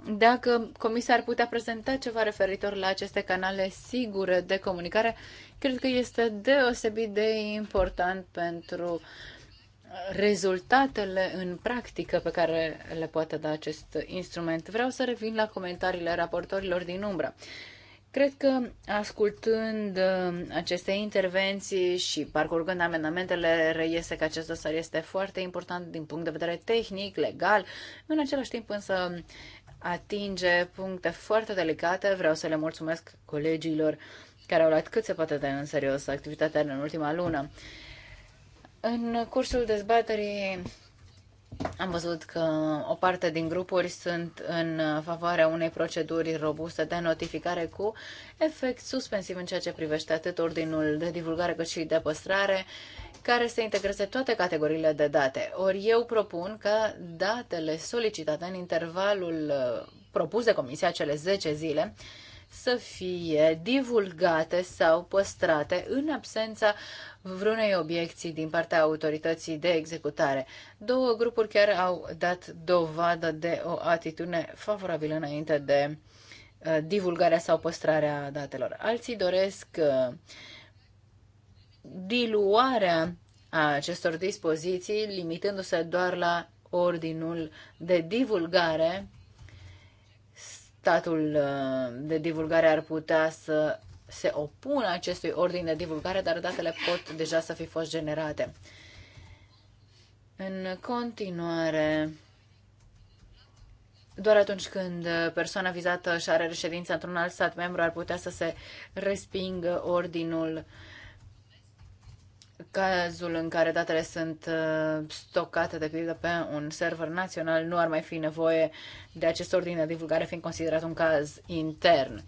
dacă comisia ar putea prezenta ceva referitor la aceste canale sigure de comunicare. Cred că este deosebit de important pentru rezultatele în practică pe care le poate da acest instrument. Vreau să revin la comentariile raportorilor din umbră. Cred că ascultând uh, aceste intervenții și parcurgând amendamentele, reiese că acest dosar este foarte important din punct de vedere tehnic, legal, în același timp însă atinge puncte foarte delicate. Vreau să le mulțumesc colegilor care au luat cât se poate de în serios activitatea în ultima lună. În cursul dezbaterii am văzut că o parte din grupuri sunt în favoarea unei proceduri robuste de notificare cu efect suspensiv în ceea ce privește atât ordinul de divulgare cât și de păstrare, care să integreze toate categoriile de date. Ori eu propun că datele solicitate în intervalul uh, propus de Comisia, cele 10 zile, să fie divulgate sau păstrate în absența vreunei obiecții din partea autorității de executare. Două grupuri chiar au dat dovadă de o atitudine favorabilă înainte de uh, divulgarea sau păstrarea datelor. Alții doresc uh, diluarea a acestor dispoziții, limitându-se doar la ordinul de divulgare statul uh, de divulgare ar putea să se opună acestui ordin de divulgare, dar datele pot deja să fi fost generate. În continuare, doar atunci când persoana vizată și are reședința într-un alt stat membru ar putea să se respingă ordinul cazul în care datele sunt uh, stocate, de pildă, pe un server național, nu ar mai fi nevoie de acest ordin de divulgare, fiind considerat un caz intern.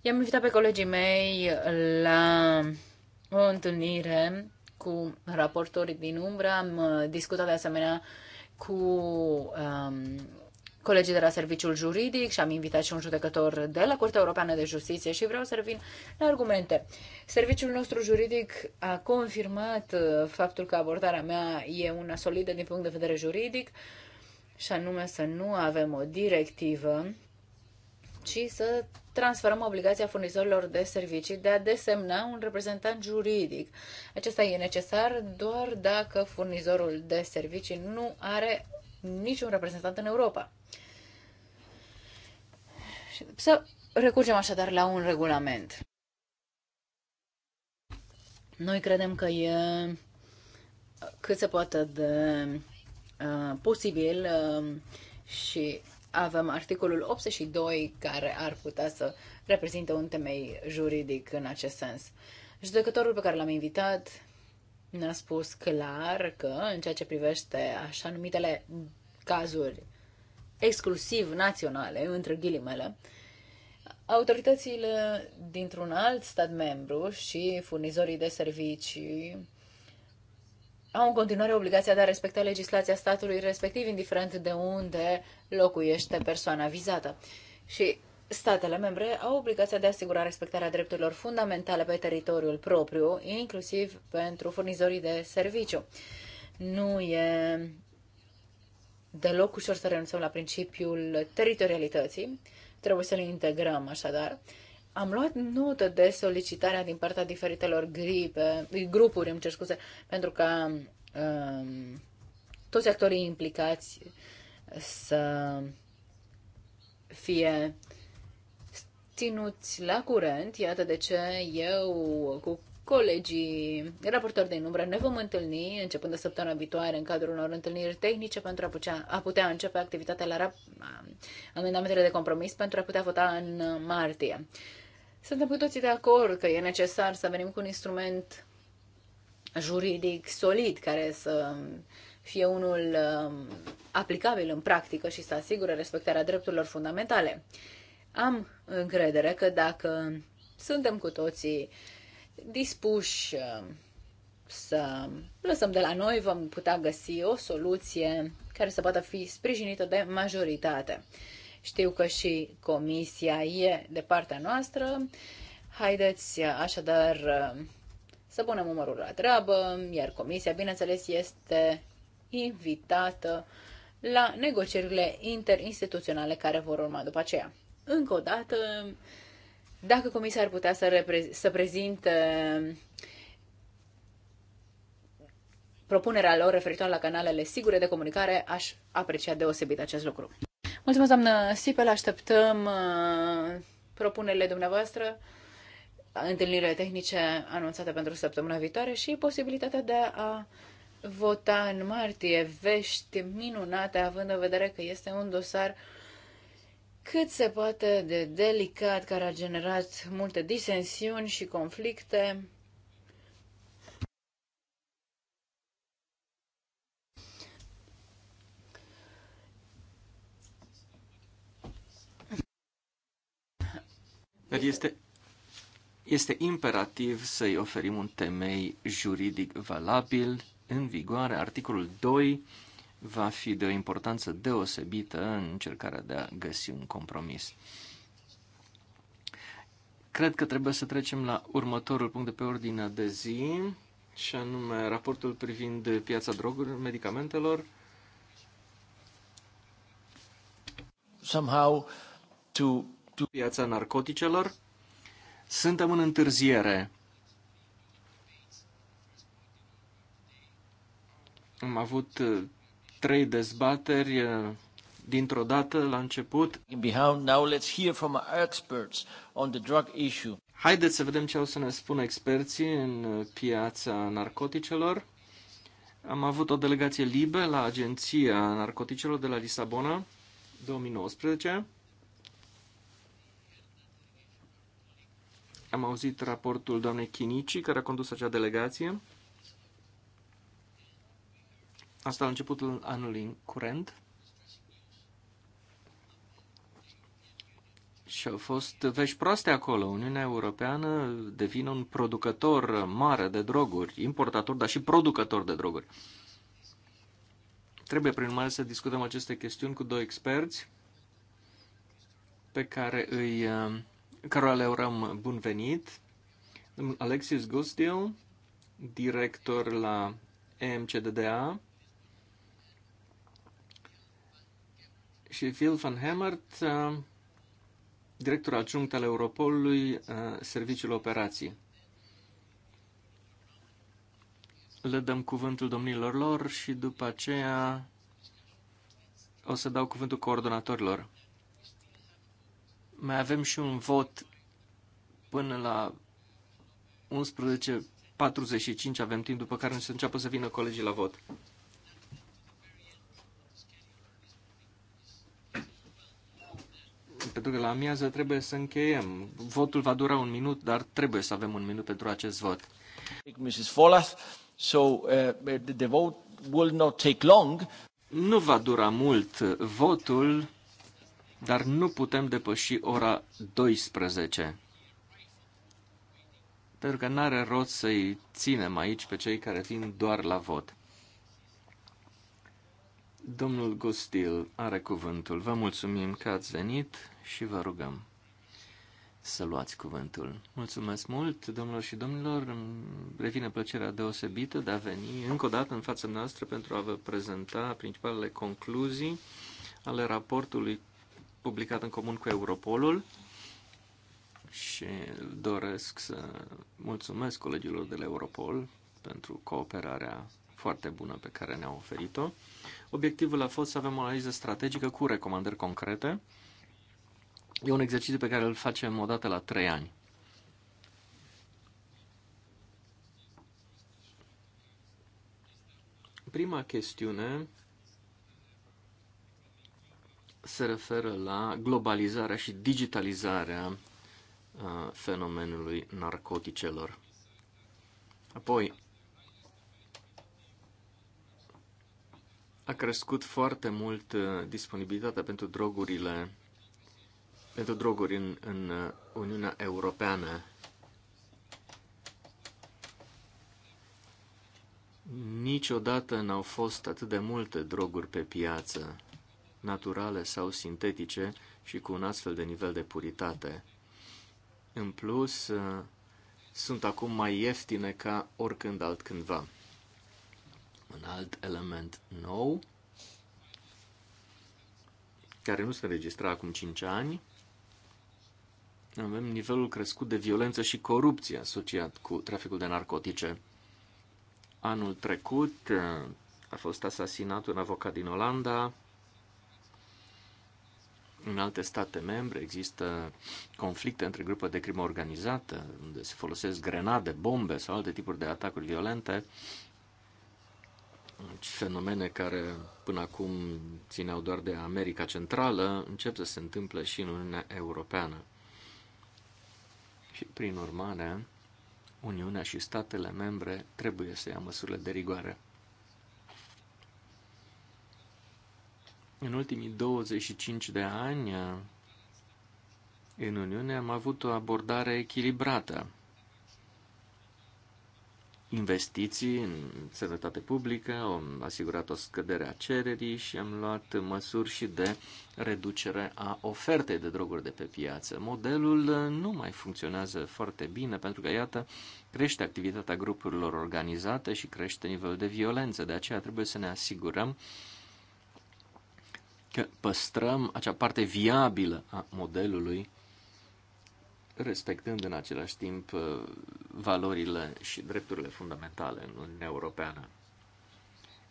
I-am invitat pe colegii mei la o întâlnire cu raportorii din Umbra, am uh, discutat de asemenea cu um, colegii de la serviciul juridic și am invitat și un judecător de la Curtea Europeană de Justiție și vreau să revin la argumente. Serviciul nostru juridic a confirmat uh, faptul că abordarea mea e una solidă din punct de vedere juridic și anume să nu avem o directivă, ci să transferăm obligația furnizorilor de servicii de a desemna un reprezentant juridic. Acesta e necesar doar dacă furnizorul de servicii nu are niciun reprezentant în Europa. Să recurgem așadar la un regulament. Noi credem că e cât se poate de uh, posibil uh, și avem articolul 82 care ar putea să reprezinte un temei juridic în acest sens. Judecătorul pe care l-am invitat ne-a spus clar că în ceea ce privește așa numitele cazuri exclusiv naționale, între ghilimele, autoritățile dintr-un alt stat membru și furnizorii de servicii au în continuare obligația de a respecta legislația statului respectiv, indiferent de unde locuiește persoana vizată. Și statele membre au obligația de a asigura respectarea drepturilor fundamentale pe teritoriul propriu, inclusiv pentru furnizorii de serviciu. Nu e deloc ușor să renunțăm la principiul teritorialității. Trebuie să ne integrăm, așadar. Am luat notă de solicitarea din partea diferitelor gripe, grupuri, îmi cer scuze, pentru că um, toți actorii implicați să fie ținuți la curent. Iată de ce eu, cu colegii raportori de umbră ne vom întâlni începând de săptămâna viitoare în cadrul unor întâlniri tehnice pentru a putea, a putea începe activitatea la amendamentele de compromis pentru a putea vota în martie. Suntem cu toții de acord că e necesar să venim cu un instrument juridic solid care să fie unul um, aplicabil în practică și să asigure respectarea drepturilor fundamentale. Am încredere că dacă suntem cu toții dispuși uh, să lăsăm de la noi, vom putea găsi o soluție care să poată fi sprijinită de majoritate. Știu că și comisia e de partea noastră. Haideți uh, așadar uh, să punem umărul la treabă, iar comisia, bineînțeles, este invitată la negocierile interinstituționale care vor urma după aceea. Încă o dată, dacă comisia ar putea să, să prezinte uh, propunerea lor referitoare la canalele sigure de comunicare, aș aprecia deosebit acest lucru. Mulțumesc, doamnă Sipel, așteptăm uh, propunerile dumneavoastră, întâlnirile tehnice anunțate pentru săptămâna viitoare și posibilitatea de a vota în martie vești minunate, având în vedere că este un dosar uh, cât se poate de delicat, care a generat multe disensiuni și conflicte. Dar este, este imperativ să-i oferim un temei juridic valabil în vigoare. Articolul 2 va fi de o importanță deosebită în încercarea de a găsi un compromis. Cred că trebuie să trecem la următorul punct de pe ordinea de zi, și anume raportul privind piața drogurilor, medicamentelor. Somehow to, to... Piața narcoticelor. Suntem în întârziere. Am avut trei dezbateri eh, dintr-o dată la început. Now let's hear from our experts on the drug issue. Haideți să vedem ce au să ne spună experții în eh, piața narcoticelor. Am avut o delegație liberă la Agenția Narcoticelor de la Lisabona 2019. Am auzit raportul doamnei Chinici, care a condus acea delegație. Asta la începutul anului curent. Și au fost vești proaste acolo. Uniunea Europeană devine un producător mare de droguri, importator, dar și producător de droguri. Trebuie, prin urmare, să discutăm aceste chestiuni cu doi experți pe care îi, cărora le urăm bun venit. Alexis Gustil, director la EMCDDA, și Phil van Hemert, uh, director adjunct al Europolului, uh, Serviciul Operații. Le dăm cuvântul domnilor lor și după aceea o să dau cuvântul coordonatorilor. Mai avem și un vot până la 11.45 avem timp, după care să înceapă să vină colegii la vot. pentru că la amiază trebuie să încheiem. Votul va dura un minut, dar trebuie să avem un minut pentru acest vot. Mrs. Folath, so uh, the vote will not take long. Nu va dura mult votul, dar nu putem depăși ora 12. Pentru că n-are rost să-i ținem aici pe cei care vin doar la vot. Domnul Gostil are cuvântul. Vă mulțumim că ați venit și vă rugăm să luați cuvântul. Mulțumesc mult, domnilor și domnilor. Îmi revine plăcerea deosebită de a veni încă o dată în fața noastră pentru a vă prezenta principalele concluzii ale raportului publicat în comun cu Europolul și doresc să mulțumesc colegilor de la Europol pentru cooperarea foarte bună pe care ne-au oferit-o. Obiectivul a fost să avem o analiză strategică cu recomandări concrete E un exercițiu pe care îl facem o dată la trei ani. Prima chestiune se referă la globalizarea și digitalizarea fenomenului narcoticelor. Apoi, a crescut foarte mult disponibilitatea pentru drogurile pentru droguri în, în uh, Uniunea Europeană. Niciodată n-au fost atât de multe droguri pe piață, naturale sau sintetice, și cu un astfel de nivel de puritate. În plus, uh, sunt acum mai ieftine ca oricând altcândva. Un alt element nou, care nu se registra acum 5 ani, avem nivelul crescut de violență și corupție asociat cu traficul de narcotice. Anul trecut uh, a fost asasinat un avocat din Olanda. În alte state membre există conflicte între grupă de crimă organizată, unde se folosesc grenade, bombe sau alte tipuri de atacuri violente. Deci, fenomene care până acum țineau doar de America Centrală încep să se întâmple și în Uniunea Europeană și, prin urmare, Uniunea și statele membre trebuie să ia măsurile de rigoare. În ultimii 25 de ani, în Uniune am avut o abordare echilibrată investiții în sănătate publică, am asigurat o scădere a cererii și am luat măsuri și de reducere a ofertei de droguri de pe piață. Modelul nu mai funcționează foarte bine pentru că, iată, crește activitatea grupurilor organizate și crește nivelul de violență. De aceea trebuie să ne asigurăm că păstrăm acea parte viabilă a modelului respectând în același timp uh, valorile și drepturile fundamentale în Uniunea Europeană.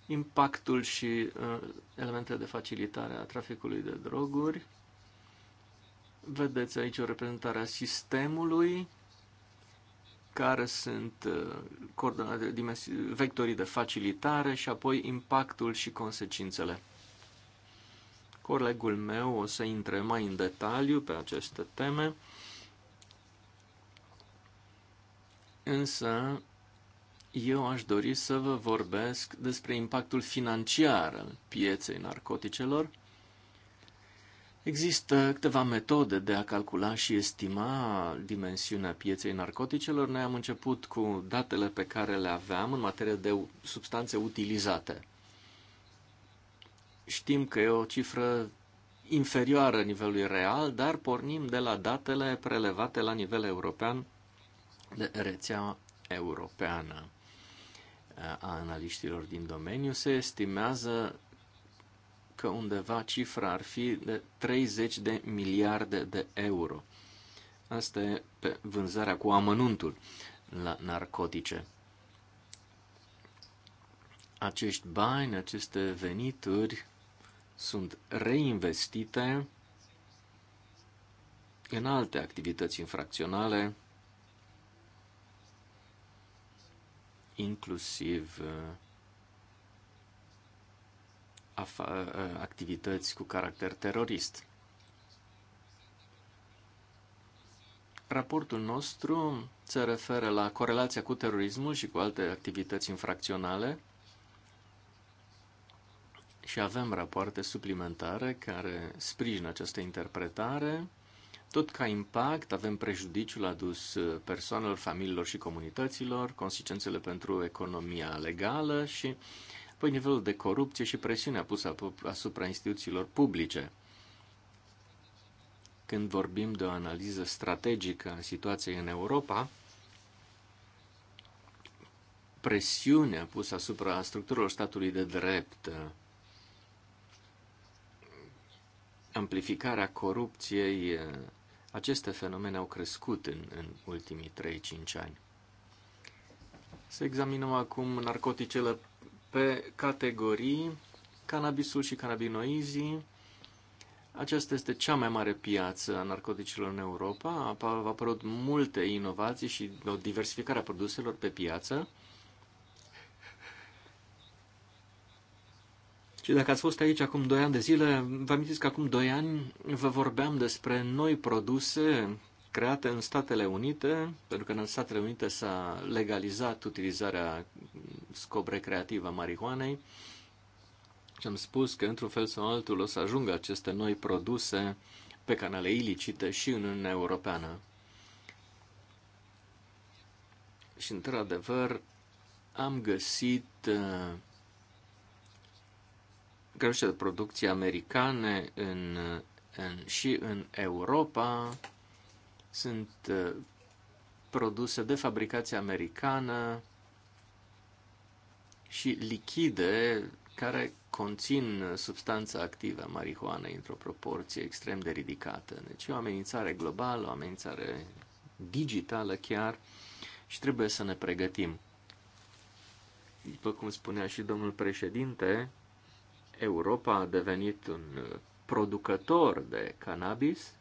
Impactul și uh, elementele de facilitare a traficului de droguri. Vedeți aici o reprezentare a sistemului, care sunt uh, coordonate, vectorii de facilitare și apoi impactul și consecințele. Colegul meu o să intre mai în detaliu pe aceste teme Însă, eu aș dori să vă vorbesc despre impactul financiar al pieței narcoticelor. Există câteva metode de a calcula și estima dimensiunea pieței narcoticelor. Noi am început cu datele pe care le aveam în materie de substanțe utilizate. Știm că e o cifră inferioară nivelului real, dar pornim de la datele prelevate la nivel european de rețeaua europeană a analiștilor din domeniu. Se estimează că undeva cifra ar fi de 30 de miliarde de euro. Asta e pe vânzarea cu amănuntul la narcotice. Acești bani, aceste venituri sunt reinvestite în alte activități infracționale, inclusiv uh, uh, activități cu caracter terorist. Raportul nostru se referă la corelația cu terorismul și cu alte activități infracționale și avem rapoarte suplimentare care sprijină această interpretare tot ca impact avem prejudiciul adus uh, persoanelor, familiilor și comunităților, consecințele pentru economia legală și apoi nivelul de corupție și presiunea pusă asupra instituțiilor publice. Când vorbim de o analiză strategică a situației în Europa, presiunea pusă asupra structurilor statului de drept, uh, amplificarea corupției, uh, aceste fenomene au crescut în, în ultimii 3-5 ani. Să examinăm acum narcoticele pe categorii, cannabisul și cannabinoizii. Aceasta este cea mai mare piață a narcoticilor în Europa. Au apărut multe inovații și o diversificare a produselor pe piață. Și dacă ați fost aici acum 2 ani de zile, vă amintiți că acum 2 ani vă vorbeam despre noi produse create în Statele Unite, pentru că în Statele Unite s-a legalizat utilizarea scop recreativ a marihuanei. Și am spus că, într-un fel sau altul, o să ajungă aceste noi produse pe canale ilicite și în Uniunea Europeană. Și, într-adevăr, am găsit uh, Creșterea de producție americane în, în, și în Europa sunt uh, produse de fabricație americană și lichide care conțin substanța activă a marihuanei într-o proporție extrem de ridicată. Deci e o amenințare globală, o amenințare digitală chiar și trebuie să ne pregătim. După cum spunea și domnul președinte, Europa a devenit un producător de cannabis,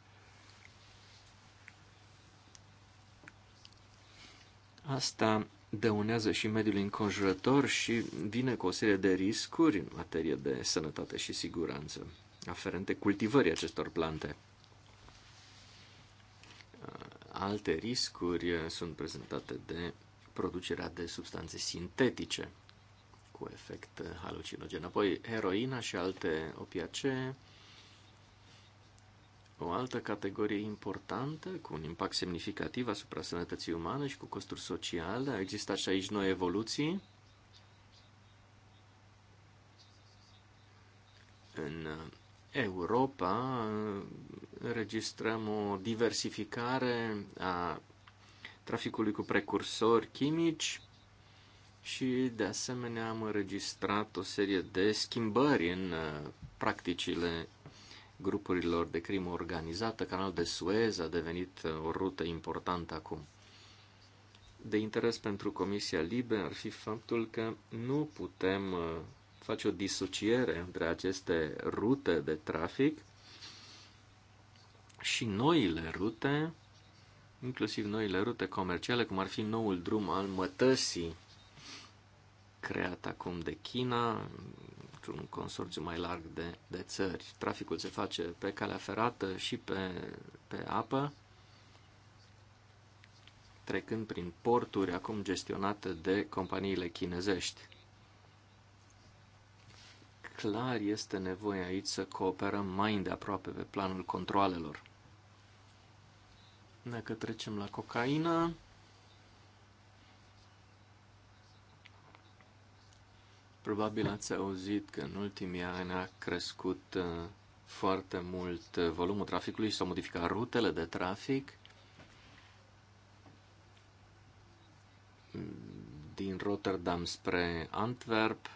asta dăunează și mediul înconjurător și vine cu o serie de riscuri în materie de sănătate și siguranță aferente cultivării acestor plante. Alte riscuri sunt prezentate de producerea de substanțe sintetice cu efect halucinogen. Apoi heroina și alte opiacee, o altă categorie importantă, cu un impact semnificativ asupra sănătății umane și cu costuri sociale. A existat și aici noi evoluții. În Europa înregistrăm o diversificare a traficului cu precursori chimici, și de asemenea am înregistrat o serie de schimbări în uh, practicile grupurilor de crimă organizată. Canal de Suez a devenit uh, o rută importantă acum. De interes pentru Comisia Libe ar fi faptul că nu putem uh, face o disociere între aceste rute de trafic și noile rute, inclusiv noile rute comerciale, cum ar fi noul drum al mătăsii creat acum de China, într-un consorțiu mai larg de, de țări. Traficul se face pe calea ferată și pe, pe apă, trecând prin porturi acum gestionate de companiile chinezești. Clar este nevoie aici să cooperăm mai îndeaproape pe planul controalelor. Dacă trecem la cocaină, Probabil ați auzit că în ultimii ani a crescut uh, foarte mult uh, volumul traficului și s-au modificat rutele de trafic. Din Rotterdam spre Antwerp,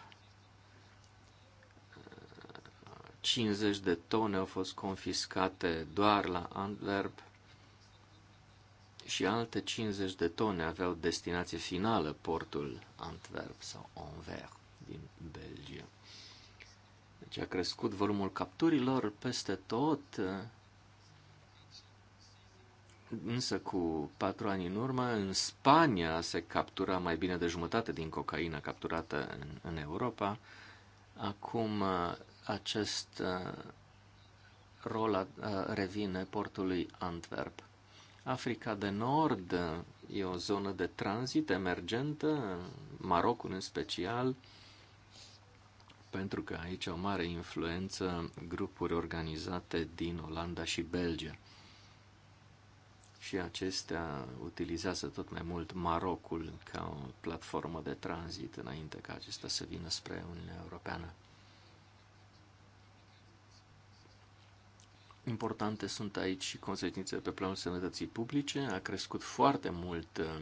50 uh, de tone au fost confiscate doar la Antwerp și alte 50 de tone aveau destinație finală portul Antwerp sau Anvers din Belgia. Deci a crescut volumul capturilor peste tot, însă cu patru ani în urmă, în Spania se captura mai bine de jumătate din cocaina capturată în, în Europa. Acum acest uh, rol uh, revine portului Antwerp. Africa de Nord uh, e o zonă de tranzit emergentă, Marocul în special, pentru că aici au mare influență grupuri organizate din Olanda și Belgia. Și acestea utilizează tot mai mult Marocul ca o platformă de tranzit înainte ca acesta să vină spre Uniunea Europeană. Importante sunt aici și consecințele pe planul sănătății publice. A crescut foarte mult uh,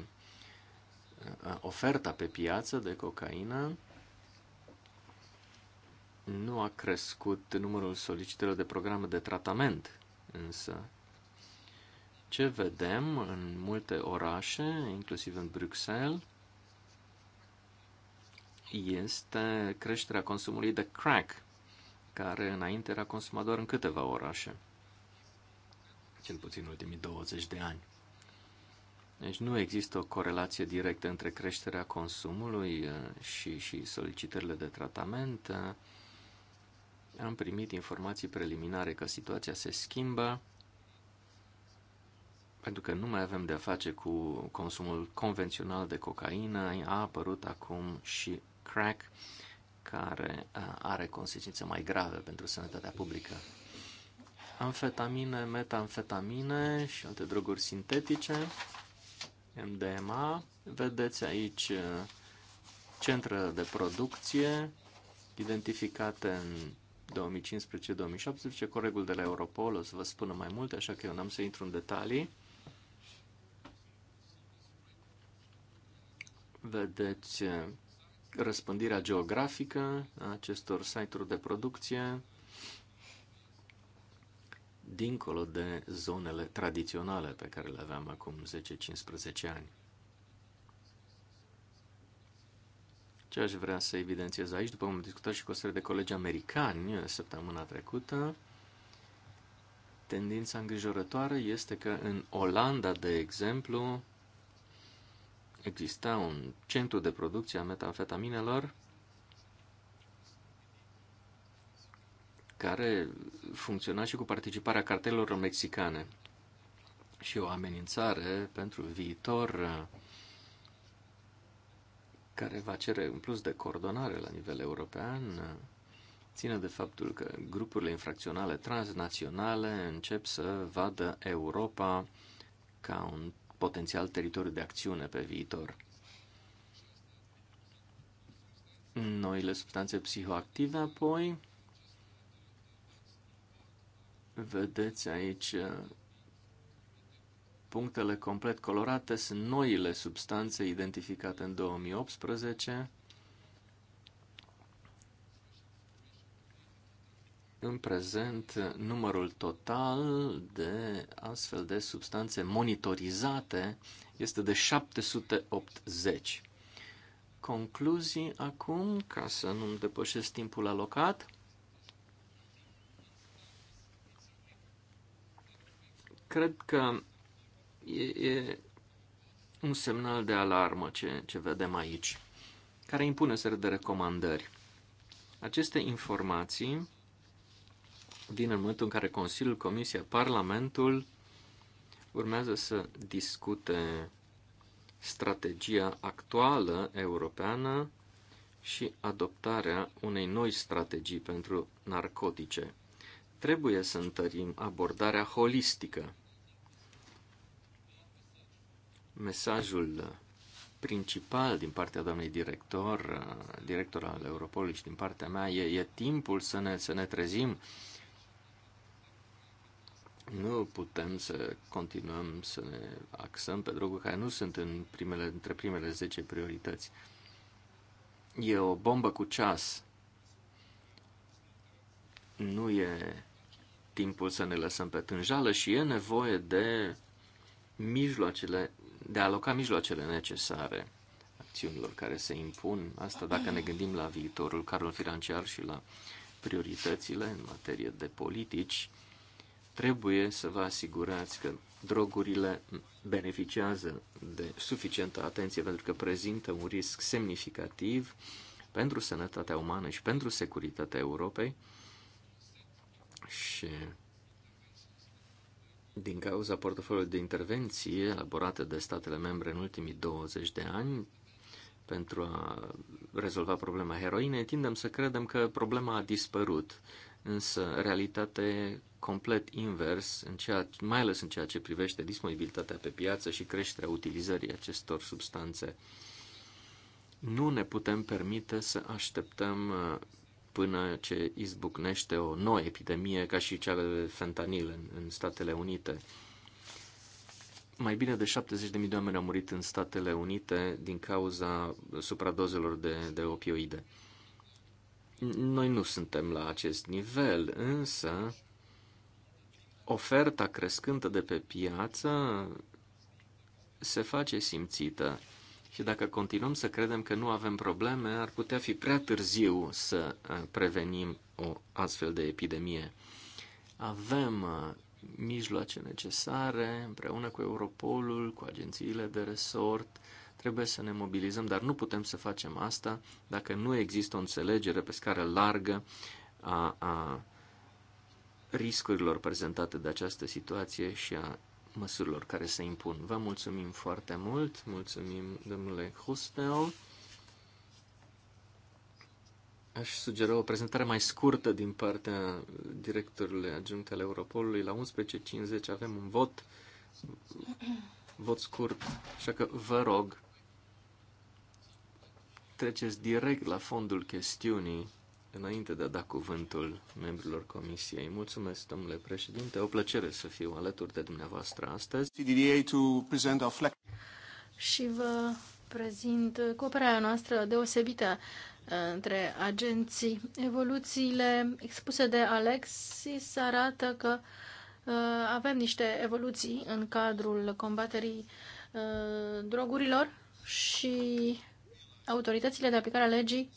uh, oferta pe piață de cocaină nu a crescut numărul solicitărilor de programe de tratament, însă ce vedem în multe orașe, inclusiv în Bruxelles, este creșterea consumului de crack, care înainte era consumat doar în câteva orașe, cel puțin ultimii 20 de ani. Deci nu există o corelație directă între creșterea consumului eh, și, și solicitările de tratament. Eh, am primit informații preliminare că situația se schimbă pentru că nu mai avem de-a face cu consumul convențional de cocaină, a apărut acum și crack, care uh, are consecințe mai grave pentru sănătatea publică. Amfetamine, metamfetamine și alte droguri sintetice, MDMA, vedeți aici uh, centre de producție identificate în 2015-2017. Colegul de la Europol o să vă spună mai multe, așa că eu n-am să intru în detalii. Vedeți eh, răspândirea geografică a acestor site-uri de producție dincolo de zonele tradiționale pe care le aveam acum 10-15 ani. Ce aș vrea să evidențiez aici, după cum am discutat și cu o serie de colegi americani uh, săptămâna trecută, tendința îngrijorătoare este că în Olanda, de exemplu, exista un centru de producție a metamfetaminelor care funcționa și cu participarea cartelelor mexicane și o amenințare pentru viitor uh, care va cere în plus de coordonare la nivel european ține de faptul că grupurile infracționale transnaționale încep să vadă Europa ca un potențial teritoriu de acțiune pe viitor. Noile substanțe psihoactive, apoi, vedeți aici Punctele complet colorate sunt noile substanțe identificate în 2018. În prezent, numărul total de astfel de substanțe monitorizate este de 780. Concluzii acum, ca să nu îmi depășesc timpul alocat. Cred că e, e un semnal de alarmă ce, ce vedem aici, care impune ser de recomandări. Aceste informații vin în momentul în care Consiliul, Comisia, Parlamentul urmează să discute strategia actuală europeană și adoptarea unei noi strategii pentru narcotice. Trebuie să întărim abordarea holistică Mesajul principal din partea doamnei director, director al Europolului și din partea mea, e, e timpul să ne, să ne trezim. Nu putem să continuăm să ne axăm pe droguri care nu sunt în primele, între primele 10 priorități. E o bombă cu ceas. Nu e timpul să ne lăsăm pe tânjală și e nevoie de mijloacele de a aloca mijloacele necesare acțiunilor care se impun, asta dacă ne gândim la viitorul cadru financiar și la prioritățile în materie de politici, trebuie să vă asigurați că drogurile beneficiază de suficientă atenție pentru că prezintă un risc semnificativ pentru sănătatea umană și pentru securitatea Europei și din cauza portofoliului de intervenții elaborate de statele membre în ultimii 20 de ani, pentru a rezolva problema heroinei, tindem să credem că problema a dispărut. Însă, realitatea e complet invers, în ceea, mai ales în ceea ce privește disponibilitatea pe piață și creșterea utilizării acestor substanțe. Nu ne putem permite să așteptăm până ce izbucnește o nouă epidemie ca și cea de fentanil în, în Statele Unite. Mai bine de 70.000 de oameni au murit în Statele Unite din cauza supradozelor de, de opioide. Noi nu suntem la acest nivel, însă oferta crescântă de pe piață se face simțită și dacă continuăm să credem că nu avem probleme, ar putea fi prea târziu să uh, prevenim o astfel de epidemie. Avem uh, mijloace necesare, împreună cu Europolul, cu agențiile de resort, trebuie să ne mobilizăm, dar nu putem să facem asta dacă nu există o înțelegere pe scară largă a, a riscurilor prezentate de această situație și a măsurilor care se impun. Vă mulțumim foarte mult, mulțumim domnule Husteo. Aș sugera o prezentare mai scurtă din partea directorului adjunct al Europolului. La 11.50 avem un vot, vot scurt, așa că vă rog, treceți direct la fondul chestiunii înainte de a da cuvântul membrilor comisiei. Mulțumesc, domnule președinte. O plăcere să fiu alături de dumneavoastră astăzi. Și vă prezint cooperarea noastră deosebită uh, între agenții. Evoluțiile expuse de Alexis arată că uh, avem niște evoluții în cadrul combaterii uh, drogurilor și autoritățile de aplicare a legii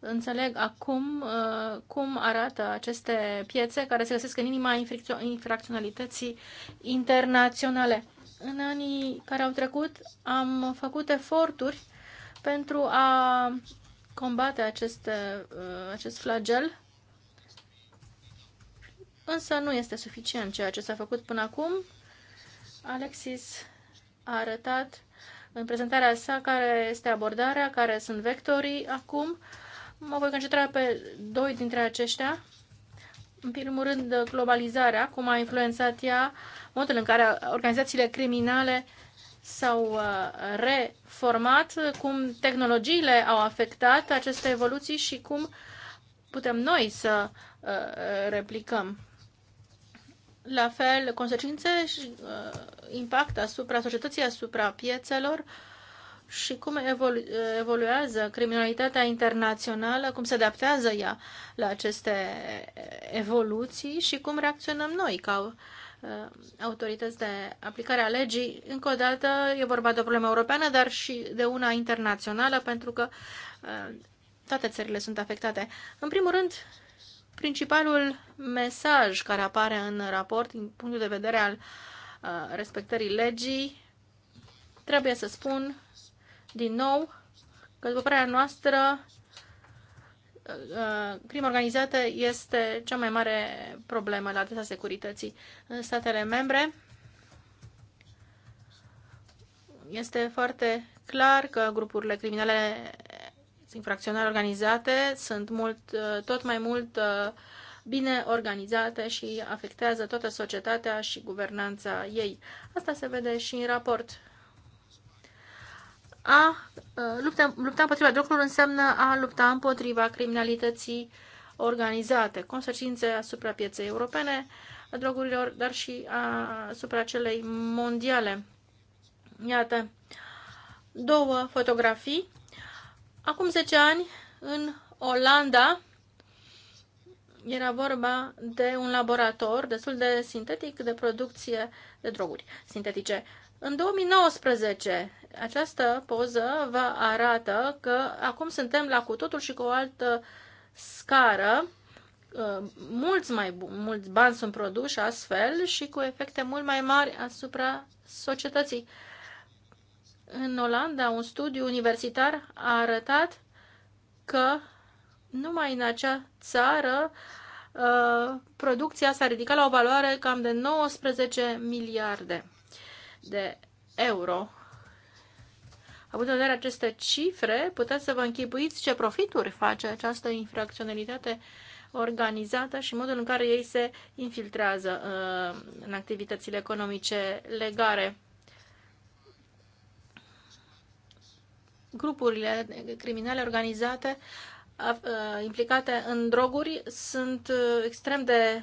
înțeleg acum uh, cum arată aceste piețe care se găsesc în inima infracționalității internaționale. În anii care au trecut am făcut eforturi pentru a combate acest, uh, acest flagel, însă nu este suficient ceea ce s-a făcut până acum. Alexis a arătat în prezentarea sa care este abordarea, care sunt vectorii acum. Uh, Mă voi concentra pe doi dintre aceștia. În primul rând, globalizarea, cum a influențat ea, modul în care organizațiile criminale s-au uh, reformat, cum tehnologiile au afectat aceste evoluții și cum putem noi să uh, replicăm. La fel, consecințe și uh, impact asupra societății, asupra piețelor, și cum evolu- evoluează criminalitatea internațională, cum se adaptează ea la aceste evoluții și cum reacționăm noi ca uh, autorități de aplicare a legii. Încă o dată e vorba de o problemă europeană, dar și de una internațională, pentru că uh, toate țările sunt afectate. În primul rând, principalul mesaj care apare în raport, din punctul de vedere al uh, respectării legii, trebuie să spun din nou că, după părerea noastră, uh, crima organizată este cea mai mare problemă la adresa securității în statele membre. Este foarte clar că grupurile criminale infracționale organizate sunt mult, uh, tot mai mult uh, bine organizate și afectează toată societatea și guvernanța ei. Asta se vede și în raport a lupta, lupta împotriva drogurilor înseamnă a lupta împotriva criminalității organizate, consecințe asupra pieței europene a drogurilor, dar și asupra celei mondiale. Iată, două fotografii. Acum 10 ani, în Olanda, era vorba de un laborator destul de sintetic de producție de droguri sintetice. În 2019, această poză vă arată că acum suntem la cu totul și cu o altă scară. Uh, mulți mai mulți bani sunt produși astfel și cu efecte mult mai mari asupra societății. În Olanda, un studiu universitar a arătat că numai în acea țară uh, producția s-a ridicat la o valoare cam de 19 miliarde de euro. Având în vedere aceste cifre, puteți să vă închipuiți ce profituri face această infracționalitate organizată și modul în care ei se infiltrează uh, în activitățile economice legare. Grupurile criminale organizate uh, implicate în droguri sunt uh, extrem de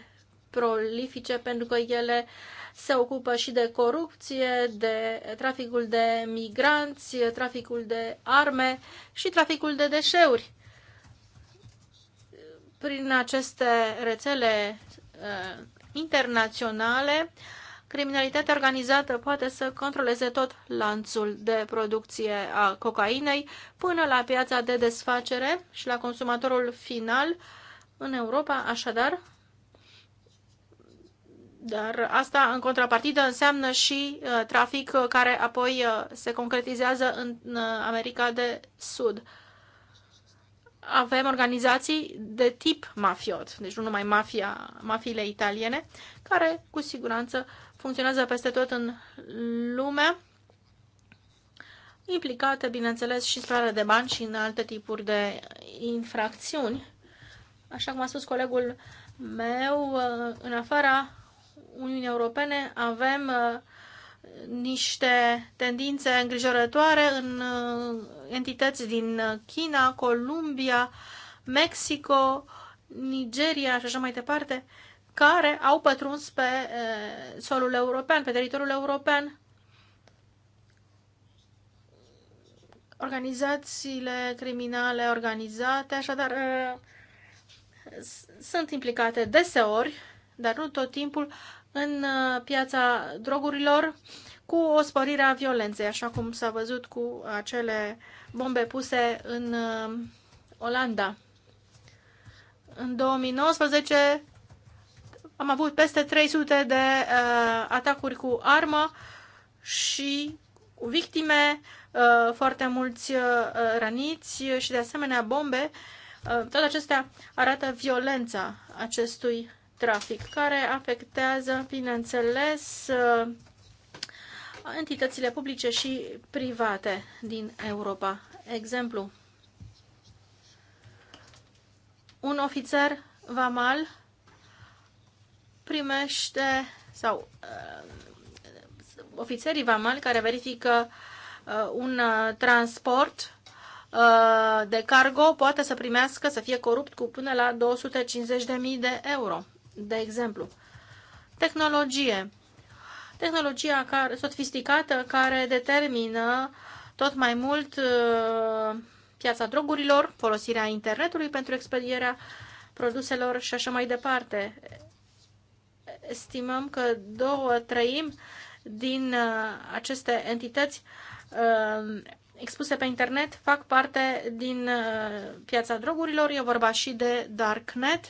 prolifice pentru că ele uh, se ocupă și de corupție, de traficul de migranți, traficul de arme și traficul de deșeuri. Prin aceste rețele uh, internaționale, criminalitatea organizată poate să controleze tot lanțul de producție a cocainei până la piața de desfacere și la consumatorul final. În Europa, așadar, dar asta, în contrapartidă, înseamnă și uh, trafic uh, care apoi uh, se concretizează în America de Sud. Avem organizații de tip mafiot, deci nu numai mafia, mafiile italiene, care cu siguranță funcționează peste tot în lume, implicate, bineînțeles, și spre de bani și în alte tipuri de infracțiuni. Așa cum a spus colegul meu, în afara Uniunii Europene avem uh, niște tendințe îngrijorătoare în uh, entități din uh, China, Columbia, Mexico, Nigeria și așa mai departe, care au pătruns pe solul european, pe teritoriul european. Organizațiile criminale organizate, așadar, sunt implicate deseori dar nu tot timpul, în uh, piața drogurilor cu o sporire a violenței, așa cum s-a văzut cu acele bombe puse în uh, Olanda. În 2019 am avut peste 300 de uh, atacuri cu armă și cu victime, uh, foarte mulți uh, raniți și de asemenea bombe. Uh, toate acestea arată violența acestui trafic, care afectează, bineînțeles, uh, entitățile publice și private din Europa. Exemplu, un ofițer vamal primește sau uh, ofițerii vamali care verifică uh, un uh, transport uh, de cargo poate să primească, să fie corupt cu până la 250.000 de euro. De exemplu, tehnologie. Tehnologia care, sofisticată care determină tot mai mult uh, piața drogurilor, folosirea internetului pentru expedierea produselor și așa mai departe. Estimăm că două trăimi din uh, aceste entități uh, expuse pe internet fac parte din piața drogurilor. E vorba și de Darknet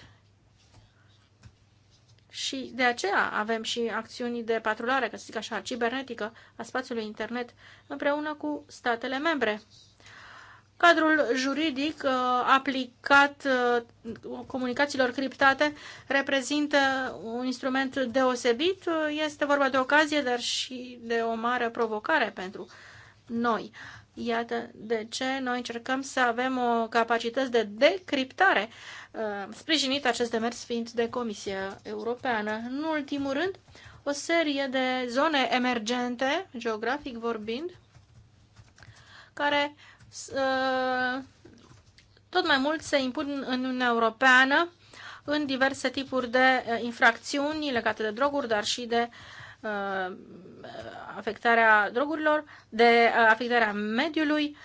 și de aceea avem și acțiuni de patrulare, ca să zic așa, cibernetică a spațiului internet împreună cu statele membre. Cadrul juridic uh, aplicat uh, comunicațiilor criptate reprezintă un instrument deosebit. Este vorba de ocazie, dar și de o mare provocare pentru noi. Iată de ce noi încercăm să avem o capacități de decriptare, uh, sprijinit acest demers fiind de Comisia Europeană. În ultimul rând, o serie de zone emergente, geografic vorbind, care uh, tot mai mult se impun în Uniunea Europeană în diverse tipuri de uh, infracțiuni legate de droguri, dar și de uh, Uh, afectarea drogurilor, de uh, afectarea mediului,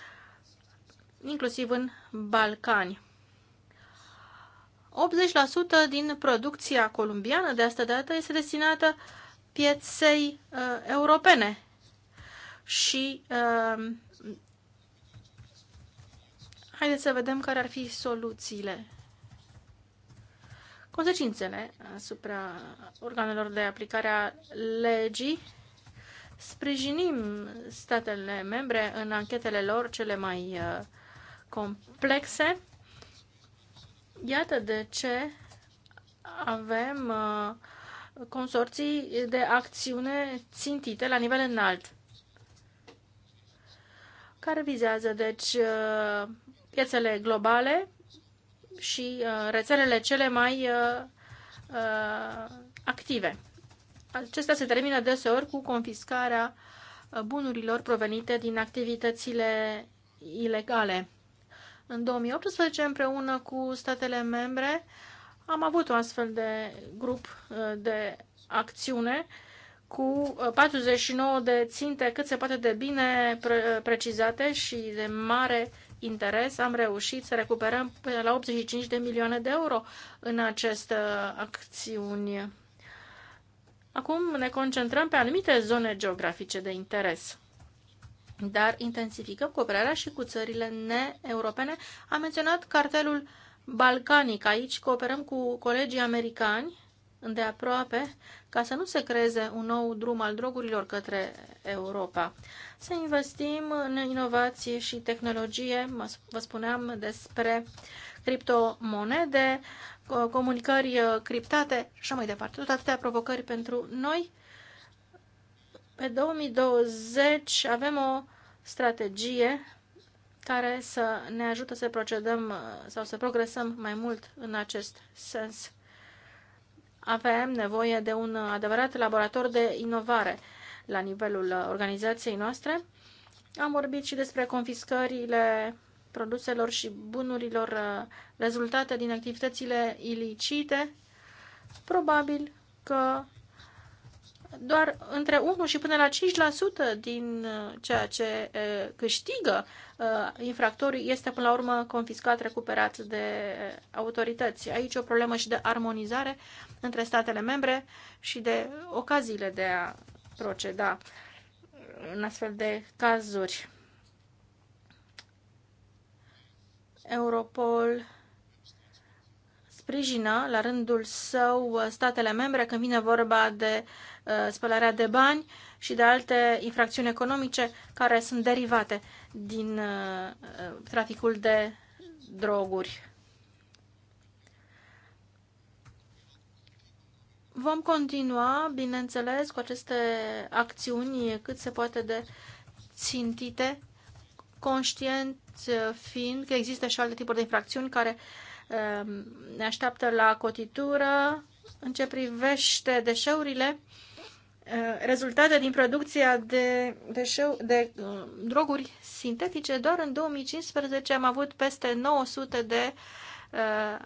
inclusiv în Balcani. 80% din producția columbiană de asta dată este destinată pieței uh, europene și uh, haideți să vedem care ar fi soluțiile consecințele asupra organelor de aplicare a legii. Sprijinim statele membre în anchetele lor cele mai uh, complexe. Iată de ce avem uh, consorții de acțiune țintite la nivel înalt, care vizează, deci, uh, piețele globale și uh, rețelele cele mai uh, uh, active. Acestea se termină deseori cu confiscarea bunurilor provenite din activitățile ilegale. În 2018, împreună cu statele membre, am avut un astfel de grup de acțiune cu 49 de ținte cât se poate de bine precizate și de mare interes am reușit să recuperăm până la 85 de milioane de euro în aceste acțiuni. Acum ne concentrăm pe anumite zone geografice de interes dar intensificăm cooperarea și cu țările ne-europene. Am menționat cartelul balcanic. Aici cooperăm cu colegii americani îndeaproape ca să nu se creeze un nou drum al drogurilor către Europa. Să investim în inovație și tehnologie, vă spuneam despre criptomonede, comunicări uh, criptate și așa mai departe. Tot atâtea provocări pentru noi. Pe 2020 avem o strategie care să ne ajută să procedăm uh, sau să progresăm mai mult în acest sens avem nevoie de un adevărat laborator de inovare la nivelul organizației noastre. Am vorbit și despre confiscările produselor și bunurilor rezultate din activitățile ilicite. Probabil că doar între 1 și până la 5% din uh, ceea ce uh, câștigă uh, infractorii este până la urmă confiscat, recuperat de autorități. Aici o problemă și de armonizare între statele membre și de ocaziile de a proceda în astfel de cazuri. Europol sprijină la rândul său statele membre când vine vorba de Uh, spălarea de bani și de alte infracțiuni economice care sunt derivate din uh, uh, traficul de droguri. Vom continua, bineînțeles, cu aceste acțiuni cât se poate de țintite, conștient fiind că există și alte tipuri de infracțiuni care um, ne așteaptă la cotitură în ce privește deșeurile. Eh, rezultate din producția de, show, de eh, droguri sintetice, doar în 2015 am avut peste 900 de uh,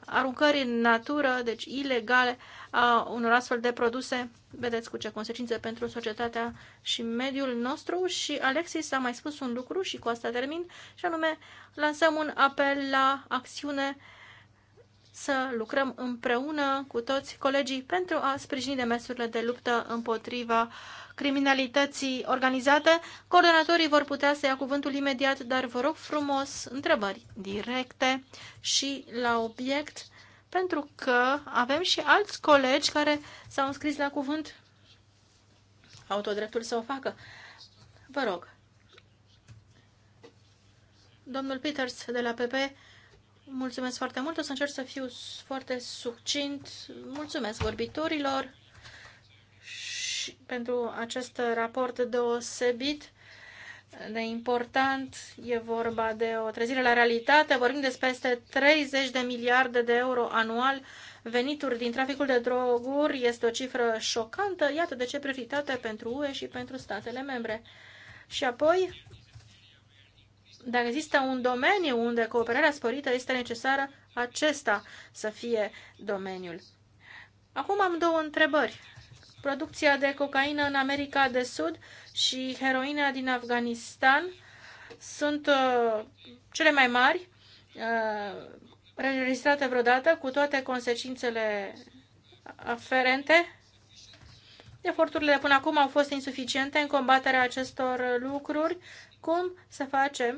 aruncări în natură, deci ilegale, a unor astfel de produse. Vedeți cu ce consecințe pentru societatea și mediul nostru. Și Alexis a mai spus un lucru și cu asta termin, și anume lansăm un apel la acțiune uh, să lucrăm împreună cu toți colegii pentru a sprijini demersurile de luptă împotriva criminalității organizate. Coordonatorii vor putea să ia cuvântul imediat, dar vă rog frumos întrebări directe și la obiect, pentru că avem și alți colegi care s-au înscris la cuvânt. Au tot dreptul să o facă. Vă rog. Domnul Peters de la PP Mulțumesc foarte mult, o să încerc să fiu foarte succint. Mulțumesc vorbitorilor și pentru acest raport deosebit de important. E vorba de o trezire la realitate. Vorbim de peste 30 de miliarde de euro anual venituri din traficul de droguri. Este o cifră șocantă. Iată de ce prioritate pentru UE și pentru statele membre. Și apoi, dacă există un domeniu unde cooperarea sporită este necesară, acesta să fie domeniul. Acum am două întrebări. Producția de cocaină în America de Sud și heroina din Afganistan sunt uh, cele mai mari uh, registrate vreodată, cu toate consecințele aferente. Eforturile până acum au fost insuficiente în combaterea acestor lucruri cum să facem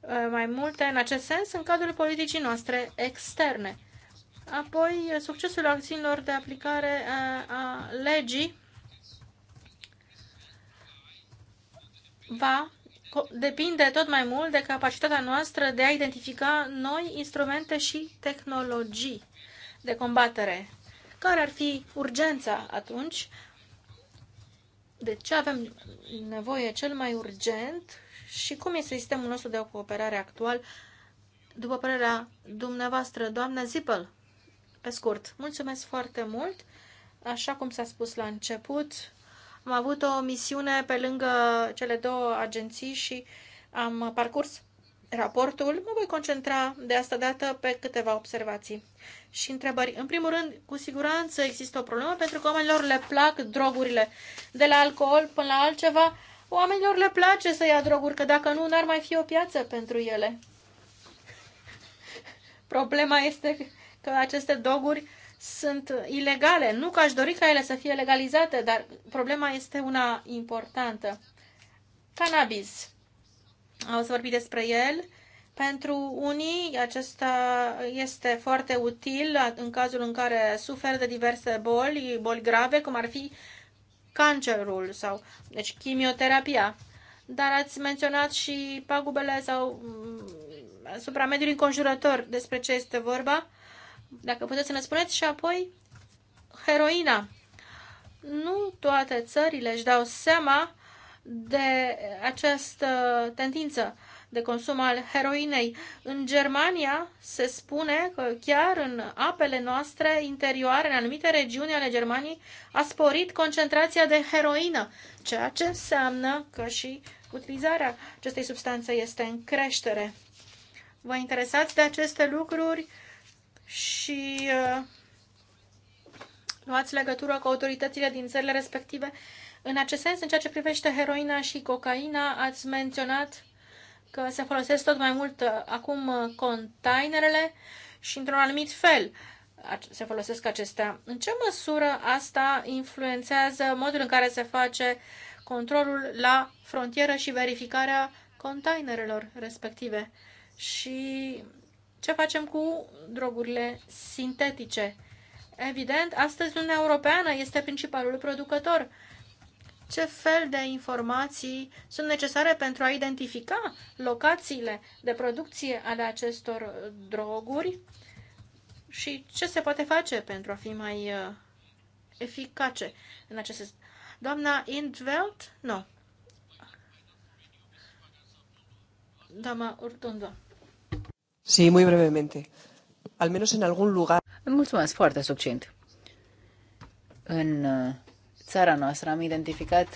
uh, mai multe în acest sens în cadrul politicii noastre externe. Apoi, uh, succesul acțiunilor de aplicare uh, a legii va depinde tot mai mult de capacitatea noastră de a identifica noi instrumente și tehnologii de combatere. Care ar fi urgența atunci? De ce avem nevoie cel mai urgent și cum este sistemul nostru de cooperare actual, după părerea dumneavoastră, doamna Zipel? Pe scurt, mulțumesc foarte mult. Așa cum s-a spus la început, am avut o misiune pe lângă cele două agenții și am parcurs raportul. Mă voi concentra de asta dată pe câteva observații și întrebări. În primul rând, cu siguranță există o problemă pentru că oamenilor le plac drogurile, de la alcool până la altceva Oamenilor le place să ia droguri, că dacă nu, n-ar mai fi o piață pentru ele. Problema este că aceste droguri sunt ilegale. Nu că aș dori ca ele să fie legalizate, dar problema este una importantă. Cannabis. O să vorbi despre el. Pentru unii acesta este foarte util în cazul în care suferă de diverse boli, boli grave, cum ar fi cancerul sau, deci, chimioterapia. Dar ați menționat și pagubele sau mm, asupra mediului înconjurător, despre ce este vorba, dacă puteți să ne spuneți, și apoi heroina. Nu toate țările își dau seama de această tendință de consum al heroinei. În Germania se spune că chiar în apele noastre interioare, în anumite regiuni ale Germaniei, a sporit concentrația de heroină, ceea ce înseamnă că și utilizarea acestei substanțe este în creștere. Vă interesați de aceste lucruri și uh, luați legătură cu autoritățile din țările respective. În acest sens, în ceea ce privește heroina și cocaina, ați menționat că se folosesc tot mai mult uh, acum uh, containerele și într-un anumit fel se folosesc acestea. În ce măsură asta influențează modul în care se face controlul la frontieră și verificarea containerelor respective? Și ce facem cu drogurile sintetice? Evident, astăzi Uniunea Europeană este principalul producător ce fel de informații sunt necesare pentru a identifica locațiile de producție ale acestor uh, droguri și ce se poate face pentru a fi mai uh, eficace în acest sens. Doamna Indveld? Nu. Doamna Urtundo. Sí, muy brevemente. Al menos en algún lugar. Mulțumesc, foarte succint. În uh, țara noastră. Am identificat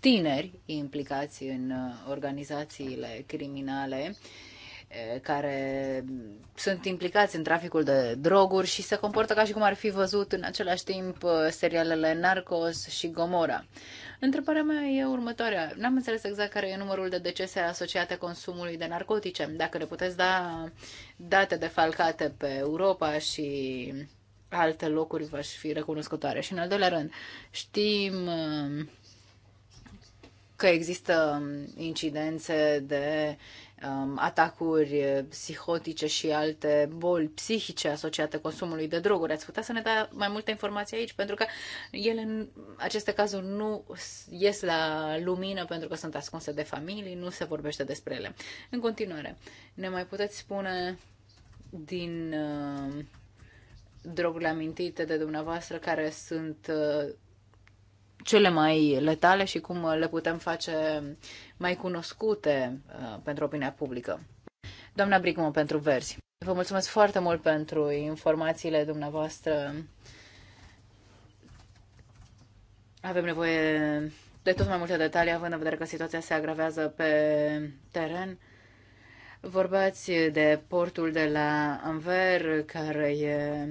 tineri implicați în uh, organizațiile criminale uh, care sunt implicați în traficul de droguri și se comportă ca și cum ar fi văzut în același timp uh, serialele Narcos și Gomora. Întrebarea mea e următoarea. N-am înțeles exact care e numărul de decese asociate consumului de narcotice. Dacă le puteți da date defalcate pe Europa și alte locuri v-aș fi recunoscătoare. Și în al doilea rând, știm um, că există um, incidențe de um, atacuri psihotice și alte boli psihice asociate consumului de droguri. Ați putea să ne da mai multe informații aici, pentru că ele, în aceste cazuri, nu ies la lumină pentru că sunt ascunse de familii, nu se vorbește despre ele. În continuare, ne mai puteți spune din drogurile amintite de dumneavoastră care sunt uh, cele mai letale și cum uh, le putem face mai cunoscute uh, pentru opinia publică. Doamna Bricmă, pentru verzi. Vă mulțumesc foarte mult pentru informațiile dumneavoastră. Avem nevoie de tot mai multe detalii, având în vedere că situația se agravează pe teren. Vorbați de portul de la Anver, care e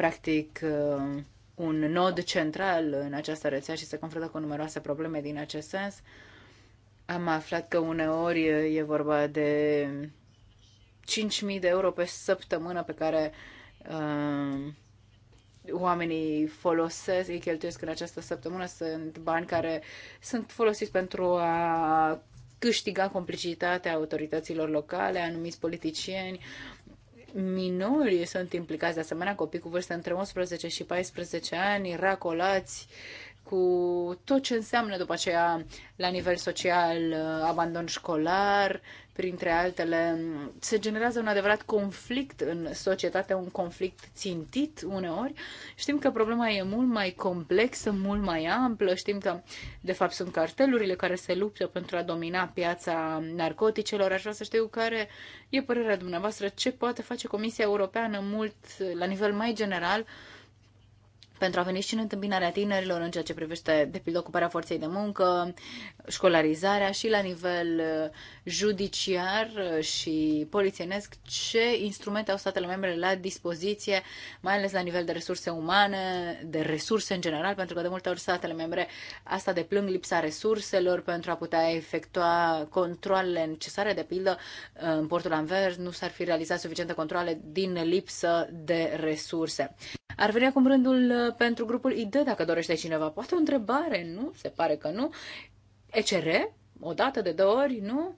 practic uh, un nod central în această rețea și se confruntă cu numeroase probleme din acest sens. Am aflat că uneori e vorba de 5.000 de euro pe săptămână pe care uh, oamenii folosesc, îi cheltuiesc în această săptămână. Sunt bani care sunt folosiți pentru a câștiga complicitatea autorităților locale, anumiți politicieni, minorii sunt implicați, de asemenea copii cu vârste între 11 și 14 ani, racolați cu tot ce înseamnă după aceea la nivel social, uh, abandon școlar, printre altele. Se generează un adevărat conflict în societate, un conflict țintit uneori. Știm că problema e mult mai complexă, mult mai amplă. Știm că, de fapt, sunt cartelurile care se luptă pentru a domina piața narcoticelor. Aș vrea să știu care e părerea dumneavoastră, ce poate face Comisia Europeană mult la nivel mai general pentru a veni și în întâmpinarea tinerilor în ceea ce privește, de pildă, ocuparea forței de muncă, școlarizarea și la nivel judiciar uh, și polițienesc, ce instrumente au statele membre la dispoziție, mai ales la nivel de resurse umane, de resurse în general, pentru că de multe ori statele membre asta plâng lipsa resurselor pentru a putea efectua controlele necesare, de pildă uh, în portul Anvers nu s-ar fi realizat suficiente controle din lipsă de resurse. Ar veni acum rândul uh, pentru grupul ID, dacă dorește cineva. Poate o întrebare, nu? Se pare că nu. ECR? o dată, de două ori, nu?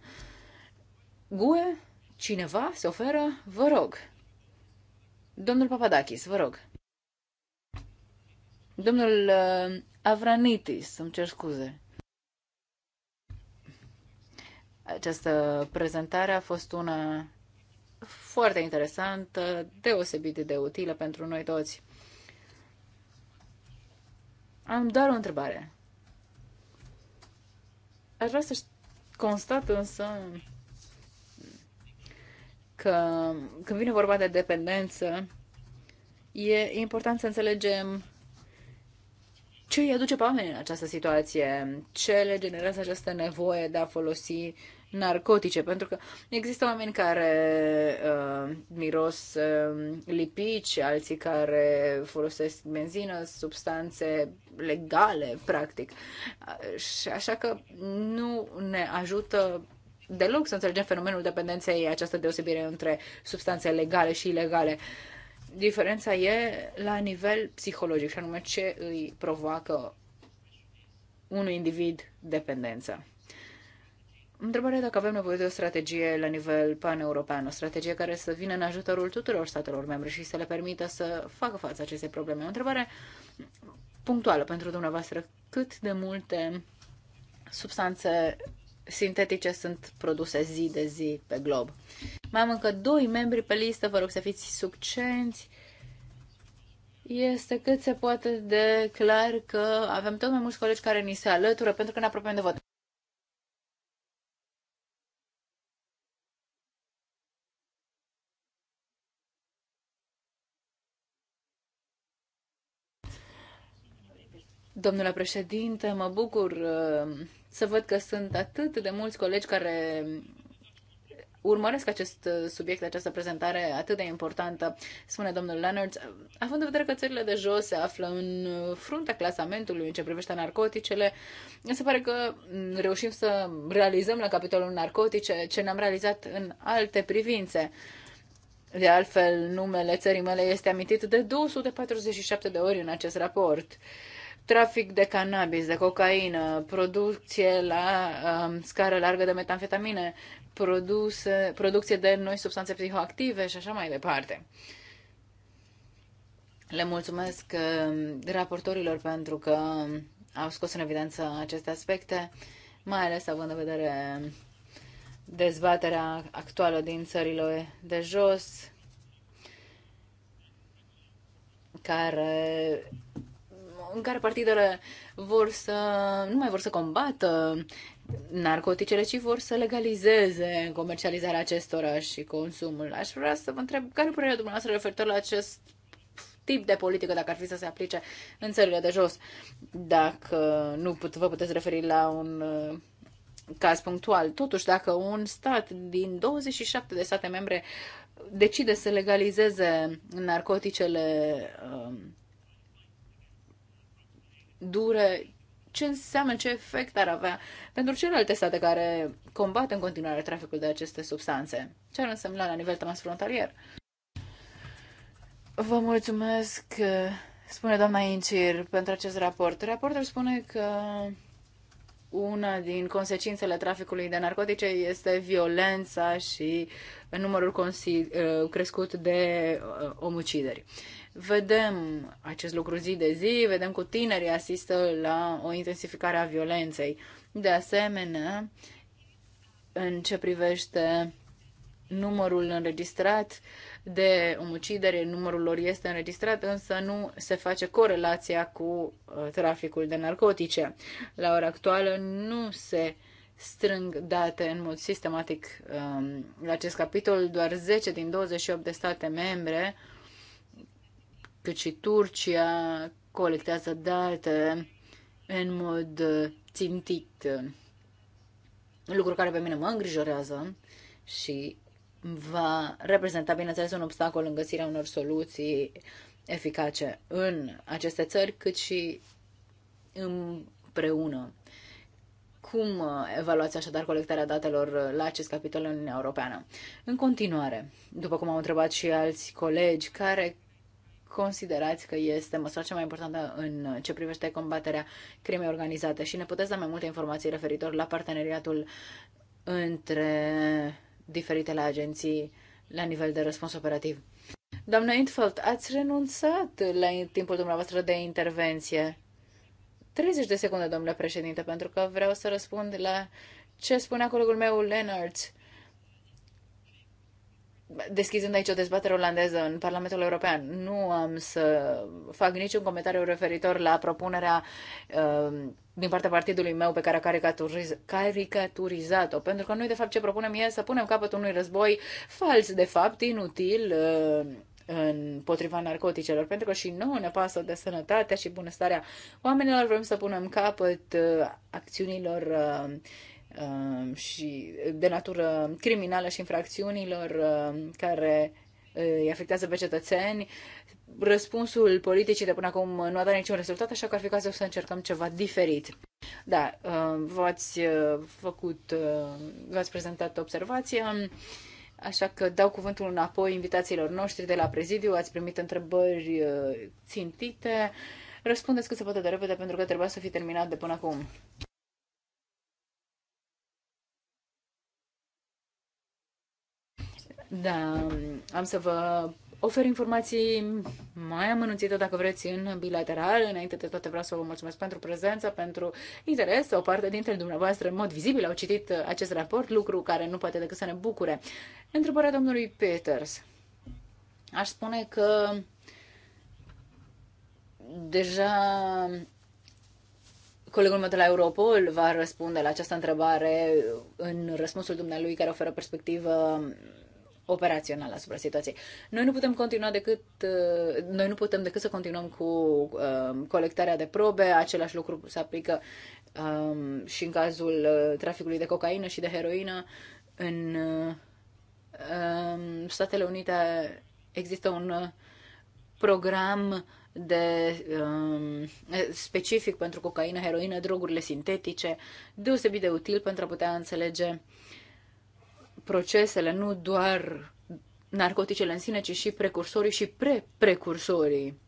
GUE, cineva se oferă, vă rog. Domnul Papadakis, vă rog. Domnul uh, Avranitis, îmi cer scuze. Această prezentare a fost una foarte interesantă, deosebit de utilă pentru noi toți. Am doar o întrebare. Aș vrea să constat însă că când vine vorba de dependență, e important să înțelegem ce îi aduce pe oamenii în această situație, ce le generează această nevoie de a folosi narcotice, pentru că există oameni care uh, miros uh, lipici, alții care folosesc benzină, substanțe legale, practic. Uh, și așa că nu ne ajută deloc să înțelegem fenomenul dependenței, această deosebire între substanțe legale și ilegale. Diferența e la nivel psihologic, și anume ce îi provoacă unui individ dependență. Întrebarea dacă avem nevoie de o strategie la nivel pan-european, o strategie care să vină în ajutorul tuturor statelor membre și să le permită să facă față aceste probleme. O întrebare punctuală pentru dumneavoastră. Cât de multe substanțe sintetice sunt produse zi de zi pe glob? Mai am încă doi membri pe listă, vă rog să fiți succenți este cât se poate de clar că avem tot mai mulți colegi care ni se alătură pentru că ne apropiem de vot. Domnule președinte, mă bucur uh, să văd că sunt atât de mulți colegi care urmăresc acest uh, subiect, această prezentare atât de importantă, spune domnul Leonard, având în vedere că țările de jos se află în uh, fruntea clasamentului în ce privește narcoticele, se pare că mm, reușim să realizăm la capitolul narcotice ce ne-am realizat în alte privințe. De altfel, numele țării mele este amintit de 247 de ori în acest raport. Uh, trafic de cannabis, de cocaină, producție la um, scară largă de metanfetamine, produse, producție de noi substanțe psihoactive și așa mai departe. Le mulțumesc um, raportorilor pentru că au scos în evidență aceste aspecte, mai ales având în vedere dezbaterea actuală din țările de jos, care în care partidele vor să nu mai vor să combată narcoticele, ci vor să legalizeze comercializarea acestora și consumul. Aș vrea să vă întreb care e părerea dumneavoastră referitor la acest tip de politică, dacă ar fi să se aplice în țările de jos, dacă nu put, vă puteți referi la un uh, caz punctual. Totuși, dacă un stat din 27 de state membre decide să legalizeze narcoticele um, dure, ce înseamnă, ce efect ar avea pentru celelalte state care combat în continuare traficul de aceste substanțe. Ce ar însemna la nivel transfrontalier? Vă mulțumesc, spune doamna Incir, pentru acest raport. Raportul spune că una din consecințele traficului de narcotice este violența și numărul crescut de uh, omucideri. Vedem acest lucru zi de zi, vedem cu tinerii asistă la o intensificare a violenței. De asemenea, în ce privește numărul înregistrat de omucidere, numărul lor este înregistrat, însă nu se face corelația cu uh, traficul de narcotice. La ora actuală nu se strâng date în mod sistematic um, la acest capitol. Doar 10 din 28 de state membre cât și Turcia colectează date în mod uh, țintit. Lucru care pe mine mă îngrijorează și va reprezenta, bineînțeles, un obstacol în găsirea unor soluții eficace în aceste țări, cât și împreună. Cum uh, evaluați așadar colectarea datelor uh, la acest capitol în Uniunea Europeană? În continuare, după cum au întrebat și alți colegi, care considerați că este măsura cea mai importantă în ce privește combaterea crimei organizate și ne puteți da mai multe informații referitor la parteneriatul între diferitele agenții la nivel de răspuns operativ. Doamna Intfeld, ați renunțat la timpul dumneavoastră de intervenție. 30 de secunde, domnule președinte, pentru că vreau să răspund la ce spunea colegul meu, Leonard deschizând aici o dezbatere olandeză în Parlamentul European, nu am să fac niciun comentariu referitor la propunerea um, din partea partidului meu pe care a caricaturiz- caricaturizat-o, pentru că noi, de fapt, ce propunem e să punem capăt unui război fals, de fapt, inutil, um, împotriva narcoticelor, pentru că și nouă ne pasă de sănătatea și bunăstarea oamenilor, vrem să punem capăt uh, acțiunilor uh, Um, și de natură criminală și infracțiunilor um, care uh, îi afectează pe cetățeni. Răspunsul politicii de până acum nu a dat niciun rezultat, așa că ar fi cazul să încercăm ceva diferit. Da, um, v-ați uh, făcut, uh, v-ați prezentat observația, așa că dau cuvântul înapoi invitațiilor noștri de la prezidiu, ați primit întrebări țintite. Răspundeți cât se poate de repede pentru că trebuia să fi terminat de până acum. Da, am să vă ofer informații mai amănunțite dacă vreți în bilateral. Înainte de toate vreau să vă mulțumesc pentru prezență, pentru interes. O parte dintre dumneavoastră în mod vizibil au citit acest raport, lucru care nu poate decât să ne bucure. Întrebarea domnului Peters. Aș spune că deja Colegul meu de la Europol va răspunde la această întrebare în răspunsul dumnealui care oferă perspectivă operațional asupra situației. Noi nu putem continua decât, uh, noi nu putem decât să continuăm cu uh, colectarea de probe, același lucru se aplică um, și în cazul uh, traficului de cocaină și de heroină în uh, um, Statele Unite există un program de um, specific pentru cocaină, heroină, drogurile sintetice, deosebit de util pentru a putea înțelege uh, procesele, nu doar narcoticele în sine, ci și precursorii și pre-precursorii.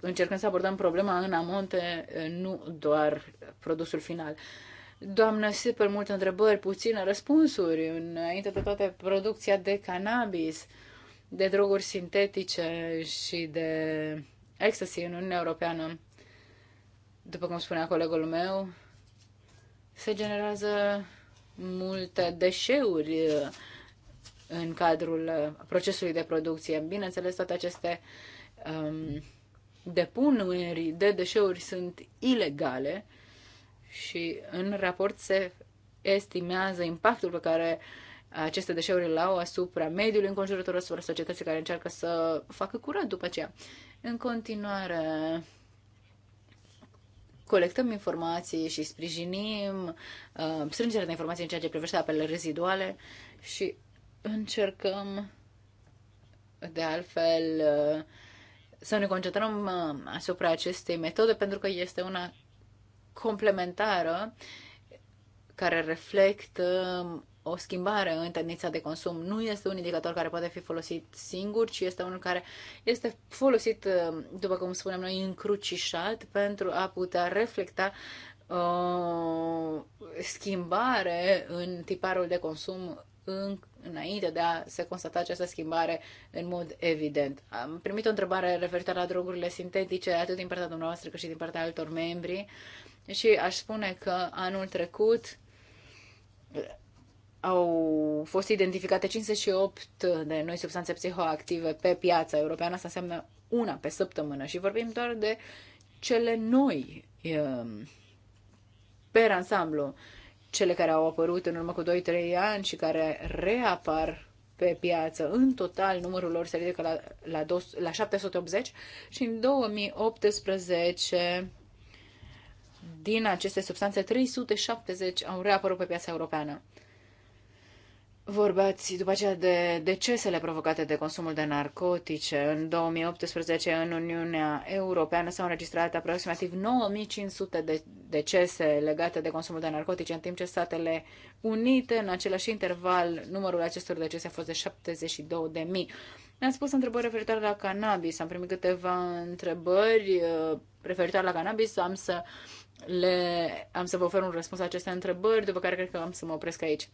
Încercând să abordăm problema în amonte, nu doar produsul final. Doamnă pe multe întrebări, puține răspunsuri, înainte de toate producția de cannabis, de droguri sintetice și de ecstasy în Uniunea Europeană. După cum spunea colegul meu, se generează multe deșeuri uh, în cadrul uh, procesului de producție. Bineînțeles, toate aceste um, depuneri de deșeuri sunt ilegale și în raport se estimează impactul pe care aceste deșeuri îl au asupra mediului înconjurător, asupra societății care încearcă să facă curat după aceea. În continuare, colectăm informații și sprijinim uh, strângerea de informații în ceea ce privește apele reziduale și încercăm de altfel uh, să ne concentrăm uh, asupra acestei metode pentru că este una complementară care reflectă o schimbare în tendința de consum. Nu este un indicator care poate fi folosit singur, ci este unul care este folosit, uh, după cum spunem noi, încrucișat pentru a putea reflecta o uh, schimbare în tiparul de consum în, înainte de a se constata această schimbare în mod evident. Am primit o întrebare referitoare la drogurile sintetice, atât din partea dumneavoastră cât și din partea altor membri și aș spune că anul trecut au fost identificate 58 de noi substanțe psihoactive pe piața europeană, asta înseamnă una pe săptămână și vorbim doar de cele noi um, pe ansamblu, cele care au apărut în urmă cu 2-3 ani și care reapar pe piață. În total, numărul lor se ridică la, la, dos, la 780 și în 2018 din aceste substanțe, 370 au reapărut pe piața europeană. Vorbeați după aceea de decesele provocate de consumul de narcotice. În 2018, în Uniunea Europeană s-au înregistrat aproximativ 9500 de decese legate de consumul de narcotice, în timp ce Statele Unite, în același interval, numărul acestor decese a fost de 72.000. Ne-am spus întrebări referitoare la cannabis. Am primit câteva întrebări uh, referitoare la cannabis. Am să, le, am să vă ofer un răspuns la aceste întrebări, după care cred că am să mă opresc aici.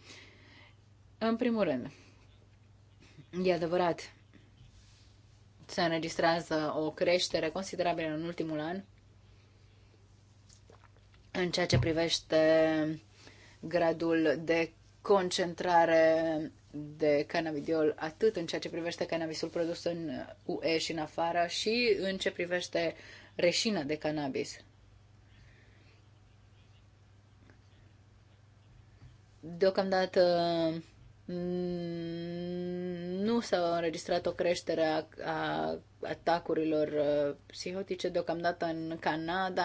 În primul rând, e adevărat, se înregistrează o creștere considerabilă în ultimul an în ceea ce privește gradul de concentrare de cannabidiol atât în ceea ce privește cannabisul produs în UE și în afară și în ce privește reșina de cannabis. Deocamdată Mm, nu s-a înregistrat o creștere a, a atacurilor uh, psihotice deocamdată în Canada.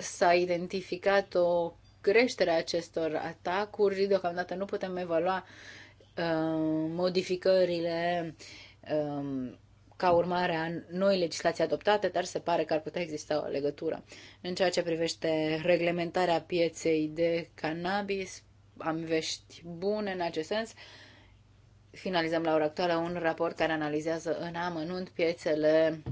S-a identificat o creștere a acestor atacuri. Deocamdată nu putem evalua uh, modificările uh, ca urmare a noi legislații adoptate, dar se pare că ar putea exista o legătură. În ceea ce privește reglementarea pieței de cannabis, am vești bune în acest sens. Finalizăm la ora actuală un raport care analizează în amănunt piețele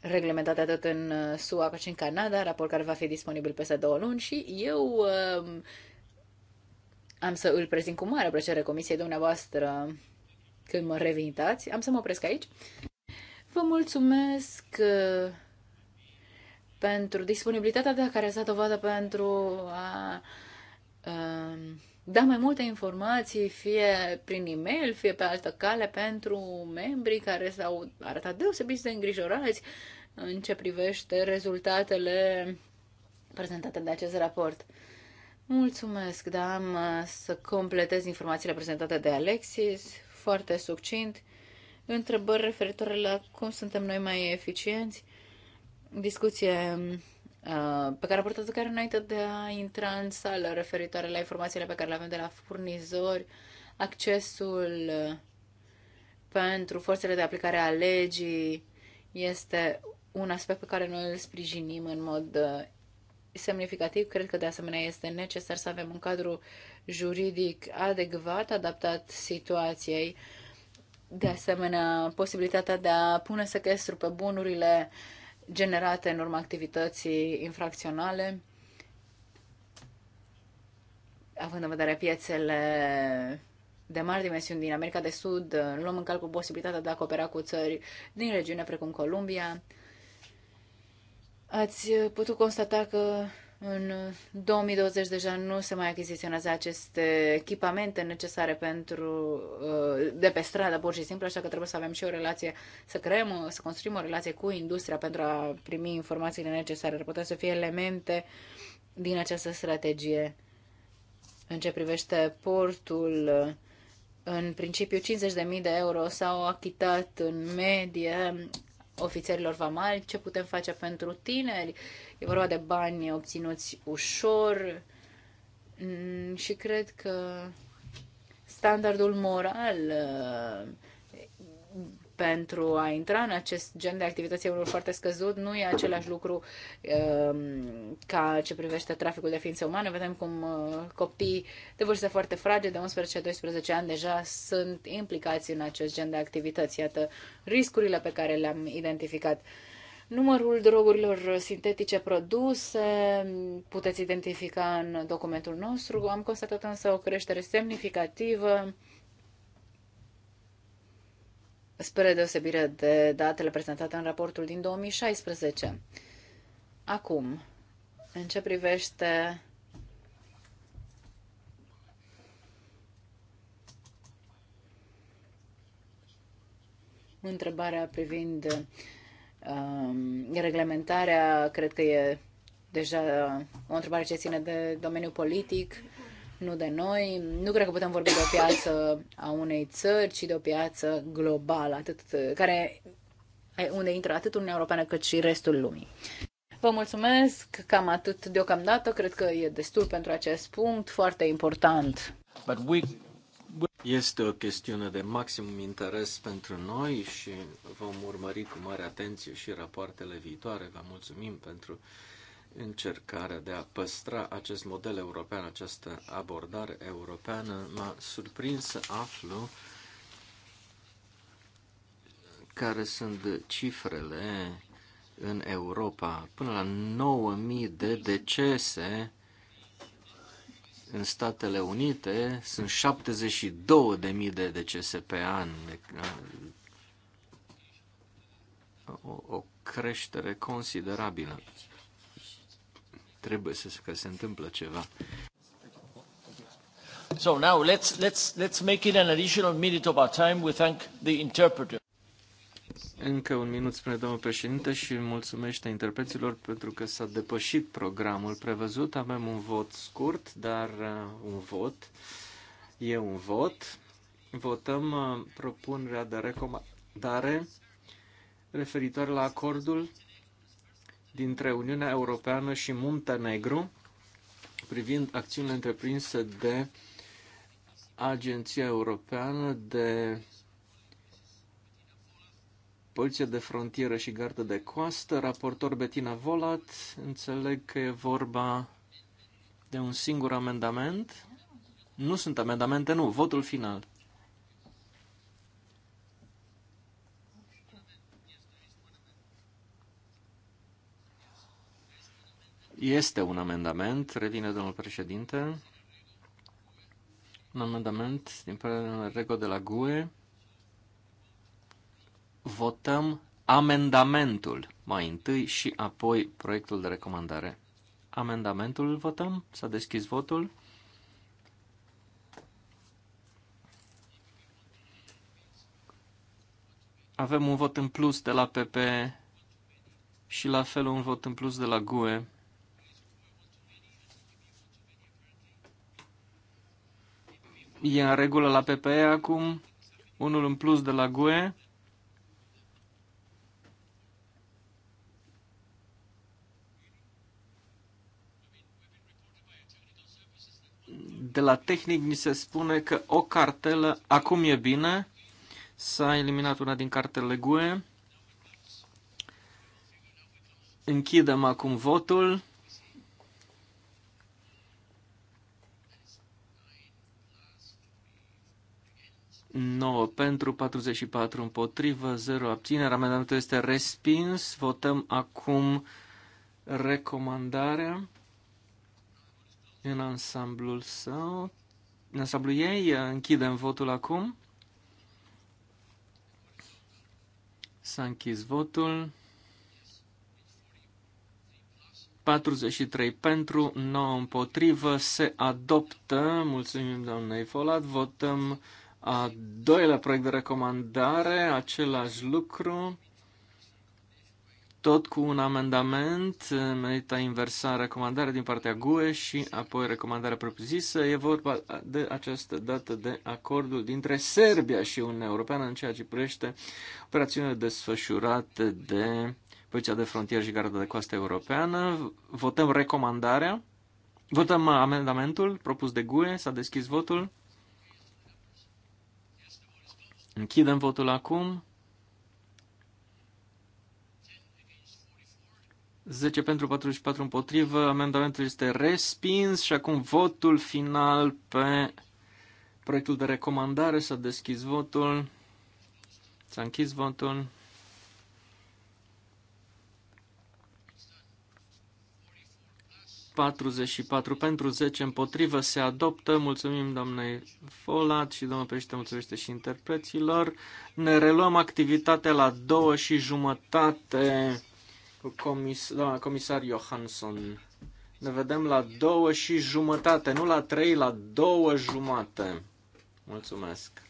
reglementate atât în uh, SUA cât și în Canada, raport care va fi disponibil peste două luni și eu um, am să îl prezint cu mare plăcere comisiei dumneavoastră când mă revinitați. Am să mă opresc aici. Vă mulțumesc uh, pentru disponibilitatea de care ați dat dovadă pentru a Ehm, da mai multe informații, fie prin e-mail, fie pe altă cale, pentru membrii care s-au arătat deosebit de îngrijorați în ce privește rezultatele prezentate de acest raport. Mulțumesc, da, am uh, să completez informațiile prezentate de Alexis, foarte succint. Întrebări referitoare la cum suntem noi mai eficienți. Discuție Uh, pe care a purtat-o chiar înainte de a intra în sală, referitoare la informațiile pe care le avem de la furnizori, accesul uh, pentru forțele de aplicare a legii este un aspect pe care noi îl sprijinim în mod uh, semnificativ. Cred că de asemenea este necesar să avem un cadru juridic adecvat, adaptat situației. De asemenea, posibilitatea de a pune sequestru pe bunurile uh, generate în urma activității infracționale, având în vedere piețele de mari dimensiuni din America de Sud, luăm în calcul posibilitatea de a coopera cu țări din regiune precum Columbia. Ați putut constata că în 2020 deja nu se mai achiziționează aceste echipamente necesare pentru uh, de pe stradă, pur și simplu, așa că trebuie să avem și o relație, să creăm, să construim o relație cu industria pentru a primi informațiile necesare. Ar putea să fie elemente din această strategie. În ce privește portul, în principiu 50.000 de euro s-au achitat în medie ofițerilor vamali, ce putem face pentru tineri. E vorba de bani obținuți ușor mm, și cred că standardul moral uh, pentru a intra în acest gen de activități e unul foarte scăzut, nu e același lucru um, ca ce privește traficul de ființe umane. Vedem cum uh, copii de vârste foarte frage, de 11-12 ani, deja sunt implicați în acest gen de activități. Iată riscurile pe care le-am identificat. Numărul drogurilor sintetice produse puteți identifica în documentul nostru. Am constatat însă o creștere semnificativă spre deosebire de datele prezentate în raportul din 2016. Acum, în ce privește întrebarea privind um, reglementarea, cred că e deja o întrebare ce ține de domeniul politic nu de noi. Nu cred că putem vorbi de o piață a unei țări, ci de o piață globală, atât, care, unde intră atât Uniunea Europeană cât și restul lumii. Vă mulțumesc, cam atât deocamdată, cred că e destul pentru acest punct, foarte important. But we... Este o chestiune de maximum interes pentru noi și vom urmări cu mare atenție și rapoartele viitoare. Vă mulțumim pentru încercarea de a păstra acest model european, această abordare europeană, m-a surprins să aflu care sunt cifrele în Europa. Până la 9000 de decese în Statele Unite sunt 72.000 de decese pe an. Deci, o, o creștere considerabilă trebuie să că se întâmplă ceva. So now let's, let's, let's make it an additional minute of our time. We thank the interpreter. Încă un minut, spune domnul președinte, și mulțumește interpreților pentru că s-a depășit programul prevăzut. Avem un vot scurt, dar uh, un vot e un vot. Votăm uh, propunerea de recomandare referitoare la acordul dintre Uniunea Europeană și Muntenegru privind acțiunile întreprinse de Agenția Europeană de Poliție de Frontieră și Gardă de Coastă, raportor Betina Volat. Înțeleg că e vorba de un singur amendament. Nu sunt amendamente, nu, votul final. Este un amendament, revine domnul președinte, un amendament din Rego de la GUE. Votăm amendamentul mai întâi și apoi proiectul de recomandare. Amendamentul îl votăm? S-a deschis votul? Avem un vot în plus de la PP și la fel un vot în plus de la GUE. E în regulă la PPE acum, unul în plus de la GUE. de la tehnic ni se spune că o cartelă, acum e bine, s-a eliminat una din cartele GUE. Închidem acum votul. 9 pentru, 44 împotrivă, 0 abținere. Amendamentul este respins. Votăm acum recomandarea în ansamblul său. În ansamblul ei închidem votul acum. S-a închis votul. 43 pentru, 9 împotrivă, se adoptă. Mulțumim doamnei Folat. Votăm a doilea proiect de recomandare, același lucru, tot cu un amendament merită a inversa recomandarea din partea GUE și apoi recomandarea propriu-zisă. E vorba de această dată de acordul dintre Serbia și Uniunea Europeană în ceea ce privește operațiunile desfășurate de Poliția de Frontieră și Garda de Coastă Europeană. Votăm recomandarea. Votăm amendamentul propus de GUE. S-a deschis votul. Închidem votul acum. 10 pentru 44 împotrivă, amendamentul este respins și acum votul final pe proiectul de recomandare. S-a deschis votul, s-a închis votul. 44 pentru 10 împotrivă se adoptă. Mulțumim doamnei Folat și domnul președinte mulțumește și interpreților. Ne reluăm activitatea la două și jumătate cu comis, doamna comisar Johansson. Ne vedem la două și jumătate, nu la trei, la două jumate. Mulțumesc!